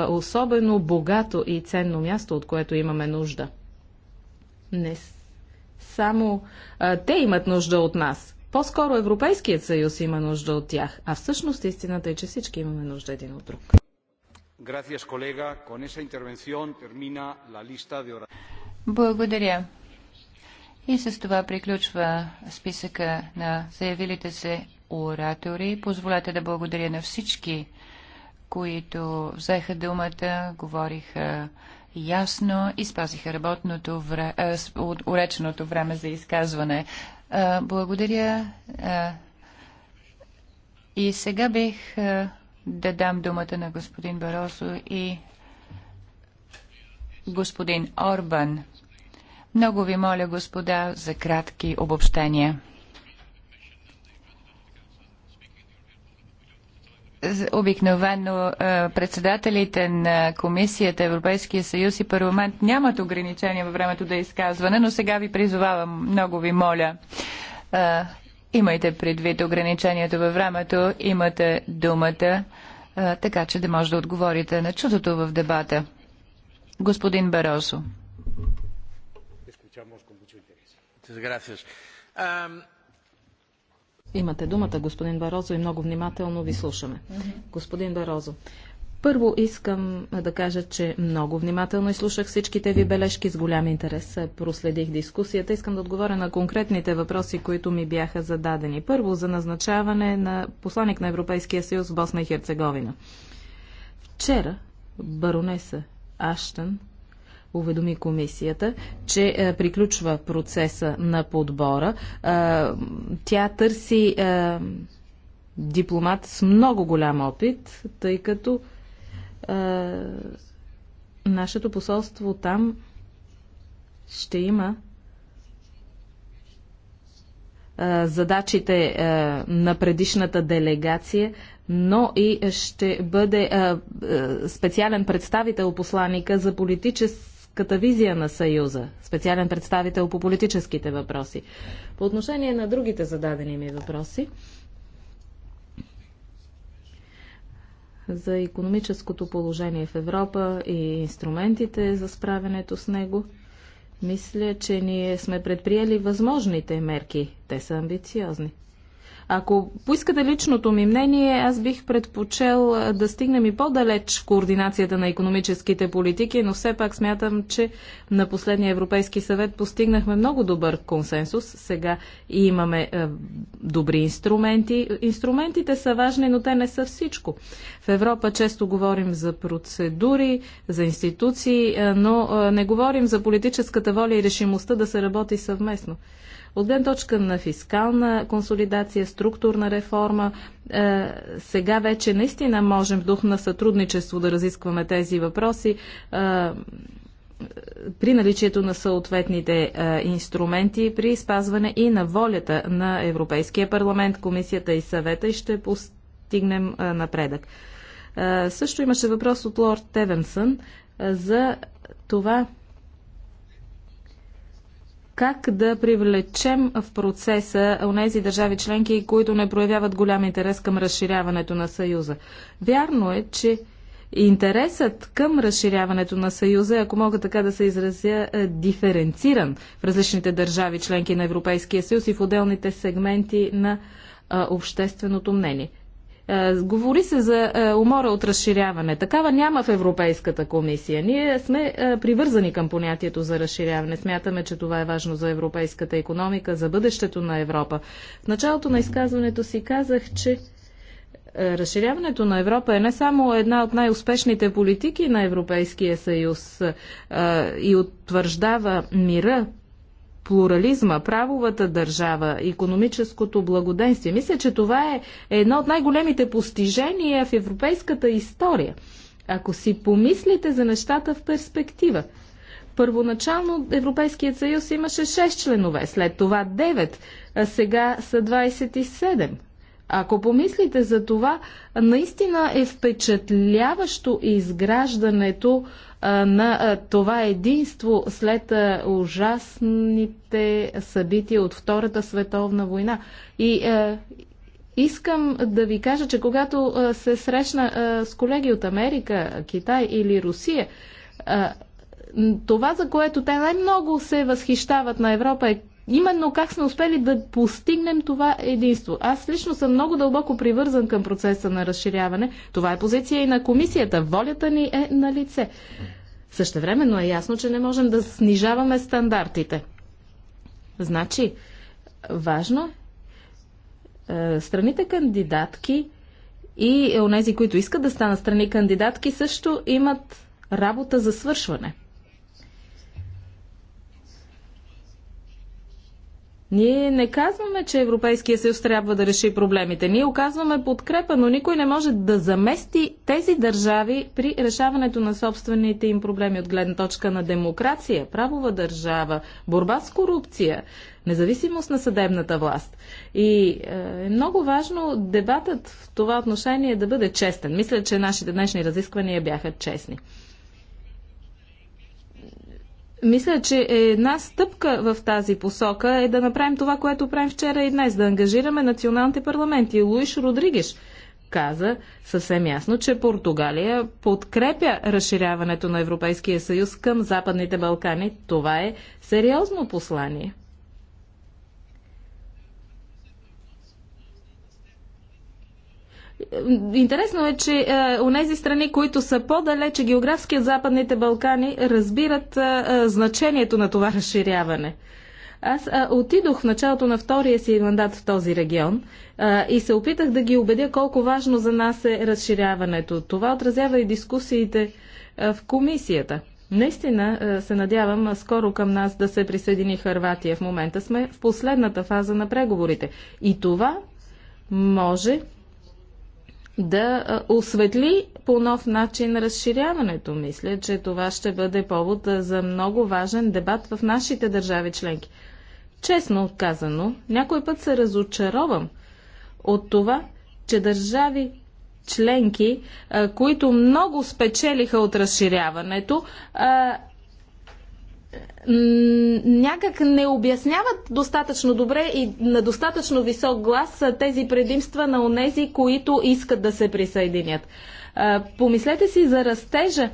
е, особено богато и ценно място, от което имаме нужда. Не само е, те имат нужда от нас. По-скоро Европейският съюз има нужда от тях, а всъщност истината е, че всички имаме нужда един от друг. Благодаря. И с това приключва списъка на заявилите се оратори. Позволете да благодаря на всички, които взеха думата, говориха ясно и спазиха работното вре... уреченото време за изказване. Благодаря. И сега бих да дам думата на господин Баросо и господин Орбан. Много ви моля, господа, за кратки обобщения. Обикновено е, председателите на Комисията Европейския съюз и парламент нямат ограничения във времето да изказване, но сега ви призовавам, много ви моля, е, Имайте предвид ограничението във времето, имате думата, така че да може да отговорите на чудото в дебата. Господин Баросо. Имате думата, господин Барозо, и много внимателно ви слушаме. Господин Барозо, първо искам да кажа, че много внимателно изслушах всичките ви бележки с голям интерес. Проследих дискусията. Искам да отговоря на конкретните въпроси, които ми бяха зададени. Първо за назначаване на посланник на Европейския съюз в Босна и Херцеговина. Вчера баронеса Аштън уведоми комисията, че е, приключва процеса на подбора. Е, тя търси е, дипломат с много голям опит, тъй като е, нашето посолство там ще има е, задачите е, на предишната делегация, но и ще бъде специален представител посланика за политическата визия на Съюза, специален представител по политическите въпроси. По отношение на другите зададени ми въпроси, за економическото положение в Европа и инструментите за справянето с него. Мисля, че ние сме предприели възможните мерки. Те са амбициозни. Ако поискате личното ми мнение, аз бих предпочел да стигнем и по-далеч в координацията на економическите политики, но все пак смятам, че на последния Европейски съвет постигнахме много добър консенсус. Сега имаме е, добри инструменти. Инструментите са важни, но те не са всичко. В Европа често говорим за процедури, за институции, но не говорим за политическата воля и решимостта да се работи съвместно. От гледна точка на фискална консолидация, структурна реформа, е, сега вече наистина можем в дух на сътрудничество да разискваме тези въпроси е, при наличието на съответните е, инструменти, при спазване и на волята на Европейския парламент, комисията и съвета и ще постигнем напредък. също имаше въпрос от лорд Тевенсън за това как да привлечем в процеса онези държави членки, които не проявяват голям интерес към разширяването на Съюза. Вярно е, че интересът към разширяването на Съюза, ако мога така да се изразя, е диференциран в различните държави членки на Европейския съюз и в отделните сегменти на общественото мнение. Е, говори се за е, умора от разширяване. Такава няма в Европейската комисия. Ние сме е, привързани към понятието за разширяване. Смятаме, че това е важно за европейската економика, за бъдещето на Европа. В началото на изказването си казах, че Разширяването на Европа е не само една от най-успешните политики на Европейския съюз и утвърждава мира, плурализма, правовата държава, економическото благоденствие. Мисля, че това е едно от най-големите постижения в европейската история. Ако си помислите за нещата в перспектива, първоначално Европейският съюз имаше 6 членове, след това 9, а сега са 27. Ако помислите за това, наистина е впечатляващо изграждането на това единство след ужасните събития от Втората световна война. И Искам да ви кажа, че когато се срещна с колеги от Америка, Китай или Русия, това, за което те най-много се възхищават на Европа е именно как сме успели да постигнем това единство. Аз лично съм много дълбоко привързан към процеса на разширяване. Това е позиция и на комисията. Волята ни е на лице. Същевременно е ясно, че не можем да снижаваме стандартите. Значи, важно е, страните кандидатки и онези, които искат да станат страни кандидатки, също имат работа за свършване. Ние не казваме, че Европейския съюз трябва да реши проблемите. Ние оказваме подкрепа, но никой не може да замести тези държави при решаването на собствените им проблеми от гледна точка на демокрация, правова държава, борба с корупция, независимост на съдебната власт. И е, е много важно дебатът в това отношение да бъде честен. Мисля, че нашите днешни разисквания бяха честни. Мисля, че една стъпка в тази посока е да направим това, което правим вчера и днес, да ангажираме националните парламенти. Луиш Родригеш каза съвсем ясно, че Португалия подкрепя разширяването на Европейския съюз към Западните Балкани. Това е сериозно послание. Интересно е, че у е, тези страни, които са по-далече географски от Западните Балкани, разбират е, е, значението на това разширяване. Аз а, отидох в началото на втория си мандат в този регион а, и се опитах да ги убедя колко важно за нас е разширяването. Това отразява и дискусиите а, в комисията. Наистина а, се надявам а, скоро към нас да се присъедини Харватия. В момента сме в последната фаза на преговорите. И това може да осветли по нов начин разширяването. Мисля, че това ще бъде повод за много важен дебат в нашите държави членки. Честно казано, някой път се разочаровам от това, че държави членки, които много спечелиха от разширяването, някак не обясняват достатъчно добре и на достатъчно висок глас тези предимства на онези, които искат да се присъединят. Помислете си за растежа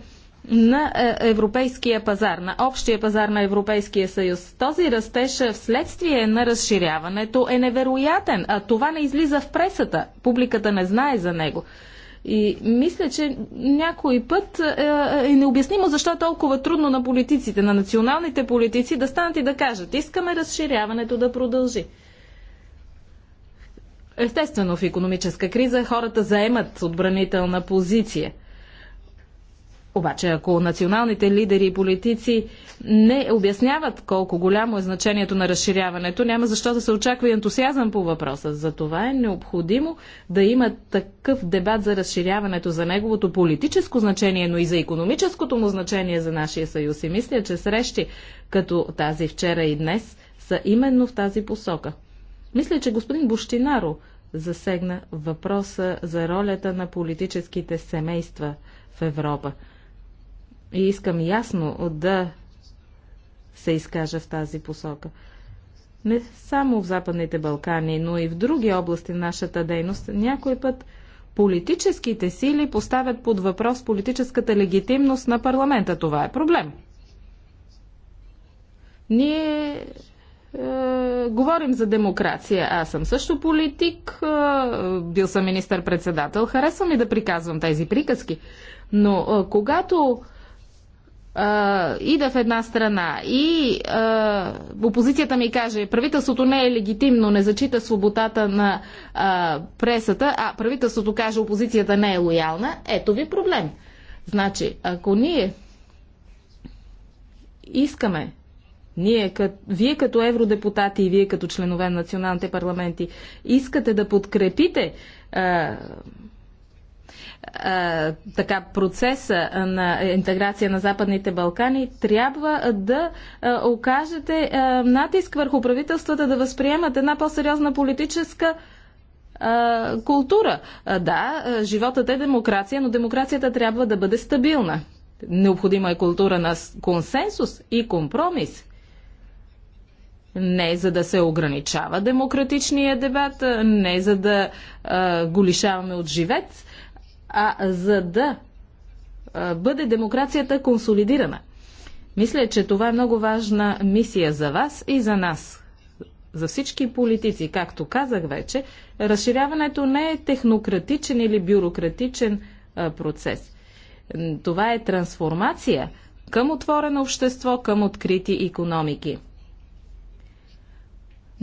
на европейския пазар, на общия пазар на Европейския съюз. Този растеж вследствие на разширяването е невероятен, а това не излиза в пресата. Публиката не знае за него. И мисля, че някой път е, е, е необяснимо защо е толкова трудно на политиците, на националните политици да станат и да кажат, искаме разширяването да продължи. Естествено, в економическа криза хората заемат отбранителна позиция – обаче, ако националните лидери и политици не обясняват колко голямо е значението на разширяването, няма защо да се очаква и ентусиазъм по въпроса. За това е необходимо да има такъв дебат за разширяването, за неговото политическо значение, но и за економическото му значение за нашия съюз. И мисля, че срещи като тази вчера и днес са именно в тази посока. Мисля, че господин Буштинаро засегна въпроса за ролята на политическите семейства в Европа. И искам ясно да се изкажа в тази посока. Не само в Западните Балкани, но и в други области на нашата дейност, някой път политическите сили поставят под въпрос политическата легитимност на парламента. Това е проблем. Ние е, говорим за демокрация. Аз съм също политик, е, бил съм министър-председател, харесвам и да приказвам тези приказки. Но е, когато и да в една страна и а, опозицията ми каже, правителството не е легитимно, не зачита свободата на а, пресата, а правителството каже, опозицията не е лоялна, ето ви проблем. Значи, ако ние искаме, ние, кът, вие като евродепутати и вие като членове на националните парламенти, искате да подкрепите така процеса на интеграция на Западните Балкани, трябва да а, окажете а, натиск върху правителствата да възприемат една по-сериозна политическа а, култура. А, да, животът е демокрация, но демокрацията трябва да бъде стабилна. Необходима е култура на консенсус и компромис не за да се ограничава демократичния дебат, не за да а, го лишаваме от живец а за да бъде демокрацията консолидирана. Мисля, че това е много важна мисия за вас и за нас, за всички политици. Както казах вече, разширяването не е технократичен или бюрократичен процес. Това е трансформация към отворено общество, към открити економики.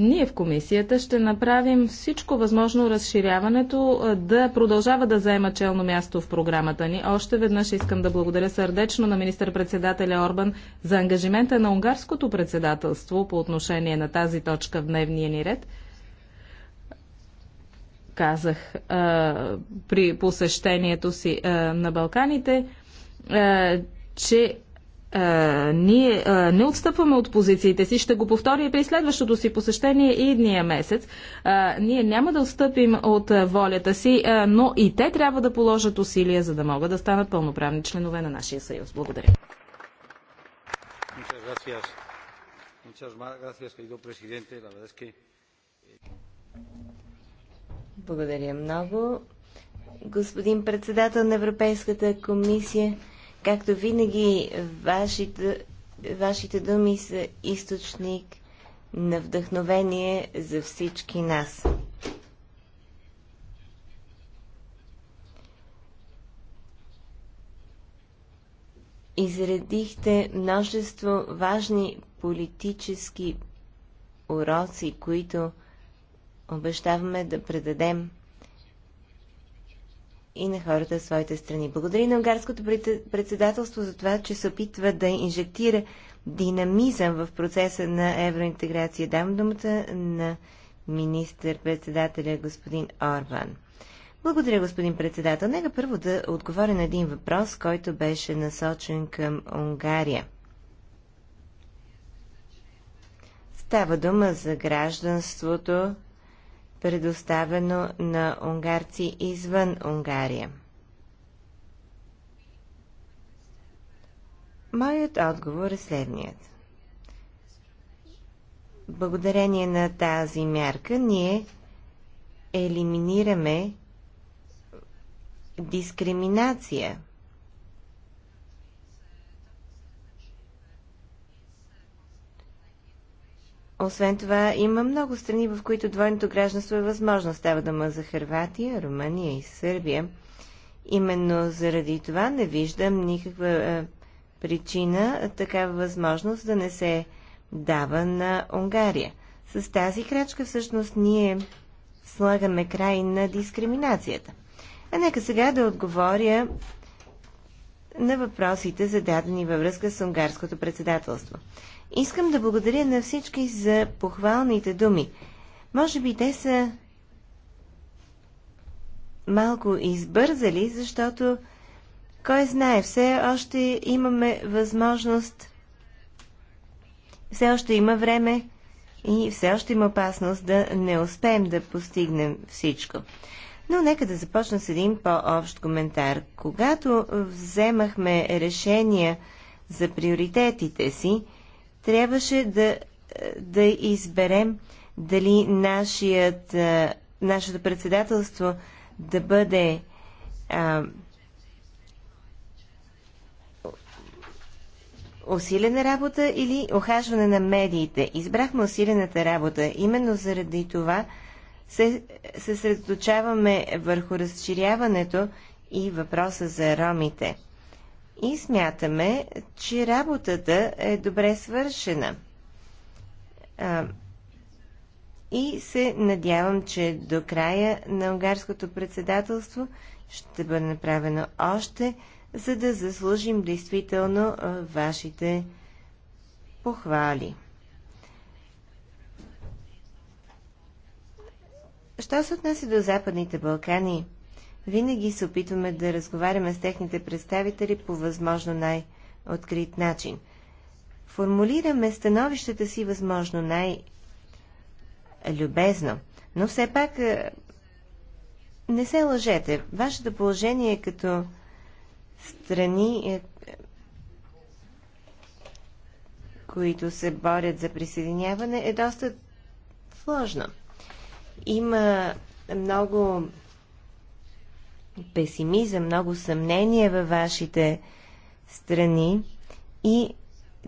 Ние в комисията ще направим всичко възможно разширяването да продължава да заема челно място в програмата ни. Още веднъж искам да благодаря сърдечно на министър-председателя Орбан за ангажимента на унгарското председателство по отношение на тази точка в дневния ни ред казах а, при посещението си а, на Балканите, а, че е, ние а, е, не отстъпваме от позициите си. Ще го повторя и при следващото си посещение и месец. А, е, ние няма да отстъпим от волята си, а, но и те трябва да положат усилия, за да могат да станат пълноправни членове на нашия съюз. Благодаря. Благодаря много. Господин председател на Европейската комисия, Както винаги, вашите, вашите думи са източник на вдъхновение за всички нас. Изредихте множество важни политически уроци, които обещаваме да предадем и на хората в своите страни. Благодаря на унгарското председателство за това, че се опитва да инжектира динамизъм в процеса на евроинтеграция. Дам думата на министър-председателя господин Орбан. Благодаря, господин председател. Нека първо да отговоря на един въпрос, който беше насочен към Унгария. Става дума за гражданството предоставено на унгарци извън Унгария. Моят отговор е следният. Благодарение на тази мярка ние елиминираме дискриминация – Освен това, има много страни, в които двойното гражданство е възможно. Става дума за Харватия, Румъния и Сърбия. Именно заради това не виждам никаква е, причина такава възможност да не се дава на Унгария. С тази крачка всъщност ние слагаме край на дискриминацията. А нека сега да отговоря на въпросите, зададени във връзка с унгарското председателство. Искам да благодаря на всички за похвалните думи. Може би те са малко избързали, защото кой знае, все още имаме възможност, все още има време и все още има опасност да не успеем да постигнем всичко. Но нека да започна с един по-общ коментар. Когато вземахме решения за приоритетите си, трябваше да, да изберем дали нашият, нашето председателство да бъде а, усилена работа или охажване на медиите. Избрахме усилената работа. Именно заради това се съсредоточаваме върху разширяването и въпроса за ромите и смятаме, че работата е добре свършена. А, и се надявам, че до края на унгарското председателство ще бъде направено още, за да заслужим действително вашите похвали. Що се отнася до Западните Балкани – винаги се опитваме да разговаряме с техните представители по възможно най-открит начин. Формулираме становищата си възможно най-любезно, но все пак е, не се лъжете. Вашето положение като страни, е, които се борят за присъединяване, е доста сложно. Има много песимизъм, много съмнение във вашите страни и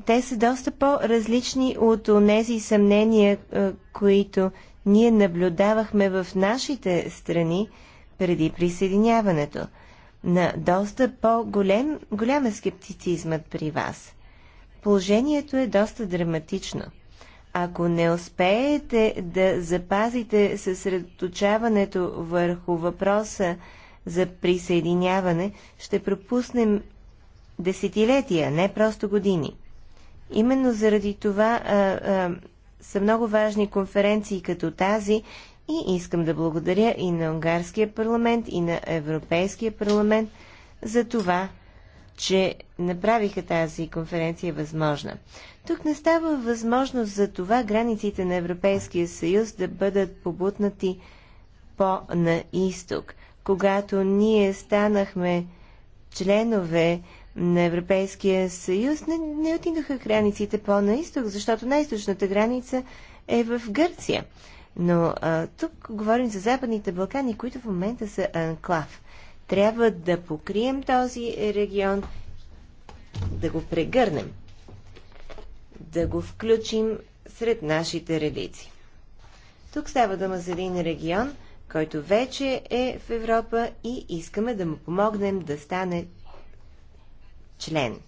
те са доста по-различни от тези съмнения, е, които ние наблюдавахме в нашите страни преди присъединяването. На доста по-голям голям е скептицизмът при вас. Положението е доста драматично. Ако не успеете да запазите съсредоточаването върху въпроса за присъединяване, ще пропуснем десетилетия, не просто години. Именно заради това а, а, са много важни конференции като тази и искам да благодаря и на Унгарския парламент, и на Европейския парламент за това, че направиха тази конференция възможна. Тук не става възможност за това границите на Европейския съюз да бъдат побутнати по-на изток когато ние станахме членове на Европейския съюз, не, не отидоха границите по-на изток, защото най-источната граница е в Гърция. Но а, тук говорим за Западните Балкани, които в момента са анклав. Трябва да покрием този регион, да го прегърнем, да го включим сред нашите редици. Тук става дума за един регион – който вече е в Европа и искаме да му помогнем да стане член.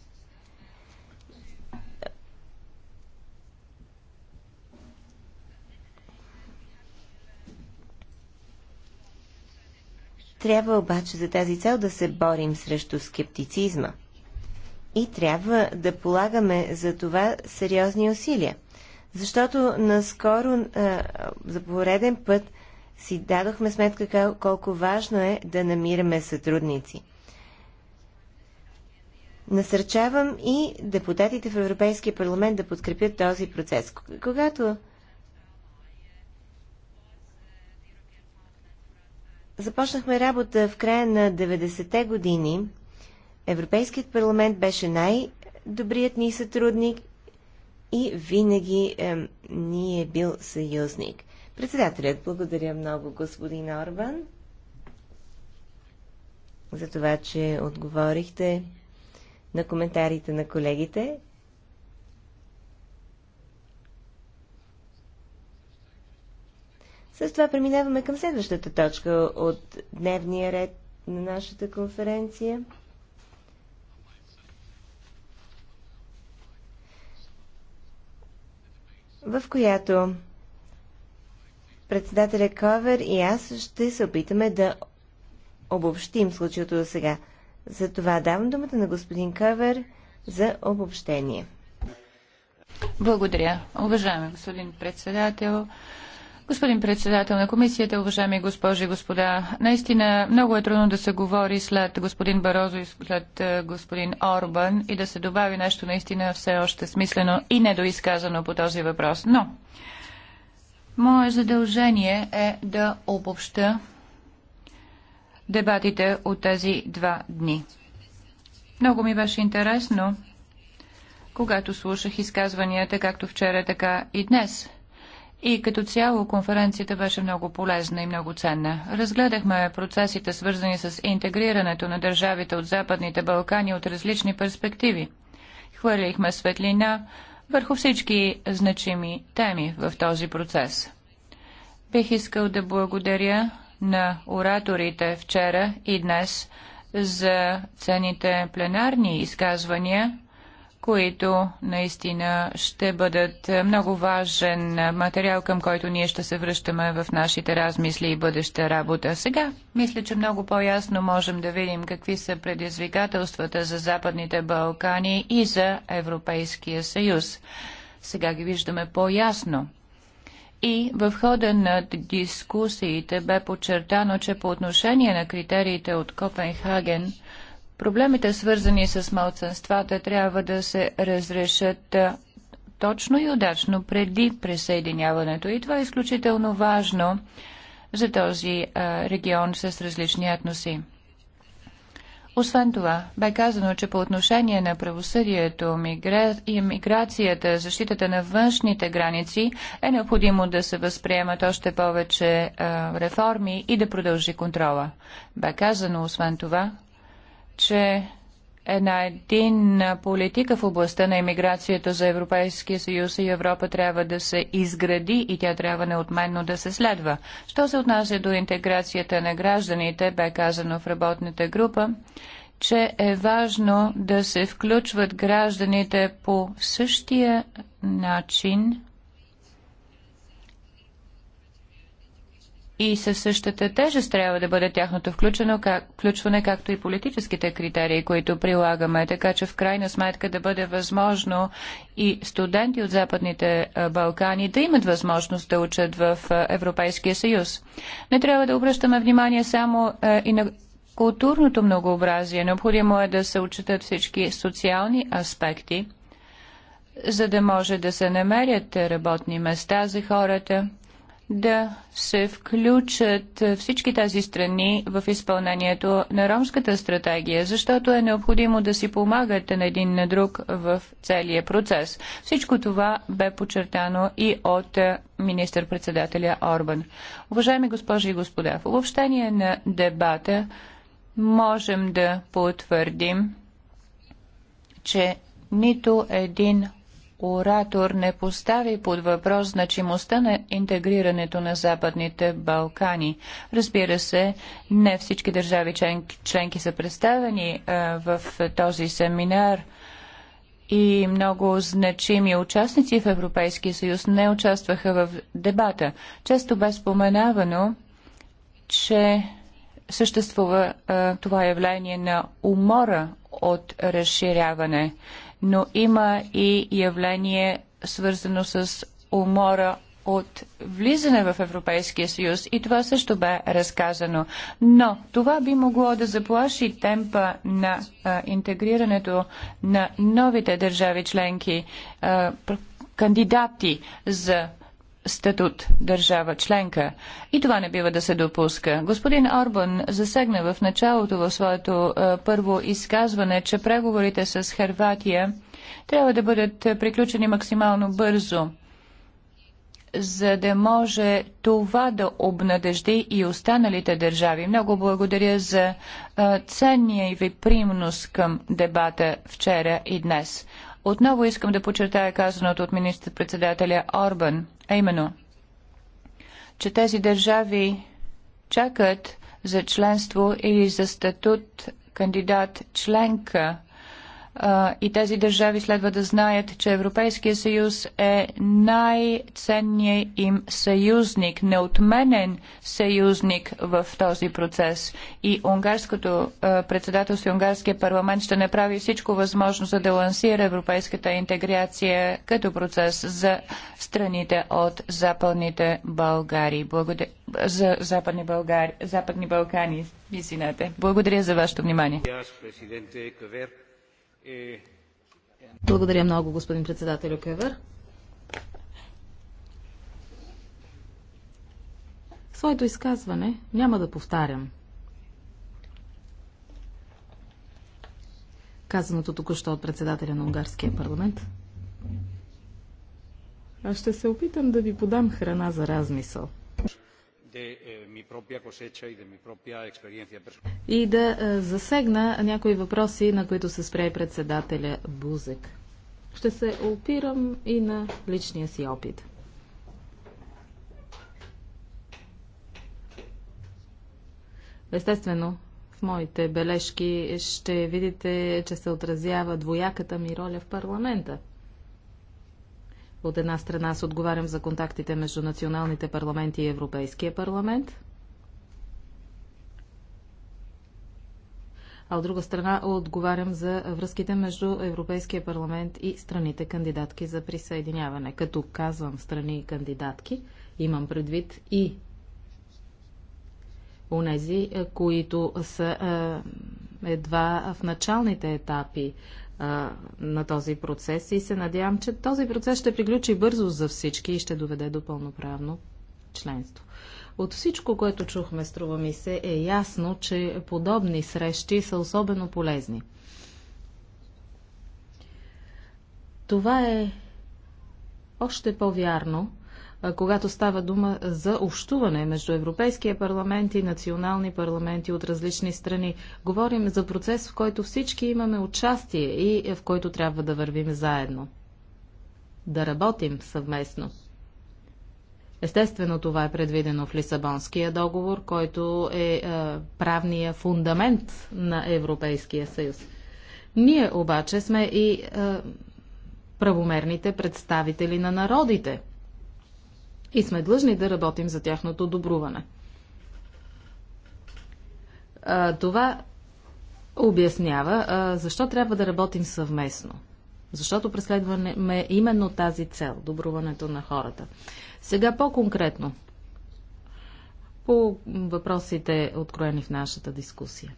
Трябва обаче за тази цел да се борим срещу скептицизма. И трябва да полагаме за това сериозни усилия. Защото наскоро а, за пореден път си дадохме сметка колко важно е да намираме сътрудници. Насърчавам и депутатите в Европейския парламент да подкрепят този процес. Когато започнахме работа в края на 90-те години, Европейският парламент беше най-добрият ни сътрудник и винаги е, ни е бил съюзник. Председателят, благодаря много господин Орбан за това, че отговорихте на коментарите на колегите. С това преминаваме към следващата точка от дневния ред на нашата конференция. в която председателя Ковер и аз ще се опитаме да обобщим случилото до сега. За това давам думата на господин Ковер за обобщение. Благодаря. Уважаеми господин председател, Господин председател на комисията, уважаеми госпожи и господа, наистина много е трудно да се говори след господин Барозо и след е, господин Орбан и да се добави нещо наистина все още смислено и недоизказано по този въпрос. Но Мое задължение е да обобща дебатите от тези два дни. Много ми беше интересно, когато слушах изказванията, както вчера, така и днес. И като цяло конференцията беше много полезна и много ценна. Разгледахме процесите, свързани с интегрирането на държавите от Западните Балкани от различни перспективи. Хвърлихме светлина върху всички значими теми в този процес. Бих искал да благодаря на ораторите вчера и днес за цените пленарни изказвания които наистина ще бъдат много важен материал, към който ние ще се връщаме в нашите размисли и бъдеща работа. Сега, мисля, че много по-ясно можем да видим какви са предизвикателствата за Западните Балкани и за Европейския съюз. Сега ги виждаме по-ясно. И в хода на дискусиите бе подчертано, че по отношение на критериите от Копенхаген – Проблемите, свързани с малцинствата, трябва да се разрешат точно и удачно преди присъединяването. И това е изключително важно за този регион с различни етноси. Освен това, бе казано, че по отношение на правосъдието, мигра... миграцията, защитата на външните граници е необходимо да се възприемат още повече а, реформи и да продължи контрола. Бе казано, освен това, че една единна политика в областта на иммиграцията за Европейския съюз и Европа трябва да се изгради и тя трябва неотменно да се следва. Що се отнася до интеграцията на гражданите, бе казано в работната група, че е важно да се включват гражданите по същия начин, и със същата тежест трябва да бъде тяхното включено, как, включване, както и политическите критерии, които прилагаме, така че в крайна сметка да бъде възможно и студенти от Западните Балкани да имат възможност да учат в Европейския съюз. Не трябва да обръщаме внимание само и на културното многообразие. Необходимо е да се учитат всички социални аспекти, за да може да се намерят работни места за хората – да се включат всички тези страни в изпълнението на ромската стратегия, защото е необходимо да си помагат на един на друг в целия процес. Всичко това бе подчертано и от министър-председателя Орбан. Уважаеми госпожи и господа, в обобщение на дебата можем да потвърдим, че нито един оратор не постави под въпрос значимостта на интегрирането на Западните Балкани. Разбира се, не всички държави членки, членки са представени а, в този семинар и много значими участници в Европейския съюз не участваха в дебата. Често бе споменавано, че съществува а, това явление на умора от разширяване но има и явление свързано с умора от влизане в Европейския съюз и това също бе разказано. Но това би могло да заплаши темпа на а, интегрирането на новите държави членки, а, кандидати за статут държава членка. И това не бива да се допуска. Господин Орбан засегна в началото в своето е, първо изказване, че преговорите с Харватия трябва да бъдат приключени максимално бързо, за да може това да обнадежди и останалите държави. Много благодаря за е, ценния ви примнос към дебата вчера и днес. Отново искам да подчертая казаното от министър-председателя Орбан – а именно, че тези държави чакат за членство или за статут кандидат членка и тези държави следва да знаят, че Европейския съюз е най-ценният им съюзник, неотменен съюзник в този процес. И унгарското председателство и унгарския парламент ще направи всичко възможно за да лансира европейската интеграция като процес за страните от Западните Българи. Благодаря за Западни, Българи, Западни Балкани. Извинете. Благодаря за вашето внимание. Благодаря много, господин председател Кевър. Своето изказване няма да повтарям. Казаното току-що от председателя на Унгарския парламент. Аз ще се опитам да ви подам храна за размисъл и да е, засегна някои въпроси, на които се спре председателя Бузек. Ще се опирам и на личния си опит. Естествено, в моите бележки ще видите, че се отразява двояката ми роля в парламента. От една страна аз отговарям за контактите между националните парламенти и Европейския парламент. а от друга страна отговарям за връзките между Европейския парламент и страните кандидатки за присъединяване. Като казвам страни кандидатки, имам предвид и унези, е, които са е, едва в началните етапи е, на този процес и се надявам, че този процес ще приключи бързо за всички и ще доведе до пълноправно членство. От всичко, което чухме, струва ми се, е ясно, че подобни срещи са особено полезни. Това е още по-вярно, когато става дума за общуване между Европейския парламент и национални парламенти от различни страни. Говорим за процес, в който всички имаме участие и в който трябва да вървим заедно. Да работим съвместно. Естествено, това е предвидено в Лисабонския договор, който е, е правния фундамент на Европейския съюз. Ние обаче сме и е, правомерните представители на народите и сме длъжни да работим за тяхното добруване. Е, това обяснява защо трябва да работим съвместно. Защото преследваме именно тази цел добруването на хората. Сега по-конкретно по въпросите, откроени в нашата дискусия.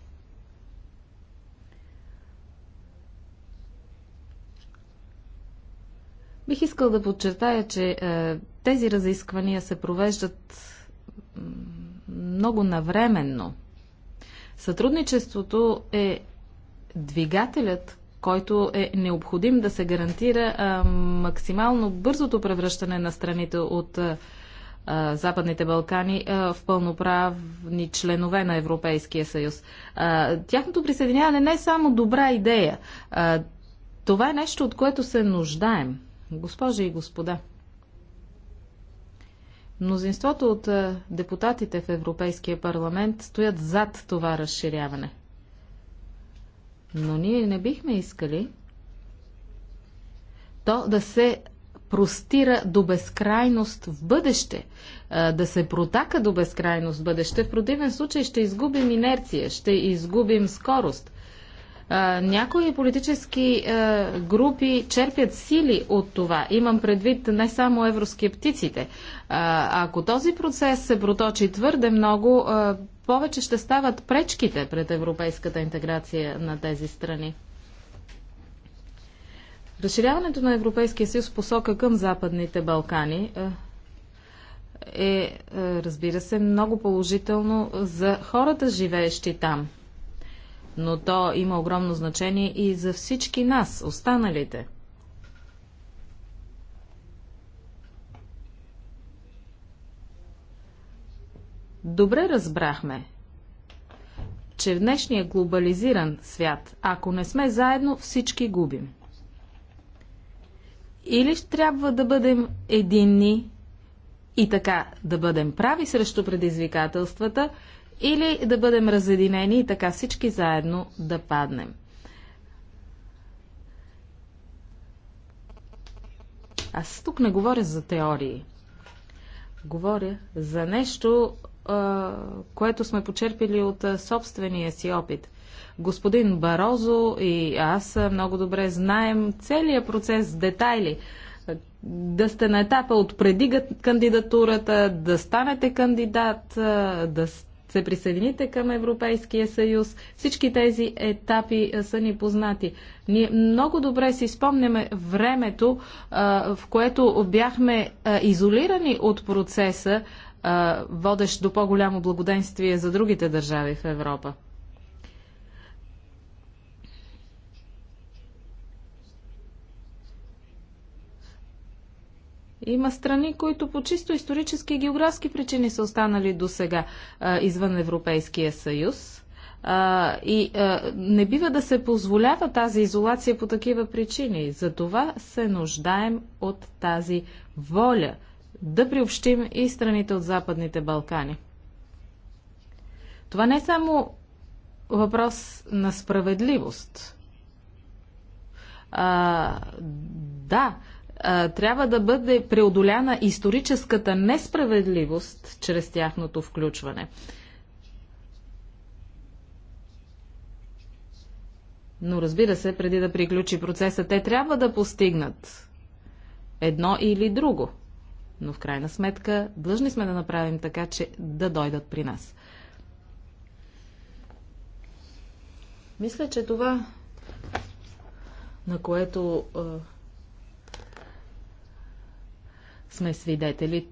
Бих искал да подчертая, че е, тези разисквания се провеждат много навременно. Сътрудничеството е двигателят, който е необходим да се гарантира а, максимално бързото превръщане на страните от а, Западните Балкани а, в пълноправни членове на Европейския съюз. А, тяхното присъединяване не е само добра идея. А, това е нещо, от което се нуждаем. Госпожи и господа, мнозинството от депутатите в Европейския парламент стоят зад това разширяване – но ние не бихме искали то да се простира до безкрайност в бъдеще, да се протака до безкрайност в бъдеще. В противен случай ще изгубим инерция, ще изгубим скорост. Някои политически групи черпят сили от това. Имам предвид не само евроскептиците. Ако този процес се проточи твърде много, повече ще стават пречките пред европейската интеграция на тези страни. Разширяването на Европейския съюз посока към Западните Балкани е, е, е, разбира се, много положително за хората, живеещи там. Но то има огромно значение и за всички нас, останалите – Добре разбрахме, че в днешния глобализиран свят, ако не сме заедно, всички губим. Или трябва да бъдем единни и така да бъдем прави срещу предизвикателствата, или да бъдем разединени и така всички заедно да паднем. Аз тук не говоря за теории. Говоря за нещо, което сме почерпили от собствения си опит. Господин Барозо и аз много добре знаем целият процес с детайли. Да сте на етапа от преди кандидатурата, да станете кандидат, да се присъедините към Европейския съюз. Всички тези етапи са ни познати. Ние много добре си спомняме времето, в което бяхме изолирани от процеса водещ до по-голямо благоденствие за другите държави в Европа. Има страни, които по чисто исторически и географски причини са останали до сега извън Европейския съюз. А, и а, не бива да се позволява тази изолация по такива причини. Затова се нуждаем от тази воля да приобщим и страните от Западните Балкани. Това не е само въпрос на справедливост. А, да, а, трябва да бъде преодоляна историческата несправедливост чрез тяхното включване. Но разбира се, преди да приключи процеса, те трябва да постигнат едно или друго – но в крайна сметка длъжни сме да направим така, че да дойдат при нас. Мисля, че това, на което е, сме свидетели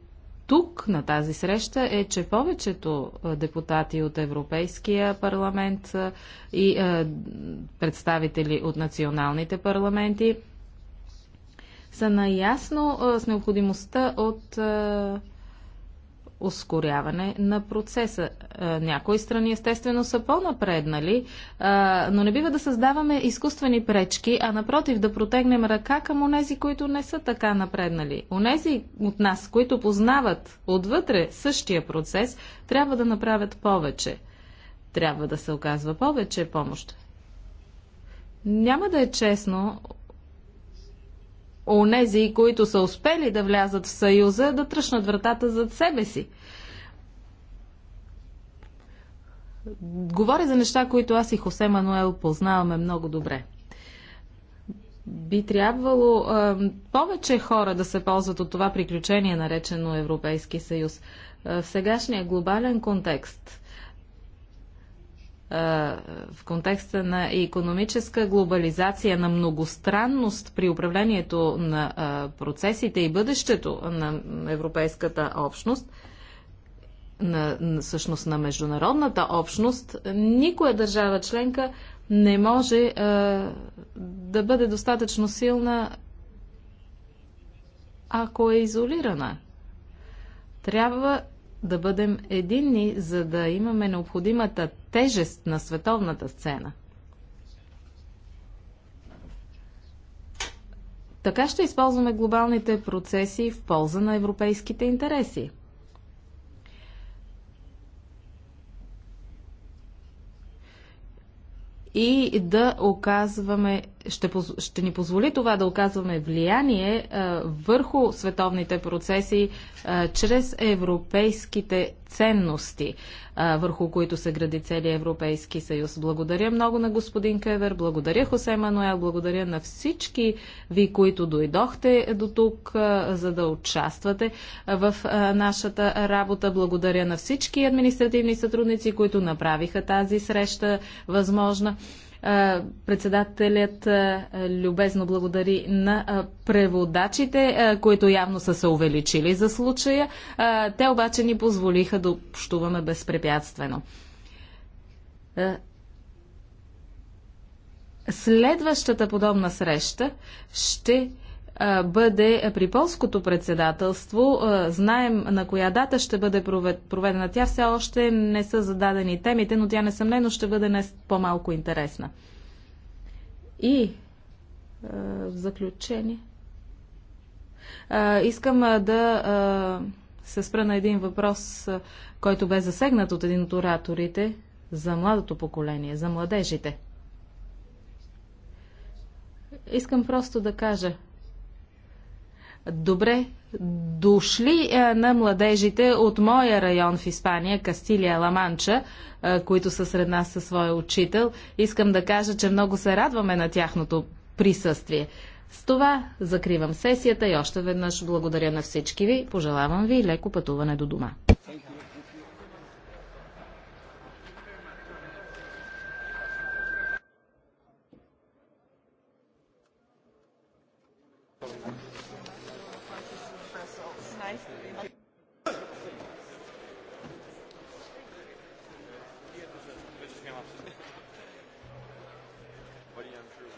тук, на тази среща, е, че повечето депутати от Европейския парламент и е, представители от националните парламенти са наясно с необходимостта от ускоряване на процеса. Някои страни естествено са по-напреднали, но не бива да създаваме изкуствени пречки, а напротив да протегнем ръка към онези, които не са така напреднали. Онези от нас, които познават отвътре същия процес, трябва да направят повече. Трябва да се оказва повече помощ. Няма да е честно онези, които са успели да влязат в Съюза, да тръщнат вратата зад себе си. Говоря за неща, които аз и Хосе Мануел познаваме много добре. Би трябвало а, повече хора да се ползват от това приключение, наречено Европейски съюз. А, в сегашния глобален контекст в контекста на економическа глобализация, на многостранност при управлението на процесите и бъдещето на Европейската общност, на, всъщност на международната общност, никоя държава членка не може а, да бъде достатъчно силна, ако е изолирана. Трябва да бъдем единни, за да имаме необходимата тежест на световната сцена. Така ще използваме глобалните процеси в полза на европейските интереси. И да оказваме ще, ще ни позволи това да оказваме влияние а, върху световните процеси а, чрез европейските ценности, а, върху които се гради целият Европейски съюз. Благодаря много на господин Кевер, благодаря Хосе Мануел, благодаря на всички ви, които дойдохте до тук, а, за да участвате в а, нашата работа. Благодаря на всички административни сътрудници, които направиха тази среща възможна. Председателят любезно благодари на преводачите, които явно са се увеличили за случая. Те обаче ни позволиха да общуваме безпрепятствено. Следващата подобна среща ще бъде при полското председателство. Знаем на коя дата ще бъде проведена. Тя все още не са зададени темите, но тя несъмнено ще бъде не по-малко интересна. И в заключение искам да се спра на един въпрос, който бе засегнат от един от ораторите за младото поколение, за младежите. Искам просто да кажа, Добре дошли е, на младежите от моя район в Испания, Кастилия Ламанча, е, които са сред нас със своя учител. Искам да кажа, че много се радваме на тяхното присъствие. С това закривам сесията и още веднъж благодаря на всички ви. Пожелавам ви леко пътуване до дома.